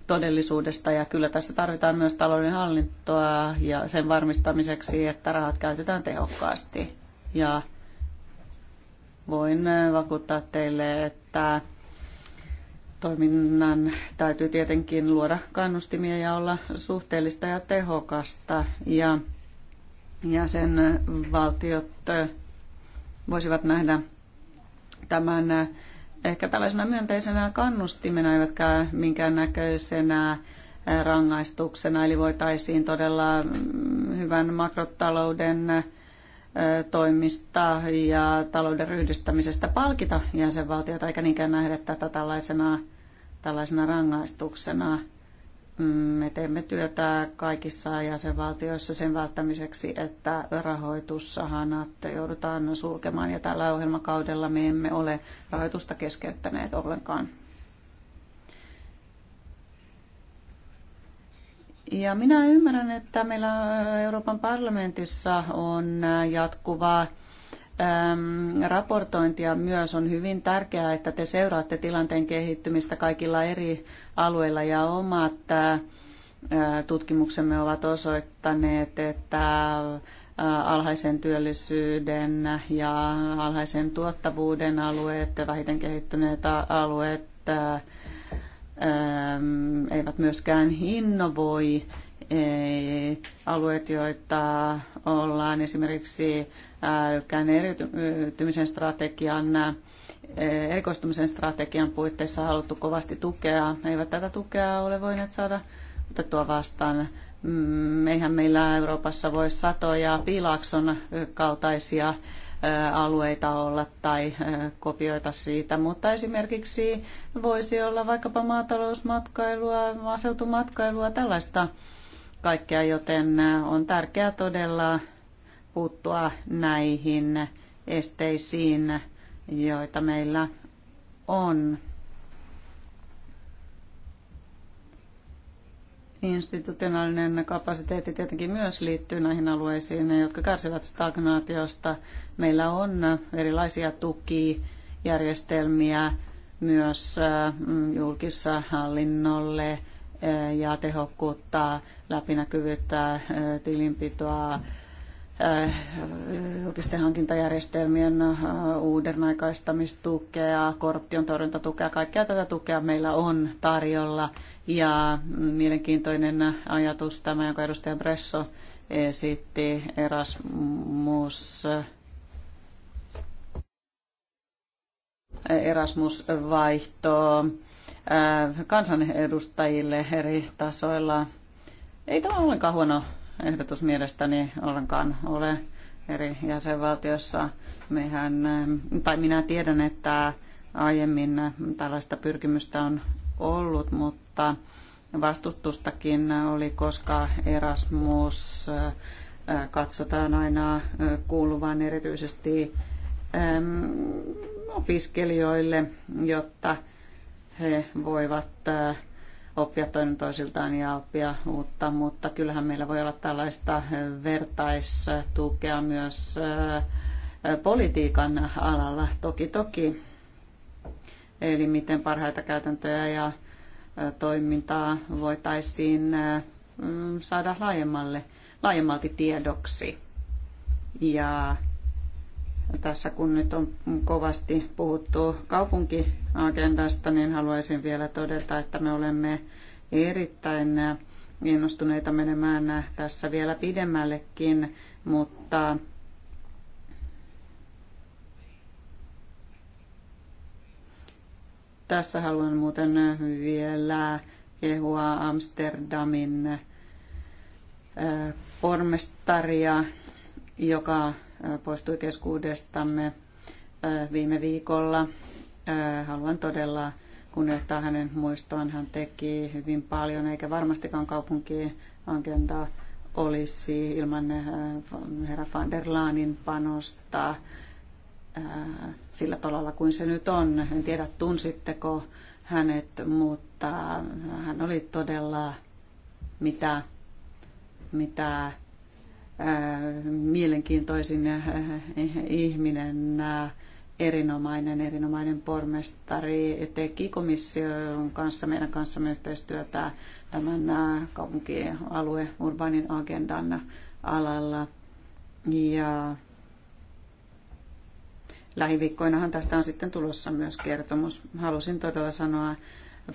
todellisuudesta ja kyllä tässä tarvitaan myös talouden hallintoa ja sen varmistamiseksi, että rahat käytetään tehokkaasti. Ja voin äh, vakuuttaa teille, että toiminnan täytyy tietenkin luoda kannustimia ja olla suhteellista ja tehokasta. Ja jäsenvaltiot äh, voisivat nähdä tämän äh, ehkä tällaisena myönteisenä kannustimena, eivätkä minkäännäköisenä rangaistuksena. Eli voitaisiin todella mm, hyvän makrotalouden toimista ja talouden ryhdistämisestä palkita jäsenvaltiota, eikä niinkään nähdä tätä tällaisena, tällaisena rangaistuksena me teemme työtä kaikissa jäsenvaltioissa sen välttämiseksi, että rahoitussahanat joudutaan sulkemaan ja tällä ohjelmakaudella me emme ole rahoitusta keskeyttäneet ollenkaan. Ja minä ymmärrän, että meillä Euroopan parlamentissa on jatkuvaa Ähm, raportointia myös on hyvin tärkeää, että te seuraatte tilanteen kehittymistä kaikilla eri alueilla ja omat äh, tutkimuksemme ovat osoittaneet, että äh, alhaisen työllisyyden ja alhaisen tuottavuuden alueet, vähiten kehittyneet alueet äh, ähm, eivät myöskään innovoi alueet, joita ollaan esimerkiksi älykkään eriytymisen strategian, erikoistumisen strategian puitteissa haluttu kovasti tukea. He eivät tätä tukea ole voineet saada otettua vastaan. meihän mm, meillä Euroopassa voi satoja piilakson kaltaisia alueita olla tai kopioita siitä, mutta esimerkiksi voisi olla vaikkapa maatalousmatkailua, maaseutumatkailua, tällaista kaikkea, joten on tärkeää todella puuttua näihin esteisiin, joita meillä on. Institutionaalinen kapasiteetti tietenkin myös liittyy näihin alueisiin, jotka kärsivät stagnaatiosta. Meillä on erilaisia tukijärjestelmiä myös mm, julkissa hallinnolle eh, ja tehokkuutta, läpinäkyvyyttä, eh, tilinpitoa, Äh, julkisten hankintajärjestelmien äh, uudenaikaistamistukea, korruption torjuntatukea, kaikkea tätä tukea meillä on tarjolla. Ja mielenkiintoinen ajatus tämä, jonka edustaja Bresso esitti Erasmus erasmus vaihto äh, kansanedustajille eri tasoilla. Ei tämä ole ollenkaan huono ehdotus mielestäni ollenkaan ole eri jäsenvaltiossa. Mehän, eh, tai minä tiedän, että aiemmin tällaista pyrkimystä on ollut, mutta vastustustakin oli, koska Erasmus eh, katsotaan aina eh, kuuluvan erityisesti opiskelijoille, jotta he voivat oppia toinen toisiltaan ja oppia uutta, mutta kyllähän meillä voi olla tällaista vertaistukea myös politiikan alalla. Toki toki. Eli miten parhaita käytäntöjä ja toimintaa voitaisiin mm, saada laajemmalle, laajemmalti tiedoksi. Ja tässä kun nyt on kovasti puhuttu kaupunkiagendasta, niin haluaisin vielä todeta, että me olemme erittäin innostuneita menemään tässä vielä pidemmällekin, mutta tässä haluan muuten vielä kehua Amsterdamin pormestaria, joka poistui keskuudestamme äh, viime viikolla. Äh, haluan todella kunnioittaa hänen muistoaan. Hän teki hyvin paljon, eikä varmastikaan agenda olisi ilman äh, herra van der Laanin panosta sillä tavalla kuin se nyt on. En tiedä tunsitteko hänet, mutta hän oli todella mitä, mitä mielenkiintoisin äh, ihminen, äh, erinomainen, erinomainen pormestari, teki komission kanssa, meidän kanssamme yhteistyötä tämän äh, kaupunkialue urbanin agendan alalla. Ja lähiviikkoinahan tästä on sitten tulossa myös kertomus. Halusin todella sanoa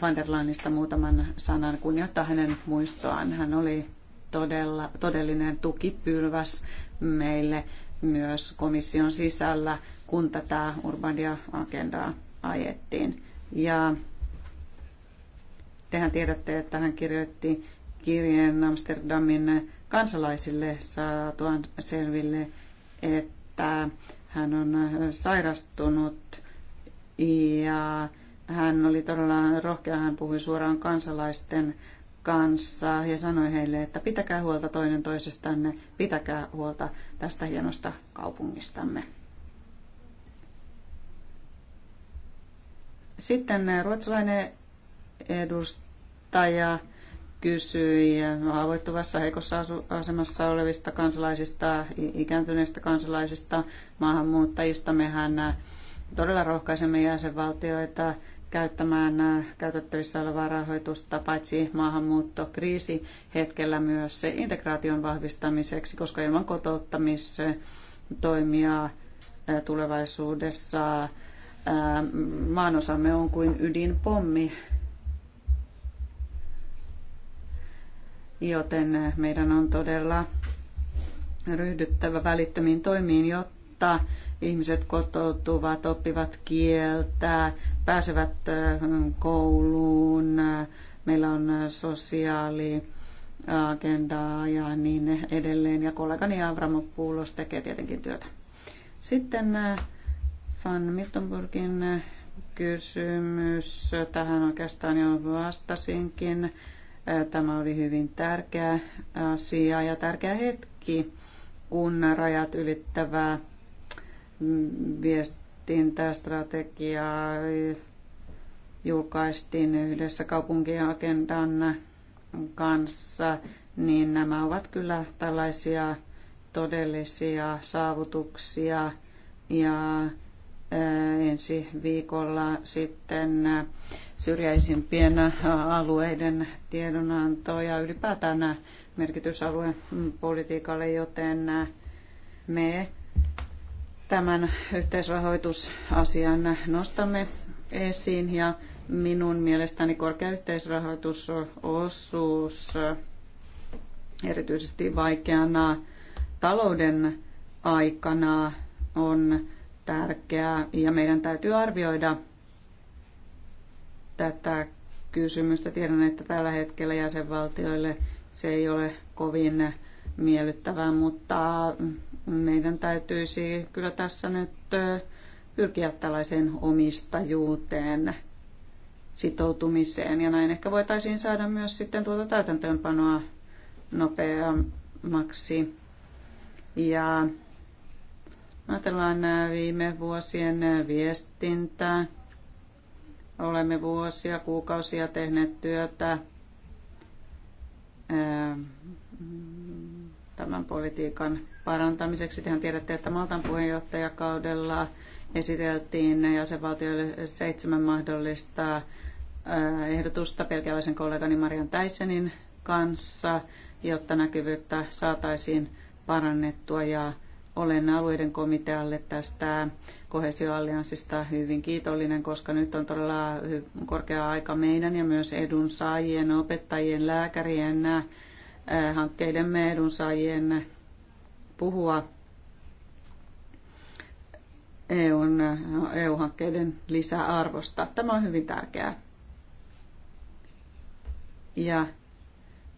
Van der muutaman sanan kunnioittaa hänen muistoaan. Hän oli todella, todellinen tukipylväs meille myös komission sisällä, kun tätä Urbania-agendaa ajettiin. Ja tehän tiedätte, että hän kirjoitti kirjeen Amsterdamin kansalaisille saatuan selville, että hän on sairastunut ja hän oli todella rohkea, hän puhui suoraan kansalaisten kanssa ja sanoi heille, että pitäkää huolta toinen toisestanne, pitäkää huolta tästä hienosta kaupungistamme. Sitten ruotsalainen edustaja kysyi haavoittuvassa heikossa asemassa olevista kansalaisista, ikääntyneistä kansalaisista, maahanmuuttajista. Mehän todella rohkaisemme jäsenvaltioita käyttämään äh, käytettävissä olevaa rahoitusta paitsi maahanmuuttokriisi hetkellä myös se integraation vahvistamiseksi, koska ilman kotouttamistoimia äh, tulevaisuudessa äh, maanosamme on kuin ydinpommi. Joten meidän on todella ryhdyttävä välittömiin toimiin, jotta ihmiset kotoutuvat, oppivat kieltä, pääsevät kouluun, meillä on sosiaali, agendaa ja niin edelleen. Ja kollegani Avramo Puulos tekee tietenkin työtä. Sitten Van Mittenburgin kysymys. Tähän oikeastaan jo vastasinkin. Tämä oli hyvin tärkeä asia ja tärkeä hetki, kun rajat ylittävää viestintästrategiaa julkaistiin yhdessä agendan kanssa, niin nämä ovat kyllä tällaisia todellisia saavutuksia. Ja ensi viikolla sitten syrjäisimpien alueiden tiedonanto ja ylipäätään merkitysalueen politiikalle, joten me tämän yhteisrahoitusasian nostamme esiin ja minun mielestäni korkea yhteisrahoitusosuus erityisesti vaikeana talouden aikana on tärkeää ja meidän täytyy arvioida tätä kysymystä. Tiedän, että tällä hetkellä jäsenvaltioille se ei ole kovin miellyttävää, mutta meidän täytyisi kyllä tässä nyt pyrkiä tällaiseen omistajuuteen, sitoutumiseen ja näin ehkä voitaisiin saada myös sitten tuota täytäntöönpanoa nopeammaksi. Ja ajatellaan viime vuosien viestintää. Olemme vuosia, kuukausia tehneet työtä tämän politiikan parantamiseksi. Tehän tiedätte, että Maltan puheenjohtajakaudella esiteltiin jäsenvaltioille seitsemän mahdollista äh, ehdotusta pelkialaisen kollegani Marian Täisenin kanssa, jotta näkyvyyttä saataisiin parannettua ja olen alueiden komitealle tästä kohesioallianssista hyvin kiitollinen, koska nyt on todella korkea aika meidän ja myös edunsaajien, opettajien, lääkärien, äh, hankkeidemme edunsaajien puhua EUn, EU-hankkeiden lisäarvosta. Tämä on hyvin tärkeää. Ja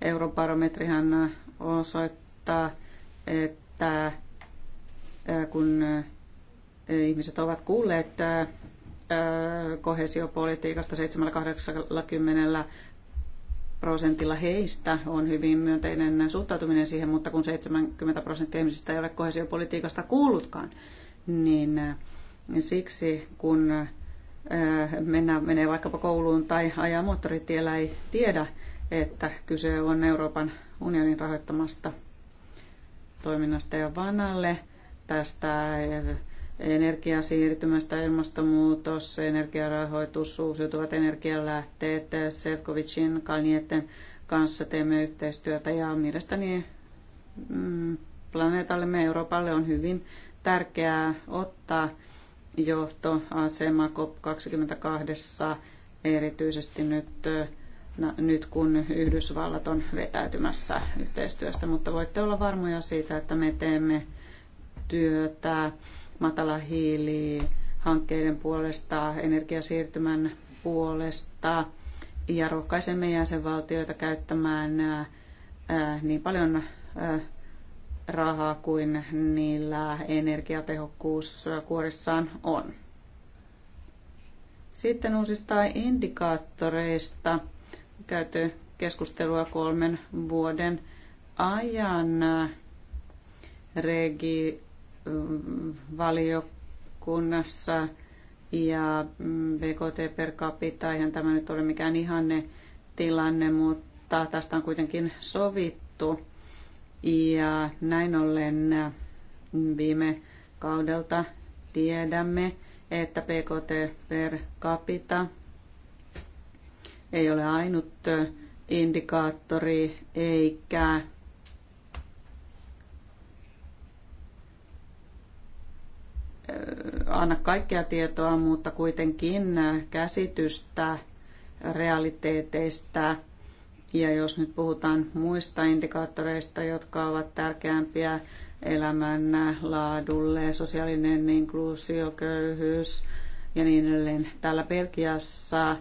eurobarometrihan osoittaa, että kun ihmiset ovat kuulleet kohesiopolitiikasta 780 prosentilla heistä on hyvin myönteinen suhtautuminen siihen, mutta kun 70 prosenttia ihmisistä ei ole kohesiopolitiikasta kuullutkaan, niin äh, siksi kun äh, mennä, menee vaikkapa kouluun tai ajaa moottoritiellä, ei tiedä, että kyse on Euroopan unionin rahoittamasta toiminnasta ja vanalle tästä äh, energiasiirtymästä, ilmastonmuutos, energiarahoitus, uusiutuvat energialähteet. Sefcovicin Kalnieten kanssa teemme yhteistyötä ja mielestäni mm, planeetalle planeetallemme Euroopalle on hyvin tärkeää ottaa johtoasema COP22 erityisesti nyt, nyt kun Yhdysvallat on vetäytymässä yhteistyöstä, mutta voitte olla varmoja siitä, että me teemme työtä matala hiili, hankkeiden puolesta, energiasiirtymän puolesta ja rohkaisemme jäsenvaltioita käyttämään niin paljon rahaa kuin niillä energiatehokkuus kuorissaan on. Sitten uusista indikaattoreista käyty keskustelua kolmen vuoden ajan. Regi valiokunnassa ja BKT per capita, eihän tämä nyt ole mikään ihanne tilanne, mutta tästä on kuitenkin sovittu. Ja näin ollen viime kaudelta tiedämme, että BKT per capita ei ole ainut indikaattori eikä Äh, anna kaikkea tietoa, mutta kuitenkin äh, käsitystä realiteeteista. Ja jos nyt puhutaan muista indikaattoreista, jotka ovat tärkeämpiä elämän äh, laadulle, sosiaalinen inkluusio, köyhyys ja niin edelleen. Täällä Belgiassa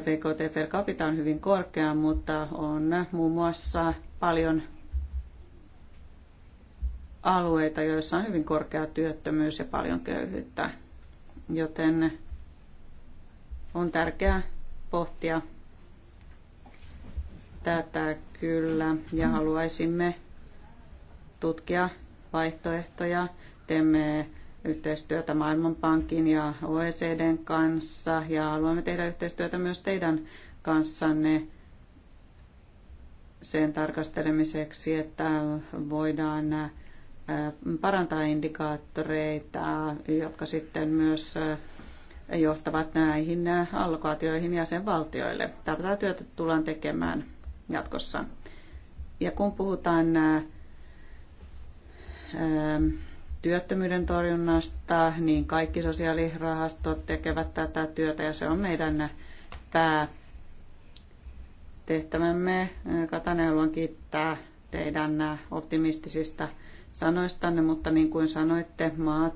BKT per capita on hyvin korkea, mutta on muun muassa paljon alueita, joissa on hyvin korkea työttömyys ja paljon köyhyyttä. Joten on tärkeää pohtia tätä kyllä ja haluaisimme tutkia vaihtoehtoja. Teemme yhteistyötä Maailmanpankin ja OECDn kanssa ja haluamme tehdä yhteistyötä myös teidän kanssanne sen tarkastelemiseksi, että voidaan parantaa indikaattoreita, jotka sitten myös johtavat näihin allokaatioihin jäsenvaltioille. Tätä työtä tullaan tekemään jatkossa. Ja kun puhutaan työttömyyden torjunnasta, niin kaikki sosiaalirahastot tekevät tätä työtä ja se on meidän päätehtävämme. Katane, haluan kiittää teidän optimistisista sanoistanne, mutta niin kuin sanoitte, maat,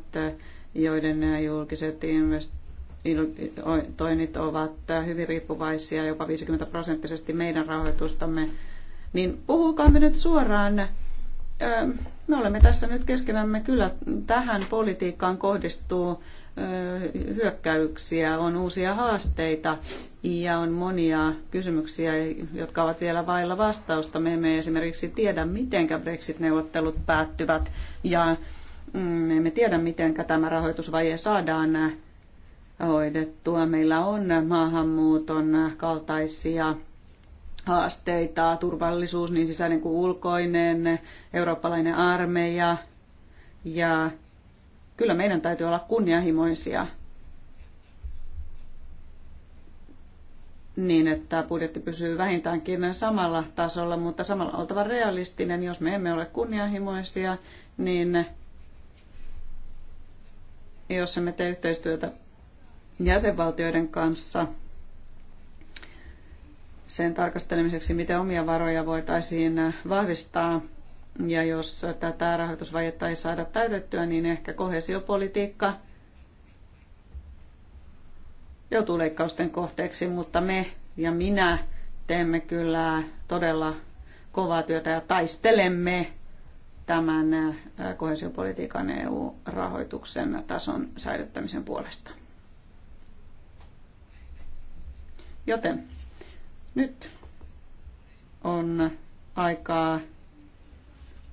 joiden nämä julkiset investoinnit ovat hyvin riippuvaisia, jopa 50 prosenttisesti meidän rahoitustamme, niin puhukaamme nyt suoraan me olemme tässä nyt keskenämme, kyllä tähän politiikkaan kohdistuu hyökkäyksiä, on uusia haasteita ja on monia kysymyksiä, jotka ovat vielä vailla vastausta. Me emme esimerkiksi tiedä, miten Brexit-neuvottelut päättyvät ja mm, me emme tiedä, miten tämä rahoitusvaje saadaan hoidettua. Meillä on maahanmuuton kaltaisia haasteita, turvallisuus, niin sisäinen kuin ulkoinen, eurooppalainen armeija ja kyllä meidän täytyy olla kunnianhimoisia niin, että budjetti pysyy vähintäänkin samalla tasolla, mutta samalla oltava realistinen. Jos me emme ole kunnianhimoisia, niin jos emme tee yhteistyötä jäsenvaltioiden kanssa sen tarkastelemiseksi, miten omia varoja voitaisiin vahvistaa, ja jos tätä rahoitusvajetta ei saada täytettyä, niin ehkä kohesiopolitiikka joutuu leikkausten kohteeksi, mutta me ja minä teemme kyllä todella kovaa työtä ja taistelemme tämän kohesiopolitiikan EU-rahoituksen tason säilyttämisen puolesta. Joten nyt on aikaa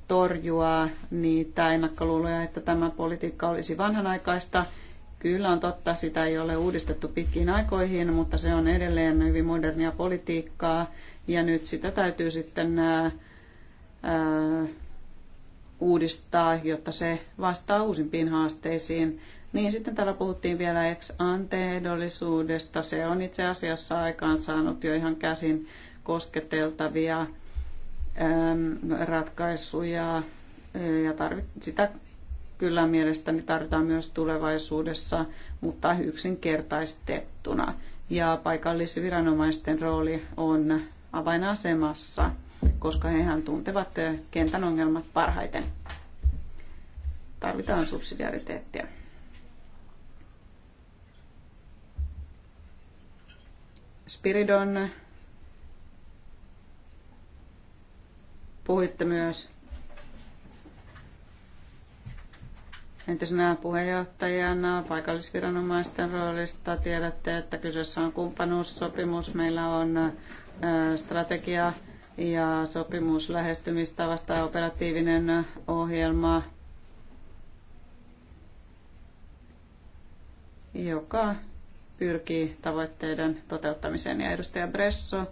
torjua niitä ennakkoluuloja, että tämä politiikka olisi vanhanaikaista. Kyllä on totta, sitä ei ole uudistettu pitkiin aikoihin, mutta se on edelleen hyvin modernia politiikkaa ja nyt sitä täytyy sitten ää, uudistaa, jotta se vastaa uusimpiin haasteisiin. Niin sitten täällä puhuttiin vielä ex ante Se on itse asiassa aikaan saanut jo ihan käsin kosketeltavia ratkaisuja ja tarvit, sitä kyllä mielestäni tarvitaan myös tulevaisuudessa, mutta yksinkertaistettuna. Ja paikallisviranomaisten rooli on avainasemassa, koska hehän tuntevat kentän ongelmat parhaiten. Tarvitaan subsidiariteettia. Spiridon puhuitte myös nämä puheenjohtajana paikallisviranomaisten roolista. Tiedätte, että kyseessä on kumppanuussopimus. Meillä on strategia ja sopimus lähestymistavasta operatiivinen ohjelma, joka pyrkii tavoitteiden toteuttamiseen. Ja edustaja Bresso,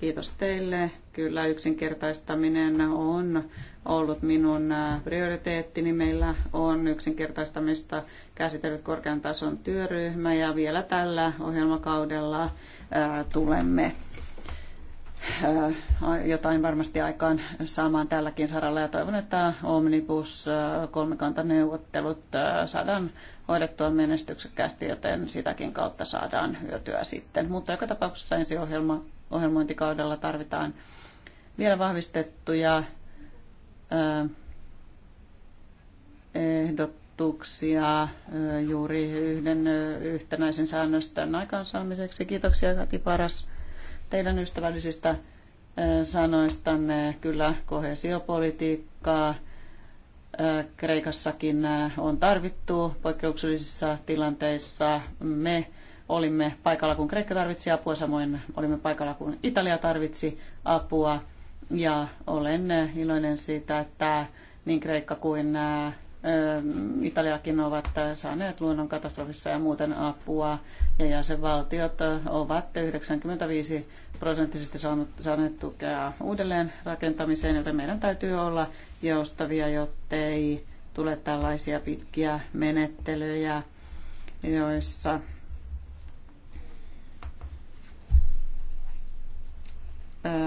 kiitos teille kyllä yksinkertaistaminen on ollut minun prioriteettini. Meillä on yksinkertaistamista käsitellyt korkean tason työryhmä ja vielä tällä ohjelmakaudella tulemme jotain varmasti aikaan saamaan tälläkin saralla ja toivon, että Omnibus kolmikantaneuvottelut saadaan hoidettua menestyksekkäästi, joten sitäkin kautta saadaan hyötyä sitten. Mutta joka tapauksessa ensi ohjelma, ohjelmointikaudella tarvitaan vielä vahvistettuja ehdotuksia juuri yhden yhtenäisen säännöstön aikaansaamiseksi. Kiitoksia Kati Paras teidän ystävällisistä sanoistanne. Kyllä kohesiopolitiikkaa Kreikassakin on tarvittu poikkeuksellisissa tilanteissa. Me olimme paikalla, kun Kreikka tarvitsi apua, samoin olimme paikalla, kun Italia tarvitsi apua ja olen iloinen siitä, että niin Kreikka kuin Italiakin ovat saaneet luonnonkatastrofissa ja muuten apua, ja jäsenvaltiot ovat 95 prosenttisesti saaneet tukea uudelleen rakentamiseen, joten meidän täytyy olla joustavia, jottei tule tällaisia pitkiä menettelyjä, joissa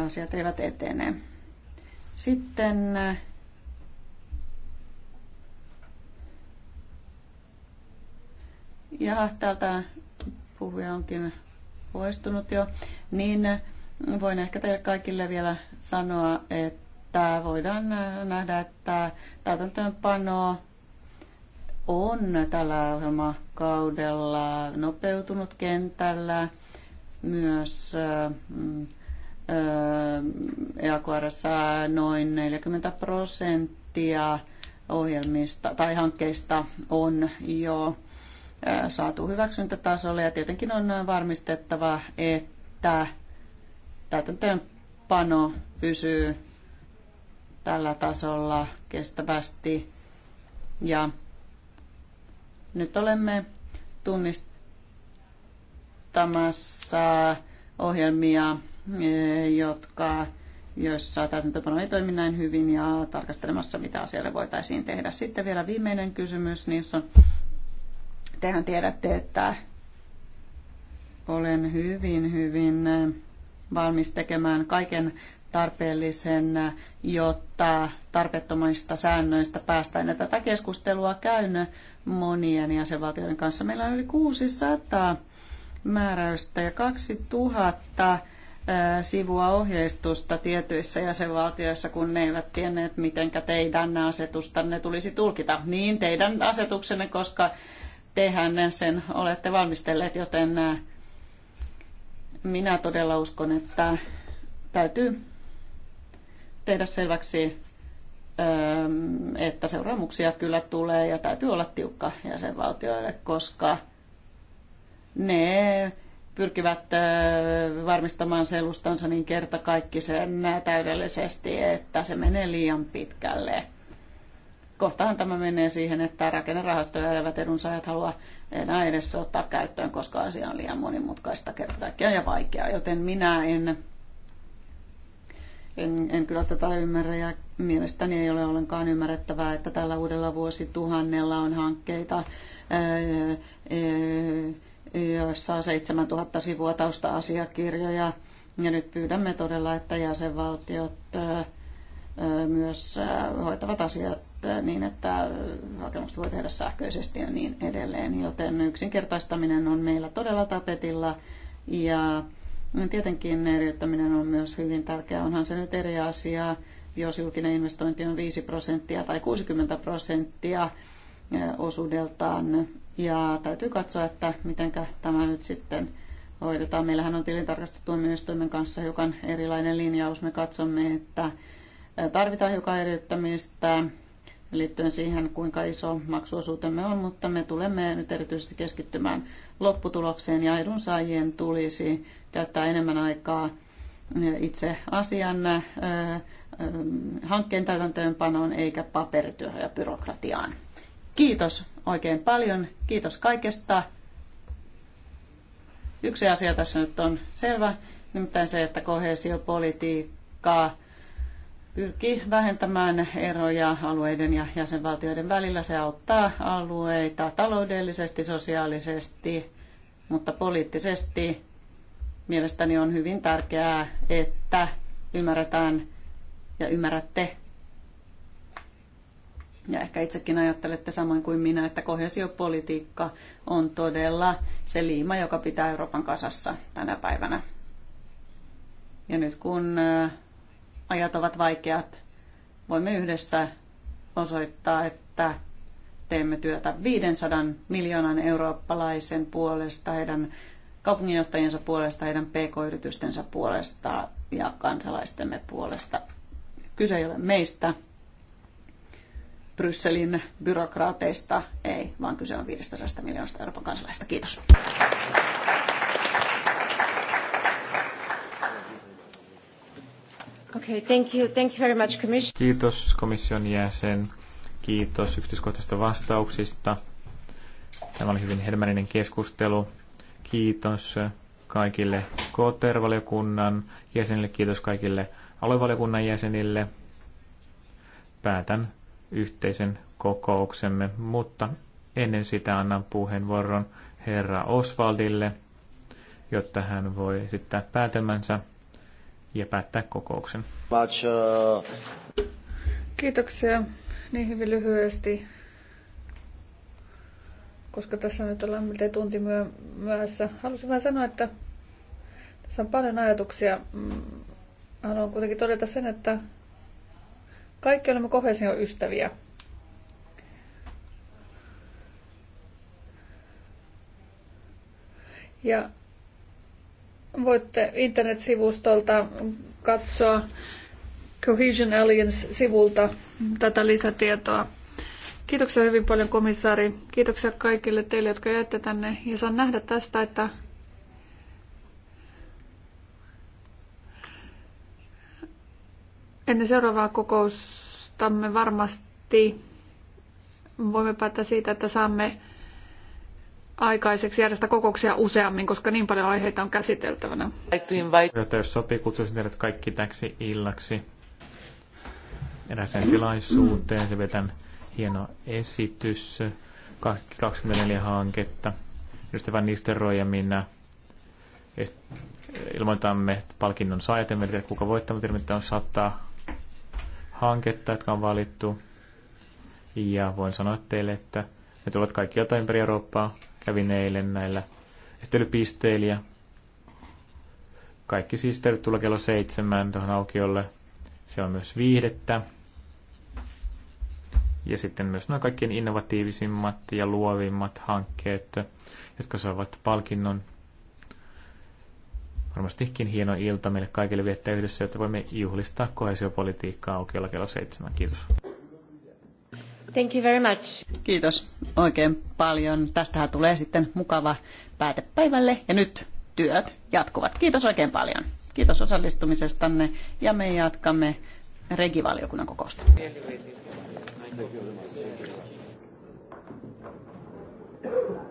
asiat eivät etene. Sitten ja täältä puhuja onkin poistunut jo, niin voin ehkä teille kaikille vielä sanoa, että voidaan nähdä, että täytäntöönpano on tällä ohjelmakaudella nopeutunut kentällä myös mm, EAKRssa noin 40 prosenttia ohjelmista tai hankkeista on jo saatu hyväksyntätasolle ja tietenkin on varmistettava, että täytäntöönpano pysyy tällä tasolla kestävästi ja nyt olemme tunnistamassa ohjelmia, e, jotka joissa täytäntöpano ei toimi näin hyvin ja tarkastelemassa, mitä asialle voitaisiin tehdä. Sitten vielä viimeinen kysymys, niin on, tehän tiedätte, että olen hyvin, hyvin valmis tekemään kaiken tarpeellisen, jotta tarpeettomista säännöistä päästään. Ja tätä keskustelua käyn monien jäsenvaltioiden kanssa. Meillä on yli 600 määräystä ja 2000 sivua ohjeistusta tietyissä jäsenvaltioissa, kun ne eivät tienneet, miten teidän asetustanne tulisi tulkita. Niin, teidän asetuksenne, koska tehän sen olette valmistelleet, joten minä todella uskon, että täytyy tehdä selväksi, että seuraamuksia kyllä tulee ja täytyy olla tiukka jäsenvaltioille, koska – ne pyrkivät varmistamaan selustansa niin kertakaikkisen täydellisesti, että se menee liian pitkälle. Kohtaan tämä menee siihen, että rakennerahastoja elävät edunsaajat halua enää edes ottaa käyttöön, koska asia on liian monimutkaista kertakaikkiaan ja vaikeaa, joten minä en, en, en kyllä tätä ymmärrä ja mielestäni ei ole ollenkaan ymmärrettävää, että tällä uudella vuosituhannella on hankkeita, ää, ää, joissa on 7000 sivua tausta-asiakirjoja. Ja nyt pyydämme todella, että jäsenvaltiot myös hoitavat asiat niin, että hakemukset voi tehdä sähköisesti ja niin edelleen. Joten yksinkertaistaminen on meillä todella tapetilla ja tietenkin eriyttäminen on myös hyvin tärkeää. Onhan se nyt eri asia, jos julkinen investointi on 5 prosenttia tai 60 prosenttia osuudeltaan ja täytyy katsoa, että miten tämä nyt sitten hoidetaan. Meillähän on tilintarkastustuomioistuimen kanssa hiukan erilainen linjaus. Me katsomme, että tarvitaan hiukan eriyttämistä liittyen siihen, kuinka iso maksuosuutemme on, mutta me tulemme nyt erityisesti keskittymään lopputulokseen ja edunsaajien tulisi käyttää enemmän aikaa itse asian hankkeen täytäntöönpanoon eikä paperityöhön ja byrokratiaan. Kiitos oikein paljon. Kiitos kaikesta. Yksi asia tässä nyt on selvä, nimittäin se, että kohesiopolitiikkaa pyrkii vähentämään eroja alueiden ja jäsenvaltioiden välillä. Se auttaa alueita taloudellisesti, sosiaalisesti, mutta poliittisesti mielestäni on hyvin tärkeää, että ymmärretään ja ymmärrätte ja ehkä itsekin ajattelette samoin kuin minä, että kohesiopolitiikka on todella se liima, joka pitää Euroopan kasassa tänä päivänä. Ja nyt kun ajat ovat vaikeat, voimme yhdessä osoittaa, että teemme työtä 500 miljoonan eurooppalaisen puolesta, heidän kaupunginjohtajiensa puolesta, heidän pk-yritystensä puolesta ja kansalaistemme puolesta. Kyse ei ole meistä, Brysselin byrokraateista, ei, vaan kyse on 500 miljoonasta Euroopan kansalaista. Kiitos. Okay, thank you. Thank you very much, commission. Kiitos komission jäsen. Kiitos yksityiskohtaisista vastauksista. Tämä oli hyvin hedelmällinen keskustelu. Kiitos kaikille KTR-valiokunnan e jäsenille, kiitos kaikille aluevaliokunnan jäsenille. Päätän yhteisen kokouksemme, mutta ennen sitä annan puheenvuoron herra Osvaldille, jotta hän voi esittää päätelmänsä ja päättää kokouksen. Kiitoksia niin hyvin lyhyesti, koska tässä nyt ollaan miltei tunti myöhässä. Halusin vain sanoa, että tässä on paljon ajatuksia. Mm, haluan kuitenkin todeta sen, että kaikki olemme kohesion ystäviä. Ja voitte internetsivustolta katsoa Cohesion Alliance-sivulta tätä lisätietoa. Kiitoksia hyvin paljon komissaari. Kiitoksia kaikille teille, jotka jäätte tänne. Ja saan nähdä tästä, että Ennen seuraavaa kokoustamme varmasti voimme päättää siitä, että saamme aikaiseksi järjestää kokouksia useammin, koska niin paljon aiheita on käsiteltävänä. Jotta jos sopii, kutsuisin teidät kaikki täksi illaksi eräseen tilaisuuteen. Se vetän hieno esitys. 24 hanketta. vain niistä ja minä ilmoitamme palkinnon saajat. En kuka voittaa, mutta on sataa hanketta, jotka on valittu. Ja voin sanoa teille, että ne tulevat jotain ympäri Eurooppaa. Kävin eilen näillä esittelypisteillä. Kaikki siis tervetuloa kello seitsemän tuohon aukiolle. Se on myös viihdettä. Ja sitten myös nuo kaikkien innovatiivisimmat ja luovimmat hankkeet, jotka saavat palkinnon varmastikin hieno ilta meille kaikille viettää yhdessä, että voimme juhlistaa kohesiopolitiikkaa aukiolla kello seitsemän. Kiitos. Thank you very much. Kiitos oikein paljon. Tästähän tulee sitten mukava päätepäivälle ja nyt työt jatkuvat. Kiitos oikein paljon. Kiitos osallistumisestanne ja me jatkamme regivaliokunnan kokousta. Thank you.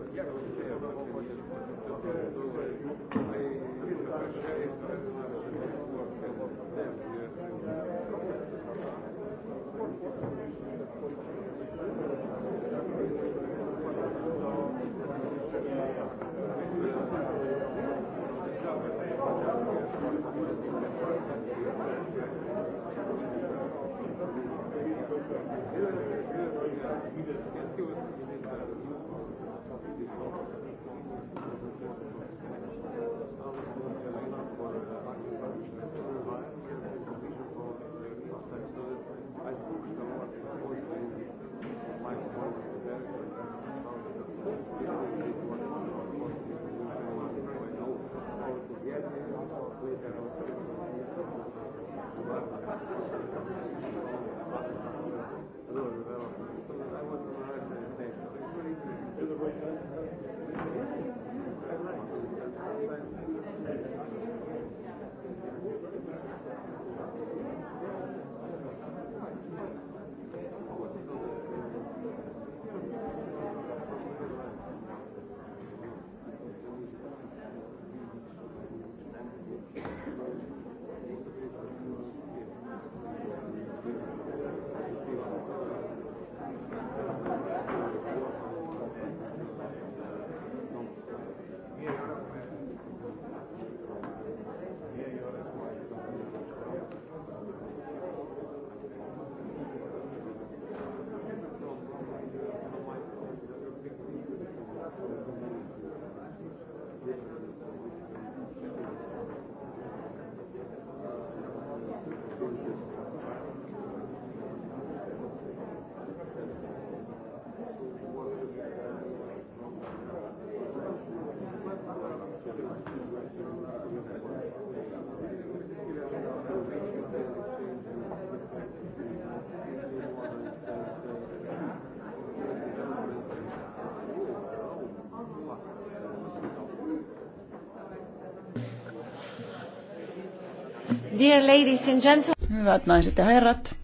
Dear ladies and gentlemen. Hyvät naiset ja herrat,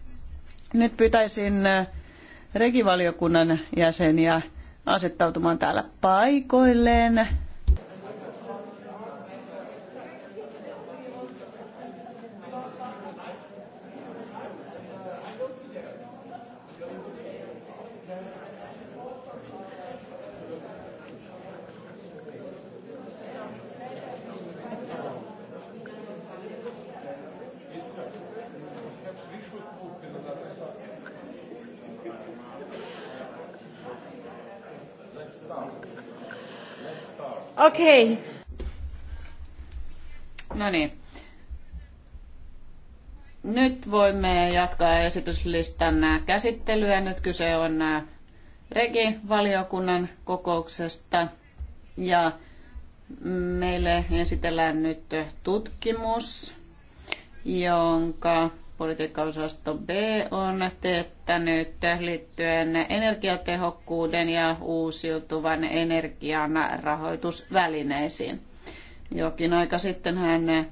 nyt pyytäisin äh, regivaliokunnan jäseniä asettautumaan täällä paikoilleen. Okei. No niin. Nyt voimme jatkaa esityslistan käsittelyä. Nyt kyse on äh, Regi-valiokunnan kokouksesta. Ja mm, meille esitellään nyt tutkimus, jonka politiikkaosasto B on teettänyt liittyen energiatehokkuuden ja uusiutuvan energian rahoitusvälineisiin. Jokin aika sitten hän eh,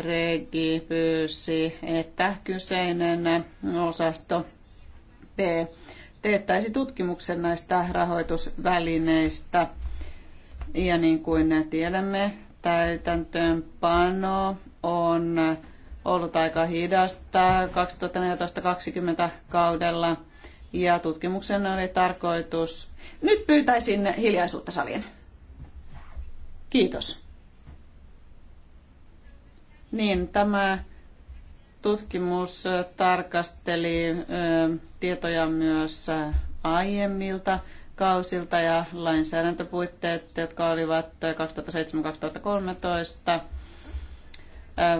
Regi pyysi, että kyseinen osasto B teettäisi tutkimuksen näistä rahoitusvälineistä. Ja niin kuin tiedämme, täytäntöönpano on ollut aika hidasta 2014-2020 kaudella. Ja tutkimuksen oli tarkoitus... Nyt pyytäisin hiljaisuutta salien. Kiitos. Niin, tämä tutkimus tarkasteli tietoja myös aiemmilta kausilta ja lainsäädäntöpuitteet, jotka olivat 2007-2013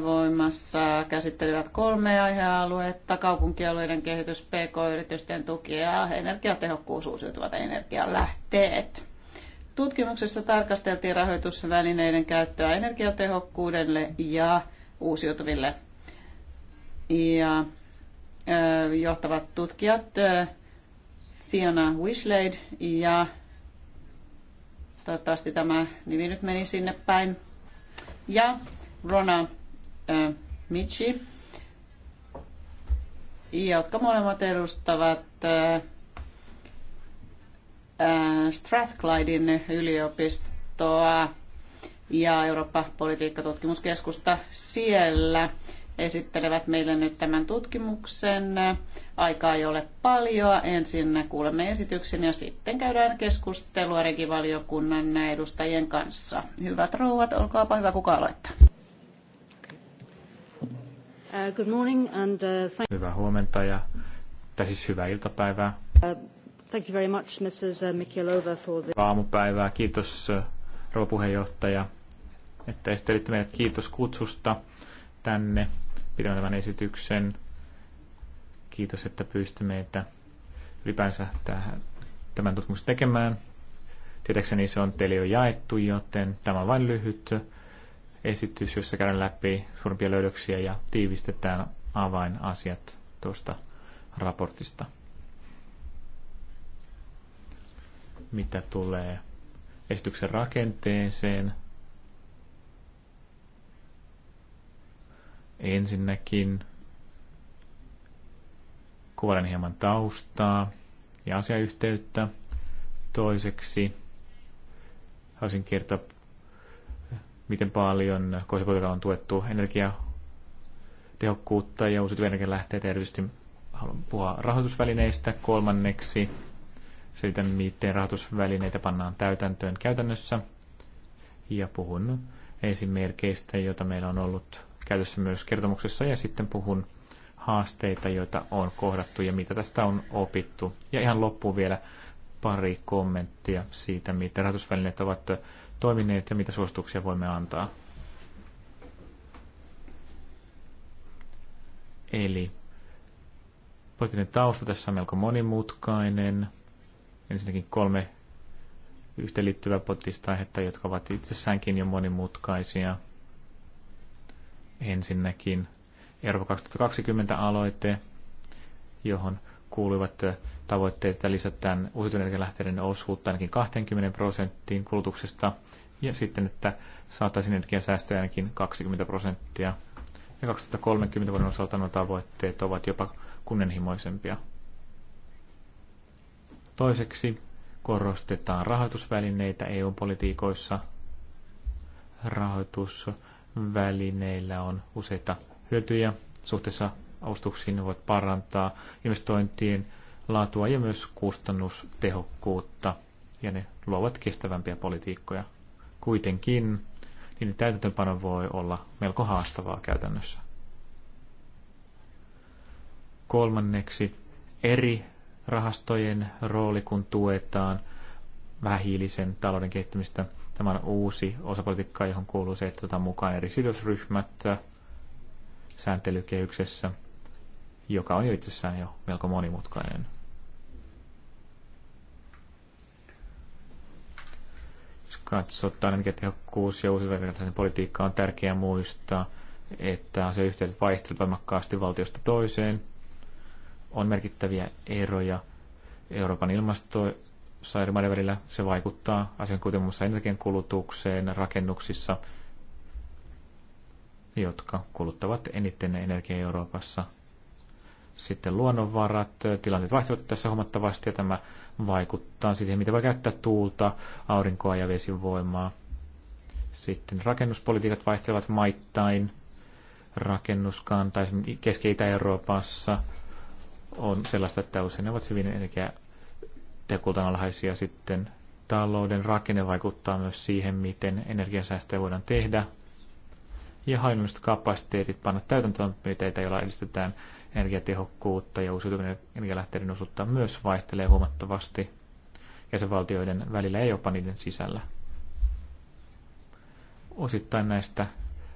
voimassa käsittelevät kolme aihealuetta, kaupunkialueiden kehitys, pk-yritysten tuki ja energiatehokkuus uusiutuvat energialähteet. Tutkimuksessa tarkasteltiin rahoitusvälineiden käyttöä energiatehokkuudelle ja uusiutuville. Ja johtavat tutkijat Fiona Wishlade ja toivottavasti tämä nimi nyt meni sinne päin. Ja Rona Michi, jotka molemmat edustavat Strathclyden yliopistoa ja Eurooppa-politiikkatutkimuskeskusta siellä esittelevät meille nyt tämän tutkimuksen. Aikaa ei ole paljon. Ensin kuulemme esityksen ja sitten käydään keskustelua regivaliokunnan edustajien kanssa. Hyvät rouvat, olkaapa hyvä, kuka aloittaa. Uh, good morning and, uh, thank... Hyvää huomenta ja tai siis hyvää iltapäivää. Uh, thank you very much, Mrs. Mikielova, for the... Aamupäivää. Kiitos, rouva puheenjohtaja, että esittelitte meidät. Kiitos kutsusta tänne pitämään tämän esityksen. Kiitos, että pyysitte meitä ylipäänsä tähän, tämän tutkimuksen tekemään. Tietääkseni se on teille jo jaettu, joten tämä on vain lyhyt esitys, jossa käydään läpi suurimpia löydöksiä ja tiivistetään avainasiat tuosta raportista. Mitä tulee esityksen rakenteeseen, ensinnäkin kuvailen hieman taustaa ja asiayhteyttä. Toiseksi haluaisin kertoa miten paljon kohdalla on tuettu energiatehokkuutta ja uusiutuvia energialähteitä. Erityisesti haluan puhua rahoitusvälineistä kolmanneksi, siitä miten rahoitusvälineitä pannaan täytäntöön käytännössä. Ja puhun esimerkkeistä, joita meillä on ollut käytössä myös kertomuksessa ja sitten puhun haasteita, joita on kohdattu ja mitä tästä on opittu. Ja ihan loppuun vielä pari kommenttia siitä, miten rahoitusvälineet ovat toimineet ja mitä suosituksia voimme antaa. Eli poliittinen tausta tässä on melko monimutkainen. Ensinnäkin kolme yhteenliittyvää poliittista aihetta, jotka ovat itsessäänkin jo monimutkaisia. Ensinnäkin Euroopan 2020 aloite, johon kuuluivat tavoitteet, että lisätään uusiutuvien energialähteiden osuutta ainakin 20 prosenttiin kulutuksesta ja sitten, että saataisiin energiansäästöjä ainakin 20 prosenttia. Ja 2030 vuoden osalta nuo tavoitteet ovat jopa kunnianhimoisempia. Toiseksi korostetaan rahoitusvälineitä EU-politiikoissa. Rahoitusvälineillä on useita hyötyjä suhteessa avustuksiin ne voivat parantaa investointiin, laatua ja myös kustannustehokkuutta, ja ne luovat kestävämpiä politiikkoja. Kuitenkin niiden täytäntöpano voi olla melko haastavaa käytännössä. Kolmanneksi eri rahastojen rooli, kun tuetaan vähähiilisen talouden kehittämistä. Tämä on uusi osapolitiikka, johon kuuluu se, että otetaan mukaan eri sidosryhmät sääntelykehyksessä – joka on jo itsessään jo melko monimutkainen. Jos katsotaan, mikä tehokkuus ja uusivertainen politiikka on tärkeää muistaa, että se yhteydet vaihtelevat voimakkaasti valtiosta toiseen. On merkittäviä eroja Euroopan ilmasto sairaiden välillä. Se vaikuttaa asian kuten muassa energian kulutukseen rakennuksissa, jotka kuluttavat eniten energiaa Euroopassa – sitten luonnonvarat, tilanteet vaihtuvat tässä huomattavasti ja tämä vaikuttaa siihen, mitä voi käyttää tuulta, aurinkoa ja vesivoimaa. Sitten rakennuspolitiikat vaihtelevat maittain. Rakennuskanta Keski-Itä-Euroopassa on sellaista, että usein ne ovat hyvin energiatekultaan alhaisia. Sitten talouden rakenne vaikuttaa myös siihen, miten energiansäästöjä voidaan tehdä. Ja hallinnolliset kapasiteetit panna täytäntöön, mitä ei edistetään energiatehokkuutta ja uusiutuvien energialähteiden osuutta myös vaihtelee huomattavasti jäsenvaltioiden välillä ja jopa niiden sisällä. Osittain näistä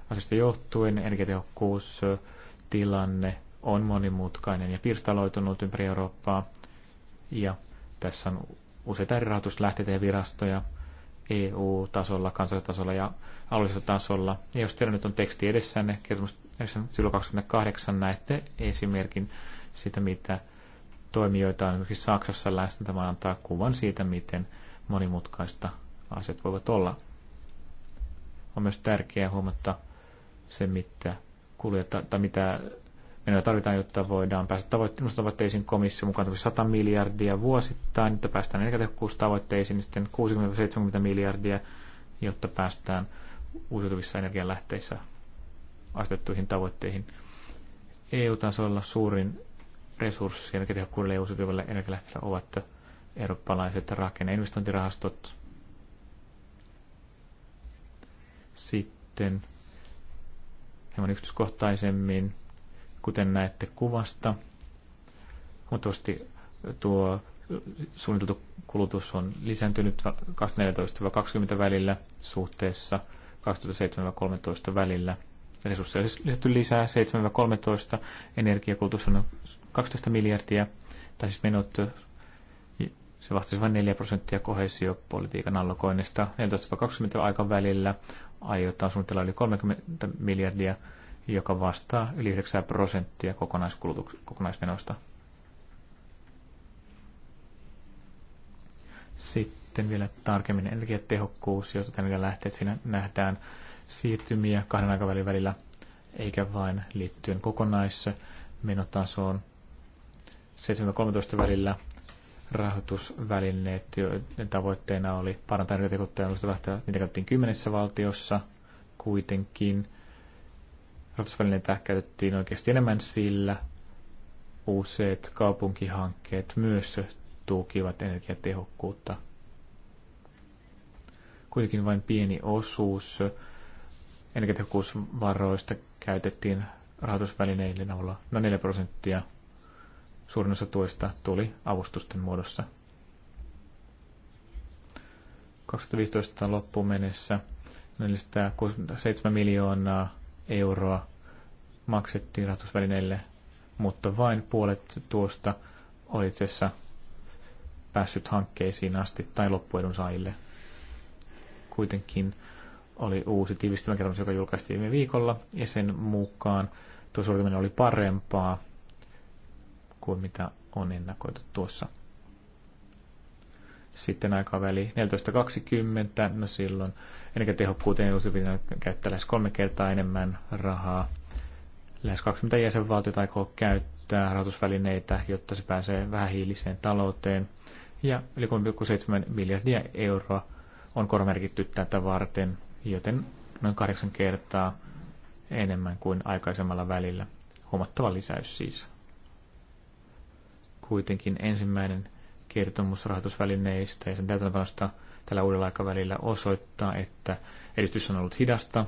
asioista johtuen energiatehokkuustilanne on monimutkainen ja pirstaloitunut ympäri Eurooppaa. Ja tässä on useita eri rahoituslähteitä ja virastoja EU-tasolla, kansallisella tasolla ja alueellisella tasolla. Ja jos teillä nyt on teksti edessänne, kertomus sivulla 28 näette esimerkin siitä, mitä toimijoita on esimerkiksi Saksassa läsnä. Tämä antaa kuvan siitä, miten monimutkaista asiat voivat olla. On myös tärkeää huomata se, mitä, kuljeta, tai mitä menoja tarvitaan, jotta voidaan päästä tavoitteisiin komissio mukaan 100 miljardia vuosittain, jotta päästään energiatehokkuustavoitteisiin, niin sitten 60-70 miljardia, jotta päästään uusiutuvissa energianlähteissä asetettuihin tavoitteihin. EU-tasolla suurin resurssi energiatehokkuudelle ja uusiutuville energialähteillä ovat eurooppalaiset rakenneinvestointirahastot. Sitten hieman yksityiskohtaisemmin, kuten näette kuvasta, huomattavasti tuo suunniteltu kulutus on lisääntynyt 2014-2020 välillä suhteessa 2007-2013 välillä – resursseja on lisätty lisää 7-13, energiakulutus on 12 miljardia, tai siis menot, se vastasi vain 4 prosenttia kohesiopolitiikan allokoinnista. 14-20 välillä aiotaan suunnitella yli 30 miljardia, joka vastaa yli 9 prosenttia kokonaismenoista. Sitten vielä tarkemmin energiatehokkuus, jota lähteet siinä nähdään siirtymiä kahden aikavälin välillä, eikä vain liittyen kokonaismenotasoon. 7-13 välillä rahoitusvälineet, joiden tavoitteena oli parantaa yrityskuluttajan alusta lähteä, niitä käytettiin kymmenessä valtiossa kuitenkin. Rahoitusvälineitä käytettiin oikeasti enemmän sillä. Useat kaupunkihankkeet myös tukivat energiatehokkuutta. Kuitenkin vain pieni osuus energiatehokkuusvaroista käytettiin rahoitusvälineiden avulla noin 4 prosenttia. Suurin osa tuista tuli avustusten muodossa. 2015 loppuun mennessä 467 miljoonaa euroa maksettiin rahoitusvälineille, mutta vain puolet tuosta oli itse asiassa päässyt hankkeisiin asti tai loppuedun saajille. Kuitenkin oli uusi tiivistelmäkertomus, joka julkaistiin viime viikolla, ja sen mukaan tuo sulkeminen oli parempaa kuin mitä on ennakoitu tuossa. Sitten aikaväli 14.20, no silloin energiatehokkuuteen uusi pitää käyttää lähes kolme kertaa enemmän rahaa. Lähes 20 jäsenvaltiota aikoo käyttää rahoitusvälineitä, jotta se pääsee vähähiiliseen talouteen. Ja yli 3,7 miljardia euroa on korvamerkitty tätä varten – joten noin kahdeksan kertaa enemmän kuin aikaisemmalla välillä. Huomattava lisäys siis. Kuitenkin ensimmäinen kertomus rahoitusvälineistä ja sen täytäntöönpanosta tällä uudella aikavälillä osoittaa, että edistys on ollut hidasta.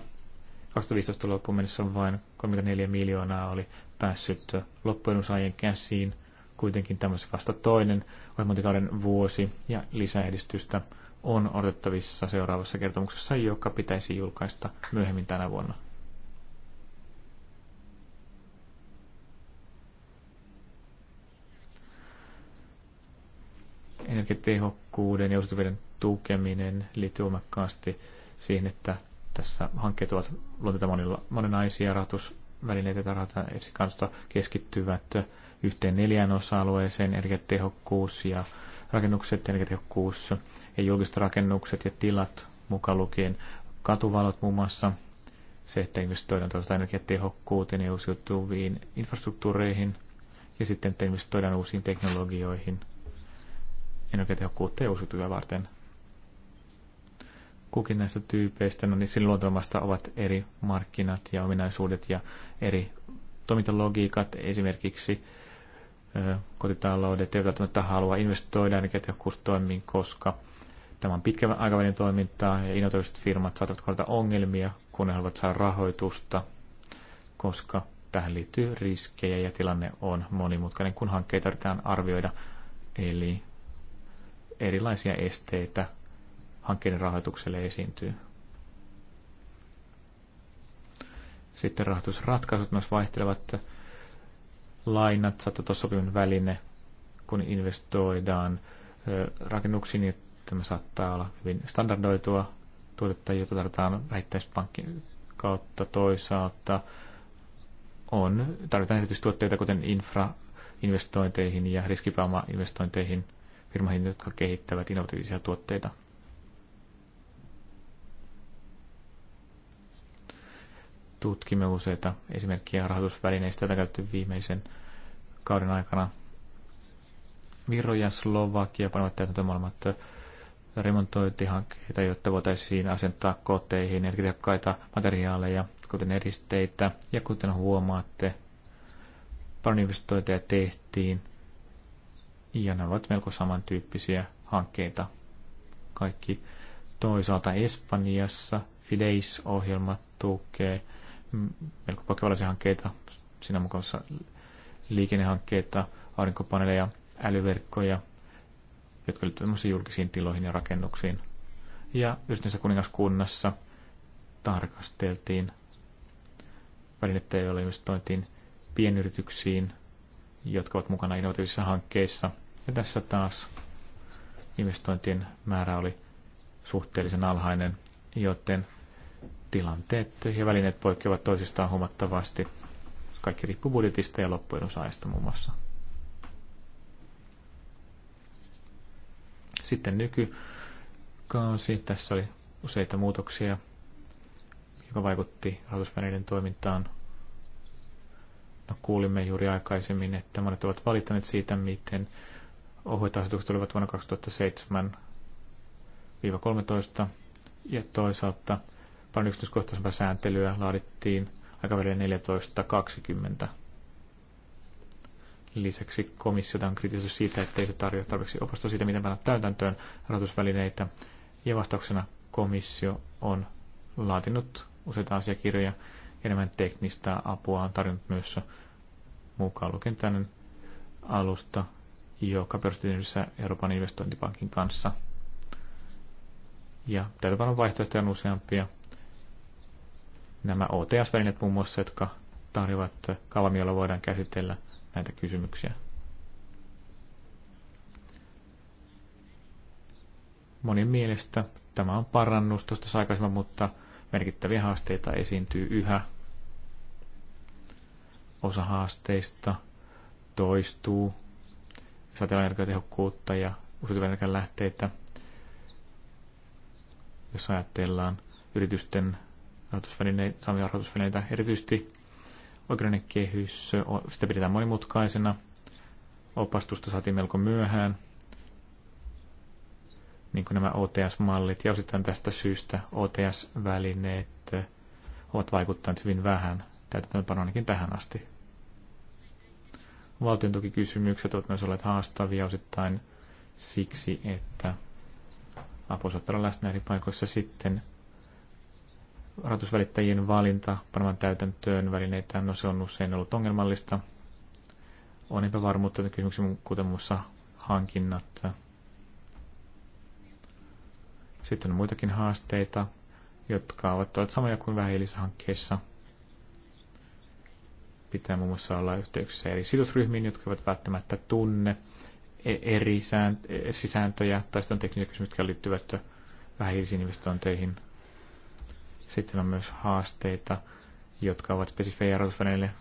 2015 loppuun mennessä vain 34 miljoonaa oli päässyt loppujen käsiin. Kuitenkin tämmöisen vasta toinen ohjelmointikauden vuosi ja lisäedistystä on odotettavissa seuraavassa kertomuksessa, joka pitäisi julkaista myöhemmin tänä vuonna. energiatehokkuuden ja uusiutuvien tukeminen liittyy omakkaasti siihen, että tässä hankkeet ovat luonteita monilla, monenlaisia rahoitusvälineitä tai rahoituskansta keskittyvät yhteen neljään osa-alueeseen, energiatehokkuus ja rakennukset, energiatehokkuus ja julkiset rakennukset ja tilat, mukaan lukien katuvalot muun muassa, se, että investoidaan tuosta energiatehokkuuteen ja uusiutuviin infrastruktuureihin, ja sitten, että investoidaan uusiin teknologioihin energiatehokkuutta ja uusiutuvia varten. Kukin näistä tyypeistä, no niin silloin luontomasta ovat eri markkinat ja ominaisuudet ja eri toimintalogiikat. Esimerkiksi kotitaloudet eivät välttämättä halua investoida energiatehokkuustoimiin, koska tämä on pitkän aikavälin toimintaa ja innovatiiviset firmat saattavat kohdata ongelmia, kun ne haluavat saada rahoitusta, koska tähän liittyy riskejä ja tilanne on monimutkainen, kun hankkeita tarvitaan arvioida. Eli erilaisia esteitä hankkeiden rahoitukselle esiintyy. Sitten rahoitusratkaisut myös vaihtelevat lainat saattaa olla väline, kun investoidaan rakennuksiin, niin tämä saattaa olla hyvin standardoitua tuotetta, jota tarvitaan vähittäispankin kautta toisaalta. On, tarvitaan erityistuotteita, kuten infrainvestointeihin ja riskipääomainvestointeihin, firmahin, jotka kehittävät innovatiivisia tuotteita. tutkimme useita esimerkkejä rahoitusvälineistä, joita käytetty viimeisen kauden aikana. Viro ja Slovakia panivat täytäntöön molemmat remontointihankkeita, jotta voitaisiin asentaa koteihin energiatehokkaita materiaaleja, kuten eristeitä. Ja kuten huomaatte, paljon investointeja tehtiin ja ne ovat melko samantyyppisiä hankkeita kaikki. Toisaalta Espanjassa Fideis-ohjelma tukee melko mm, pakevallisia hankkeita, siinä mukavassa liikennehankkeita, aurinkopaneeleja, älyverkkoja, jotka liittyvät julkisiin tiloihin ja rakennuksiin. Ja yhdessä kuningaskunnassa tarkasteltiin välinettä, joilla investointiin pienyrityksiin, jotka ovat mukana innovatiivisissa hankkeissa. Ja tässä taas investointien määrä oli suhteellisen alhainen, joten tilanteet ja välineet poikkeavat toisistaan huomattavasti. Kaikki riippuu budjetista ja loppujen osaajista muun muassa. Sitten nykykausi. Tässä oli useita muutoksia, joka vaikutti rahoitusvälineiden toimintaan. No, kuulimme juuri aikaisemmin, että monet ovat valittaneet siitä, miten ohuet asetukset olivat vuonna 2007-13 ja toisaalta paljon yksityiskohtaisempaa sääntelyä laadittiin aikavälillä 14-20. Lisäksi komissiota on kritisoitu siitä, ettei se tarjoa tarpeeksi opastoa siitä, miten panna täytäntöön rahoitusvälineitä. Ja vastauksena komissio on laatinut useita asiakirjoja. Enemmän teknistä apua on tarjonnut myös mukaan lukien tämän alusta, joka perustettiin yhdessä Euroopan investointipankin kanssa. Ja täytäntöön vaihtoehtoja on useampia nämä OTS-välineet muun muassa, jotka tarjoavat kaavan, jolla voidaan käsitellä näitä kysymyksiä. Monin mielestä tämä on parannus tuosta aikaisemmin, mutta merkittäviä haasteita esiintyy yhä. Osa haasteista toistuu, säteilyenergiatehokkuutta ja uusiutuvan energian lähteitä. Jos ajatellaan yritysten rahoitusvälineitä, saamia rahoitusvälineitä. Erityisesti oikeudellinen kehys, sitä pidetään monimutkaisena. Opastusta saatiin melko myöhään, niin kuin nämä OTS-mallit. Ja osittain tästä syystä OTS-välineet ovat vaikuttaneet hyvin vähän täytäntöönpano ainakin tähän asti. tukikysymykset ovat myös olleet haastavia osittain siksi, että apu läsnä eri paikoissa sitten rahoitusvälittäjien valinta panemaan täytäntöön välineitä, no se on usein ollut ongelmallista. On epävarmuutta kysymyksiä, kuten muussa hankinnat. Sitten on muitakin haasteita, jotka ovat, ovat samoja kuin vähäisissä hankkeissa. Pitää muun muassa olla yhteyksissä eri sidosryhmiin, jotka eivät välttämättä tunne e- eri e- sääntöjä tai sitten on teknisiä kysymyksiä, jotka liittyvät vähäisiin investointeihin – sitten on myös haasteita, jotka ovat spesifejä rahoitusvälineille.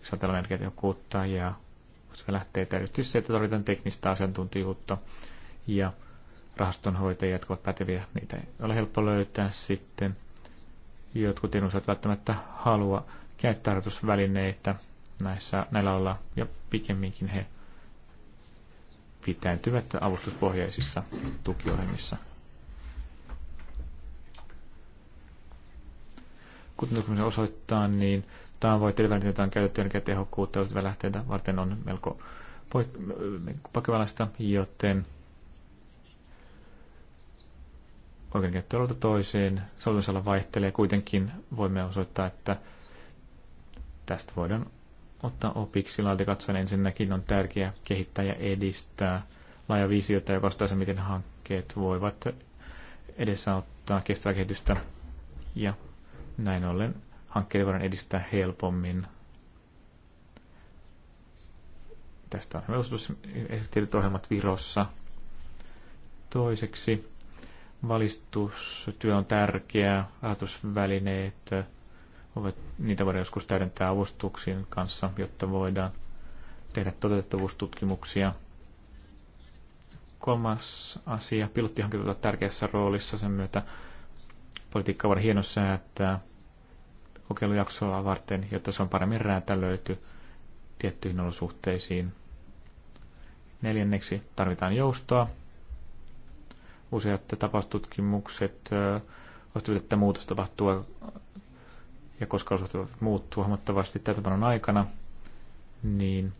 Yksi on tällainen energiatehokkuutta ja lähtee Erityisesti se, että tarvitaan teknistä asiantuntijuutta ja jotka ovat päteviä. Niitä ei ole helppo löytää sitten. Jotkut edunsaajat välttämättä halua käyttää rahoitusvälineitä näissä, näillä olla ja pikemminkin he pitäytyvät avustuspohjaisissa tukiohjelmissa. Kuten tutkimus osoittaa, niin tavoitteiden välineitä on käytetty energiatehokkuutta jos lähteitä varten on melko pakevalaista, joten oikein, oikeudenkäyttöalueelta toiseen soveltamisala vaihtelee. Kuitenkin voimme osoittaa, että tästä voidaan ottaa opiksi. Laajalta katsoen ensinnäkin on tärkeää kehittää ja edistää laaja visiota, joka ostaa se, miten hankkeet voivat edesauttaa kestävää kehitystä ja näin ollen hankkeen voidaan edistää helpommin. Tästä on hyvät ohjelmat Virossa. Toiseksi valistustyö on tärkeä, ajatusvälineet, niitä voidaan joskus täydentää avustuksien kanssa, jotta voidaan tehdä toteutettavuustutkimuksia. Kolmas asia, pilottihankkeet ovat tärkeässä roolissa sen myötä politiikka on hieno hienosäätää kokeilujaksoa varten, jotta se on paremmin räätälöity tiettyihin olosuhteisiin. Neljänneksi tarvitaan joustoa. Useat tapaustutkimukset osoittavat, että muutos tapahtuu ja koska olosuhteet muuttuu huomattavasti täytäntöpanon aikana, niin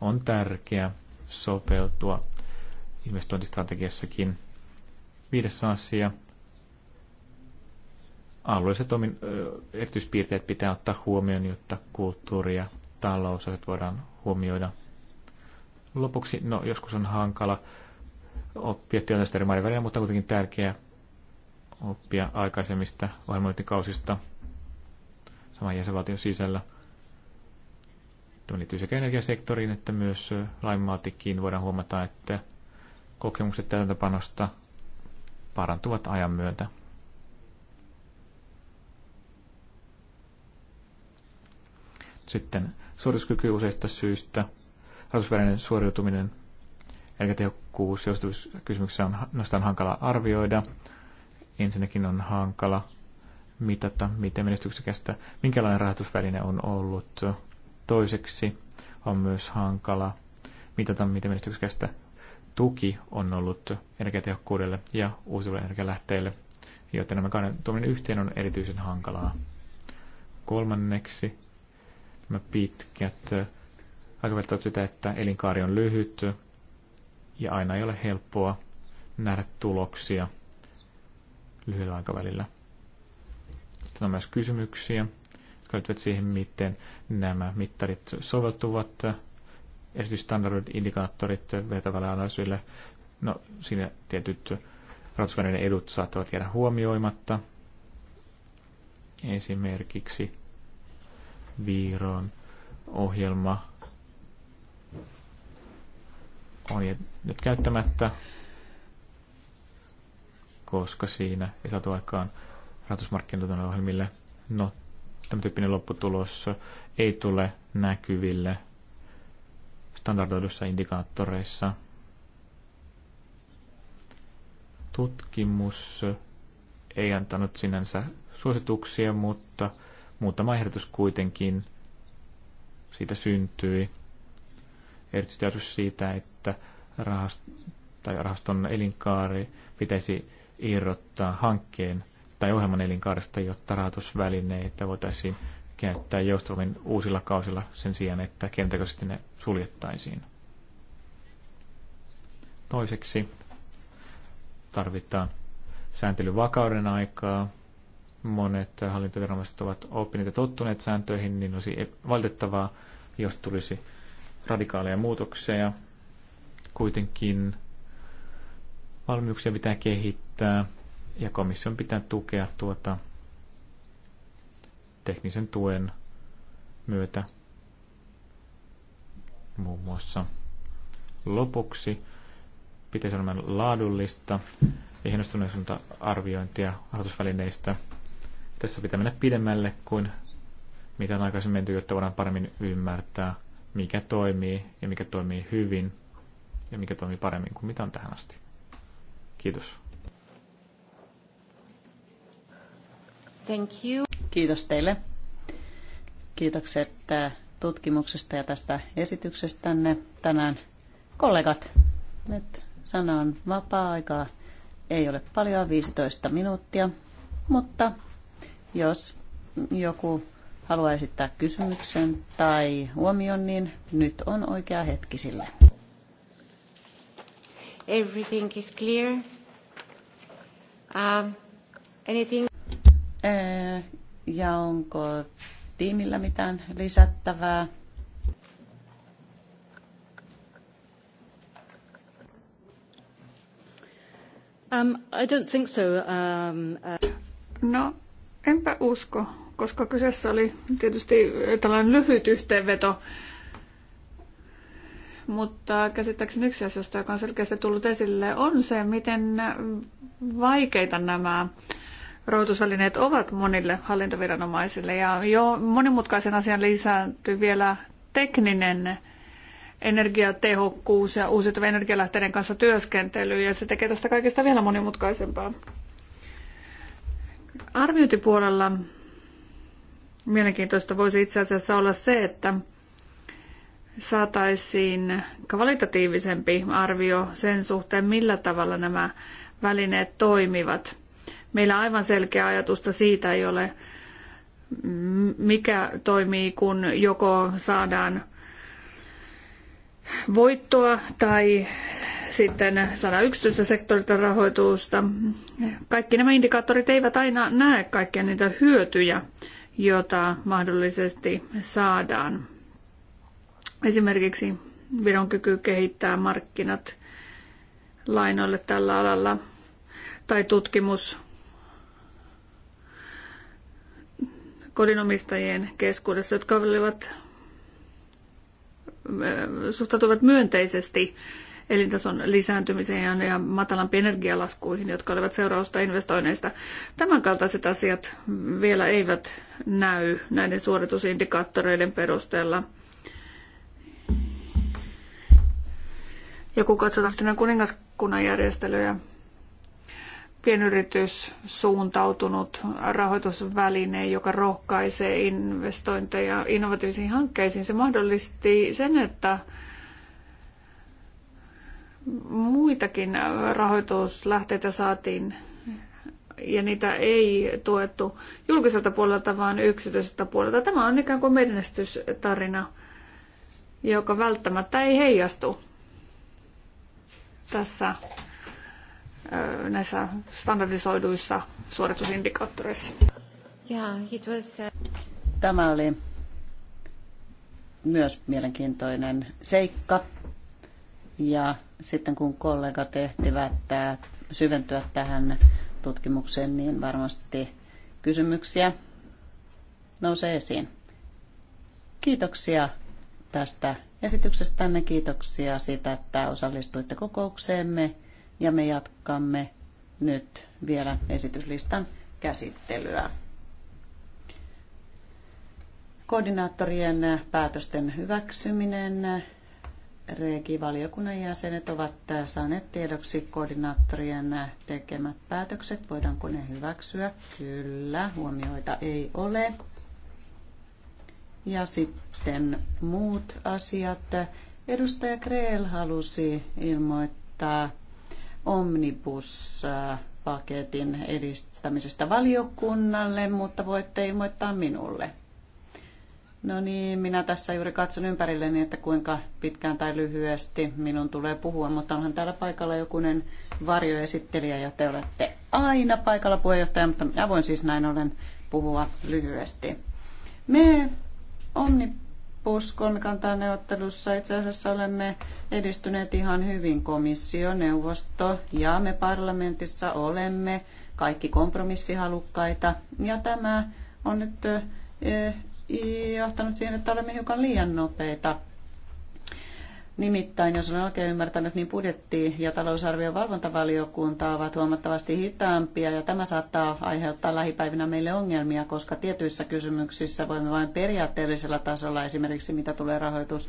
on tärkeää sopeutua investointistrategiassakin. Viides asia alueelliset omin, erityispiirteet pitää ottaa huomioon, jotta kulttuuri ja talous voidaan huomioida. Lopuksi, no joskus on hankala oppia tilanteesta eri maiden välillä, mutta kuitenkin tärkeää oppia aikaisemmista ohjelmointikausista saman jäsenvaltion sisällä. Tämä liittyy sekä energiasektoriin että myös laimaatikkiin. voidaan huomata, että kokemukset täytäntöpanosta parantuvat ajan myötä. Sitten suorituskyky useista syistä, rasvusvälinen suoriutuminen, tehokkuus, joustavuuskysymyksessä on nostan hankala arvioida. Ensinnäkin on hankala mitata, miten menestyksekästä, minkälainen rahoitusväline on ollut. Toiseksi on myös hankala mitata, miten menestyksekästä tuki on ollut energiatehokkuudelle ja uusiutuville energialähteille, joten nämä kahden tuominen yhteen on erityisen hankalaa. Kolmanneksi nämä pitkät äh, aikavälit ovat sitä, että elinkaari on lyhyt äh, ja aina ei ole helppoa nähdä tuloksia lyhyellä aikavälillä. Sitten on myös kysymyksiä, jotka liittyvät siihen, miten nämä mittarit soveltuvat, äh, erityisesti standardit, indikaattorit vetävälle analyysille. No, siinä tietyt rahoitusvälineiden edut saattavat jäädä huomioimatta. Esimerkiksi Viiroon ohjelma on nyt käyttämättä, koska siinä ei saatu aikaan rahoitusmarkkinoiden ohjelmille. No, tämä tyyppinen lopputulos ei tule näkyville standardoidussa indikaattoreissa. Tutkimus ei antanut sinänsä suosituksia, mutta Muutama ehdotus kuitenkin siitä syntyi. Erityisesti ajatus siitä, että rahast- tai rahaston elinkaari pitäisi irrottaa hankkeen tai ohjelman elinkaaresta, jotta rahoitusvälineitä voitaisiin käyttää joustavammin uusilla kausilla sen sijaan, että kentäköisesti ne suljettaisiin. Toiseksi tarvitaan sääntelyvakauden aikaa monet hallintoviranomaiset ovat oppineet ja tottuneet sääntöihin, niin olisi e- valitettavaa, jos tulisi radikaaleja muutoksia. Kuitenkin valmiuksia pitää kehittää ja komission pitää tukea tuota teknisen tuen myötä muun muassa. Lopuksi pitäisi olla laadullista ja hienostuneisuutta arviointia rahoitusvälineistä – tässä pitää mennä pidemmälle kuin mitä on aikaisemmin menty, jotta voidaan paremmin ymmärtää, mikä toimii ja mikä toimii hyvin ja mikä toimii paremmin kuin mitä on tähän asti. Kiitos. Thank you. Kiitos teille. Kiitokset äh, tutkimuksesta ja tästä esityksestänne tänään. Kollegat, nyt sana vapaa-aikaa. Ei ole paljon, 15 minuuttia, mutta jos joku haluaa esittää kysymyksen tai huomion, niin nyt on oikea hetki sille. Everything is clear. Um, anything? Eh, ja onko tiimillä mitään lisättävää? Um, I don't think so. Um, uh... No, Enpä usko, koska kyseessä oli tietysti tällainen lyhyt yhteenveto, mutta käsittääkseni yksi asia, joka on selkeästi tullut esille, on se, miten vaikeita nämä rahoitusvälineet ovat monille hallintoviranomaisille. Ja jo monimutkaisen asian lisääntyy vielä tekninen energiatehokkuus ja uusiutuvien energialähteiden kanssa työskentely, ja se tekee tästä kaikesta vielä monimutkaisempaa. Arviointipuolella mielenkiintoista voisi itse asiassa olla se, että saataisiin kvalitatiivisempi arvio sen suhteen, millä tavalla nämä välineet toimivat. Meillä aivan selkeä ajatusta siitä ei ole, mikä toimii, kun joko saadaan voittoa tai sitten saada sektorilta rahoitusta. Kaikki nämä indikaattorit eivät aina näe kaikkia niitä hyötyjä, joita mahdollisesti saadaan. Esimerkiksi Viron kyky kehittää markkinat lainoille tällä alalla tai tutkimus kodinomistajien keskuudessa, jotka olivat suhtautuvat myönteisesti elintason lisääntymiseen ja matalampi energialaskuihin, jotka olivat seurausta investoinneista. Tämänkaltaiset asiat vielä eivät näy näiden suoritusindikaattoreiden perusteella. Ja kun katsotaan kuningaskunnan järjestelyjä, pienyritys suuntautunut rahoitusväline, joka rohkaisee investointeja innovatiivisiin hankkeisiin. Se mahdollisti sen, että muitakin rahoituslähteitä saatiin ja niitä ei tuettu julkiselta puolelta, vaan yksityiseltä puolelta. Tämä on ikään kuin menestystarina, joka välttämättä ei heijastu tässä näissä standardisoiduissa suoritusindikaattoreissa. Uh, Tämä oli myös mielenkiintoinen seikka ja sitten kun kollegat ehtivät syventyä tähän tutkimukseen, niin varmasti kysymyksiä nousee esiin. Kiitoksia tästä esityksestänne, kiitoksia siitä, että osallistuitte kokoukseemme ja me jatkamme nyt vielä esityslistan käsittelyä. Koordinaattorien päätösten hyväksyminen Regi-valiokunnan jäsenet ovat saaneet tiedoksi koordinaattorien tekemät päätökset. Voidaanko ne hyväksyä? Kyllä, huomioita ei ole. Ja sitten muut asiat. Edustaja Kreel halusi ilmoittaa omnibus-paketin edistämisestä valiokunnalle, mutta voitte ilmoittaa minulle. No niin, minä tässä juuri katson ympärilleni, että kuinka pitkään tai lyhyesti minun tulee puhua, mutta onhan täällä paikalla jokunen varjoesittelijä ja te olette aina paikalla puheenjohtaja, mutta minä voin siis näin ollen puhua lyhyesti. Me Omnibus kolmikantaan neuvottelussa itse asiassa olemme edistyneet ihan hyvin komissioneuvosto ja me parlamentissa olemme kaikki kompromissihalukkaita ja tämä on nyt eh, johtanut siihen, että olemme hiukan liian nopeita. Nimittäin, jos olen oikein ymmärtänyt, niin budjetti- ja talousarvion valvontavaliokunta ovat huomattavasti hitaampia ja tämä saattaa aiheuttaa lähipäivinä meille ongelmia, koska tietyissä kysymyksissä voimme vain periaatteellisella tasolla, esimerkiksi mitä tulee rahoitus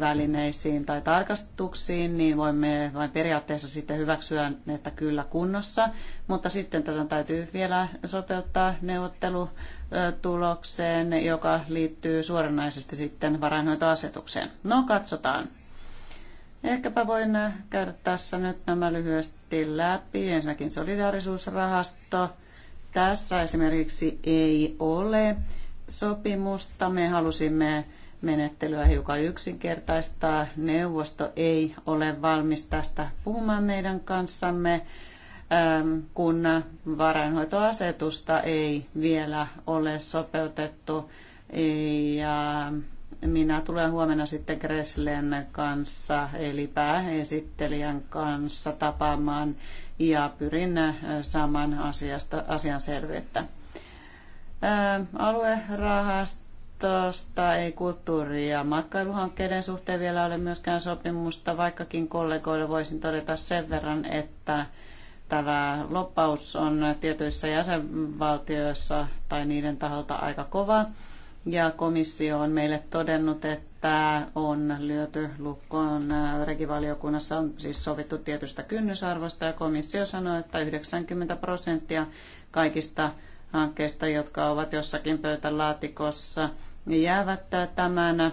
välineisiin tai tarkastuksiin, niin voimme vain periaatteessa sitten hyväksyä, että kyllä kunnossa, mutta sitten tätä täytyy vielä sopeuttaa neuvottelu tulokseen, joka liittyy suoranaisesti sitten varainhoitoasetukseen. No, katsotaan. Ehkäpä voin käydä tässä nyt nämä lyhyesti läpi. Ensinnäkin solidaarisuusrahasto. Tässä esimerkiksi ei ole sopimusta. Me halusimme menettelyä hiukan yksinkertaistaa. Neuvosto ei ole valmis tästä puhumaan meidän kanssamme kun varainhoitoasetusta ei vielä ole sopeutettu. Ja minä tulen huomenna sitten Greslen kanssa, eli pääesittelijän kanssa tapaamaan ja pyrin äh, saamaan asiasta, asian selvyyttä. Aluerahastosta ei kulttuuri- ja matkailuhankkeiden suhteen vielä ole myöskään sopimusta, vaikkakin kollegoille voisin todeta sen verran, että merkittävää. Loppaus on tietyissä jäsenvaltioissa tai niiden taholta aika kova. Ja komissio on meille todennut, että on lyöty lukkoon. Regivaliokunnassa on siis sovittu tietystä kynnysarvosta ja komissio sanoi, että 90 prosenttia kaikista hankkeista, jotka ovat jossakin pöytälaatikossa, jäävät tämän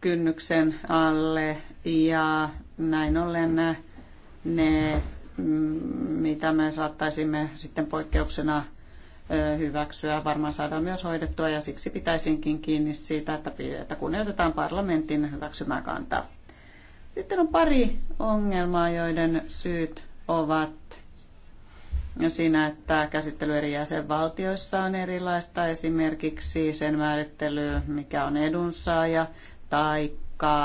kynnyksen alle ja näin ollen ne, mm, mitä me saattaisimme sitten poikkeuksena hyväksyä, varmaan saadaan myös hoidettua ja siksi pitäisinkin kiinni siitä, että, kunnioitetaan parlamentin hyväksymää kantaa. Sitten on pari ongelmaa, joiden syyt ovat siinä, että käsittely eri jäsenvaltioissa on erilaista, esimerkiksi sen määrittely, mikä on edunsaaja, taikka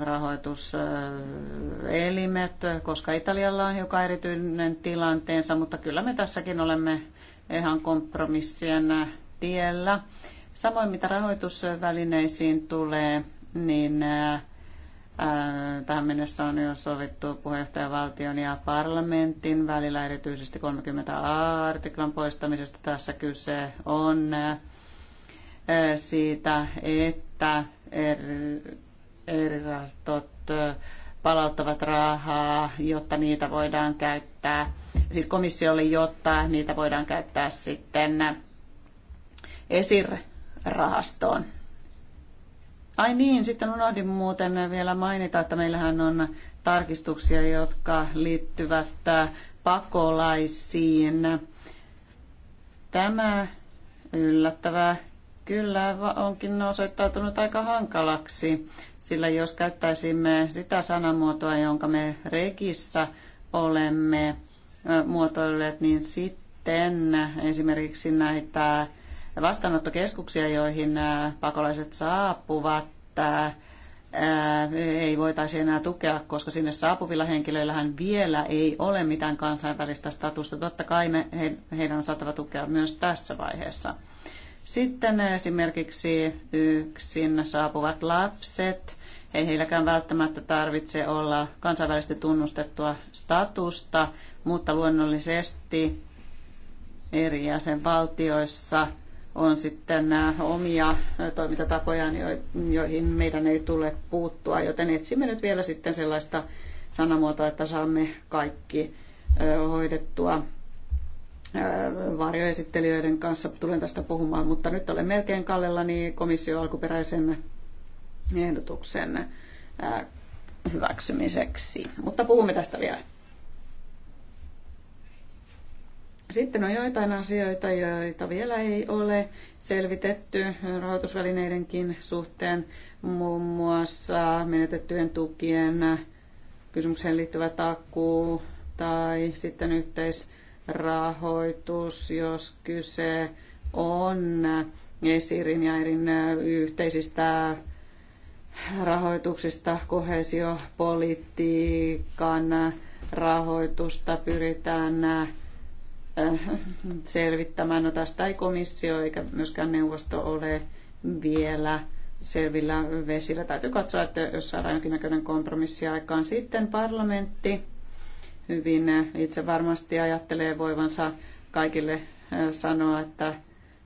rahoituselimet, koska Italialla on joka erityinen tilanteensa, mutta kyllä me tässäkin olemme ihan kompromissien tiellä. Samoin mitä rahoitusvälineisiin tulee, niin tähän mennessä on jo sovittu puheenjohtajavaltion ja parlamentin välillä erityisesti 30a-artiklan poistamisesta. Tässä kyse on siitä, että er- öljyrahastot palauttavat rahaa, jotta niitä voidaan käyttää, siis komissiolle, jotta niitä voidaan käyttää sitten ESIR-rahastoon. Ai niin, sitten unohdin muuten vielä mainita, että meillähän on tarkistuksia, jotka liittyvät pakolaisiin. Tämä yllättävää kyllä onkin osoittautunut aika hankalaksi. Sillä jos käyttäisimme sitä sanamuotoa, jonka me rekissä olemme muotoilleet, niin sitten esimerkiksi näitä vastaanottokeskuksia, joihin pakolaiset saapuvat, ei voitaisiin enää tukea, koska sinne saapuvilla henkilöillähän vielä ei ole mitään kansainvälistä statusta. Totta kai me, he, heidän on saatava tukea myös tässä vaiheessa. Sitten esimerkiksi yksin saapuvat lapset, ei heilläkään välttämättä tarvitse olla kansainvälisesti tunnustettua statusta, mutta luonnollisesti eri jäsenvaltioissa on sitten nämä omia toimintatapoja, joihin meidän ei tule puuttua, joten etsimme nyt vielä sitten sellaista sanamuotoa, että saamme kaikki hoidettua varjoesittelijöiden kanssa tulen tästä puhumaan, mutta nyt olen melkein kallellani komission alkuperäisen ehdotuksen hyväksymiseksi. Mutta puhumme tästä vielä. Sitten on joitain asioita, joita vielä ei ole selvitetty rahoitusvälineidenkin suhteen, muun muassa menetettyjen tukien kysymykseen liittyvä takuu tai sitten yhteis- rahoitus, jos kyse on Esirin ja Erin yhteisistä rahoituksista, kohesiopolitiikan rahoitusta pyritään selvittämään. No tästä ei komissio eikä myöskään neuvosto ole vielä selvillä vesillä. Täytyy katsoa, että jos saadaan jonkinnäköinen kompromissi aikaan. Sitten parlamentti hyvin itse varmasti ajattelee voivansa kaikille äh, sanoa, että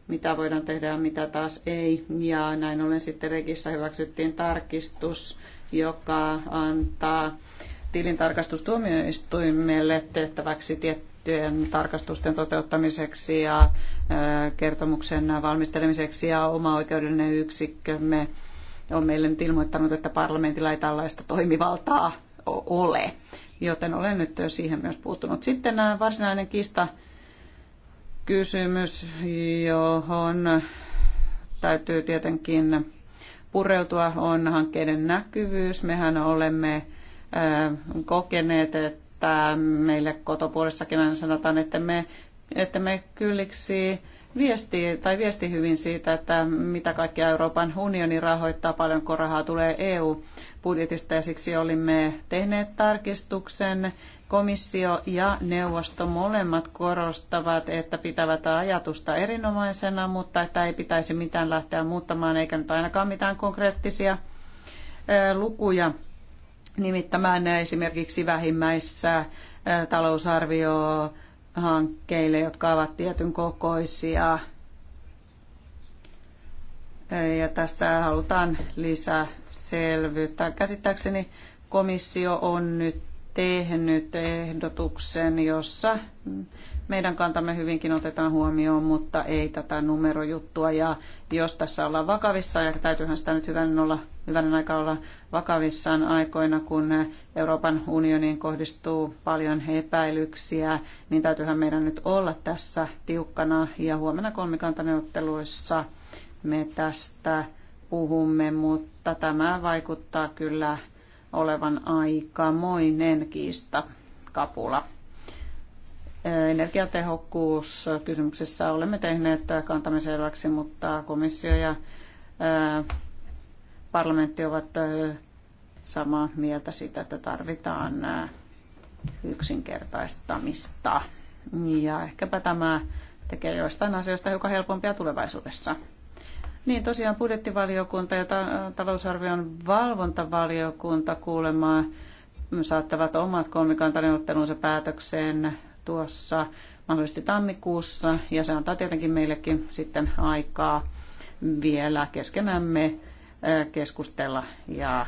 mitä voidaan tehdä ja mitä taas ei. Ja näin ollen sitten rekissä hyväksyttiin tarkistus, joka antaa tilintarkastustuomioistuimelle tehtäväksi tiettyjen tarkastusten toteuttamiseksi ja äh, kertomuksen valmistelemiseksi ja oma oikeudellinen yksikkömme on meille nyt ilmoittanut, että parlamentilla ei tällaista toimivaltaa ole joten olen nyt siihen myös puuttunut. Sitten varsinainen kista kysymys, johon täytyy tietenkin pureutua, on hankkeiden näkyvyys. Mehän olemme äh, kokeneet, että meille kotopuolessakin aina sanotaan, että me, että me kylliksi viesti, tai viesti hyvin siitä, että mitä kaikkea Euroopan unioni rahoittaa, paljonko rahaa tulee EU budjetista ja siksi olimme tehneet tarkistuksen. Komissio ja neuvosto molemmat korostavat, että pitävät ajatusta erinomaisena, mutta että ei pitäisi mitään lähteä muuttamaan eikä nyt ainakaan mitään konkreettisia lukuja nimittämään esimerkiksi vähimmäissä talousarvio jotka ovat tietyn kokoisia. Ja tässä halutaan lisää selvyyttä. Käsittääkseni komissio on nyt tehnyt ehdotuksen, jossa meidän kantamme hyvinkin otetaan huomioon, mutta ei tätä numerojuttua. Ja jos tässä ollaan vakavissa, ja täytyyhän sitä nyt hyvän, olla, hyvän aika olla vakavissaan aikoina, kun Euroopan unioniin kohdistuu paljon epäilyksiä, niin täytyyhän meidän nyt olla tässä tiukkana. Ja huomenna kolmikantaneuvotteluissa me tästä puhumme, mutta tämä vaikuttaa kyllä olevan aikamoinen kiista kapula. Energiatehokkuus kysymyksessä olemme tehneet kantamme selväksi, mutta komissio ja parlamentti ovat samaa mieltä siitä, että tarvitaan yksinkertaistamista. Ja ehkäpä tämä tekee joistain asioista hiukan helpompia tulevaisuudessa. Niin tosiaan budjettivaliokunta ja talousarvion valvontavaliokunta kuulemaan saattavat omat kolmikantaneuvottelunsa päätökseen tuossa mahdollisesti tammikuussa ja se antaa tietenkin meillekin sitten aikaa vielä keskenämme keskustella ja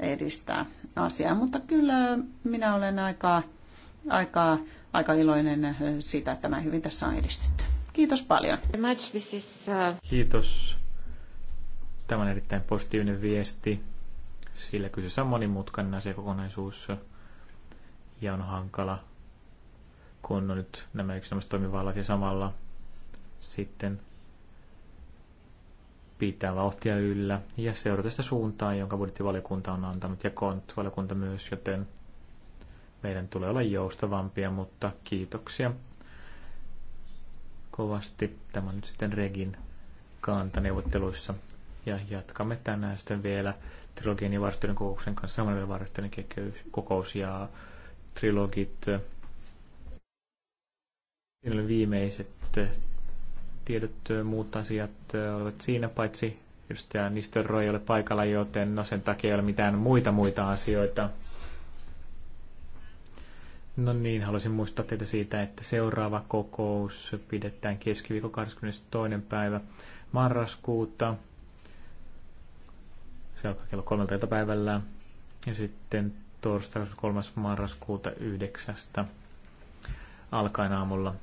edistää asiaa. Mutta kyllä minä olen aika, aika, aika iloinen siitä, että tämä hyvin tässä on edistetty. Kiitos paljon. Uh, Kiitos. Tämä on erittäin positiivinen viesti, sillä kyseessä on monimutkainen kokonaisuus ja on hankala, kun on nyt nämä yksinomaiset toimivallat ja samalla sitten pitää vauhtia yllä ja seurata sitä suuntaa, jonka budjettivaliokunta on antanut ja kontvaliokunta myös, joten meidän tulee olla joustavampia, mutta kiitoksia kovasti. Tämä on nyt sitten Regin kanta neuvotteluissa. Ja jatkamme tänään sitten vielä trilogien ja varastojen kokouksen kanssa vielä varastojen kokous ja trilogit. Siinä oli viimeiset tiedot, muut asiat olivat siinä, paitsi edustaja Nistelrooy ei ole paikalla, joten no sen takia ei ole mitään muita muita asioita. No niin, haluaisin muistaa teitä siitä, että seuraava kokous pidetään keskiviikko 22. päivä marraskuuta. Se alkaa kello kolmelta päivällä Ja sitten torstai 3. marraskuuta 9. alkaen aamulla.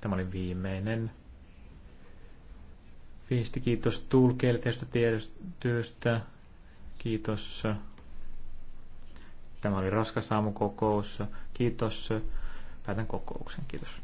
Tämä oli viimeinen viesti. Kiitos tulkeille tästä työstä. Kiitos. Tämä oli raskas aamukokous. Kiitos. Päätän kokouksen. Kiitos.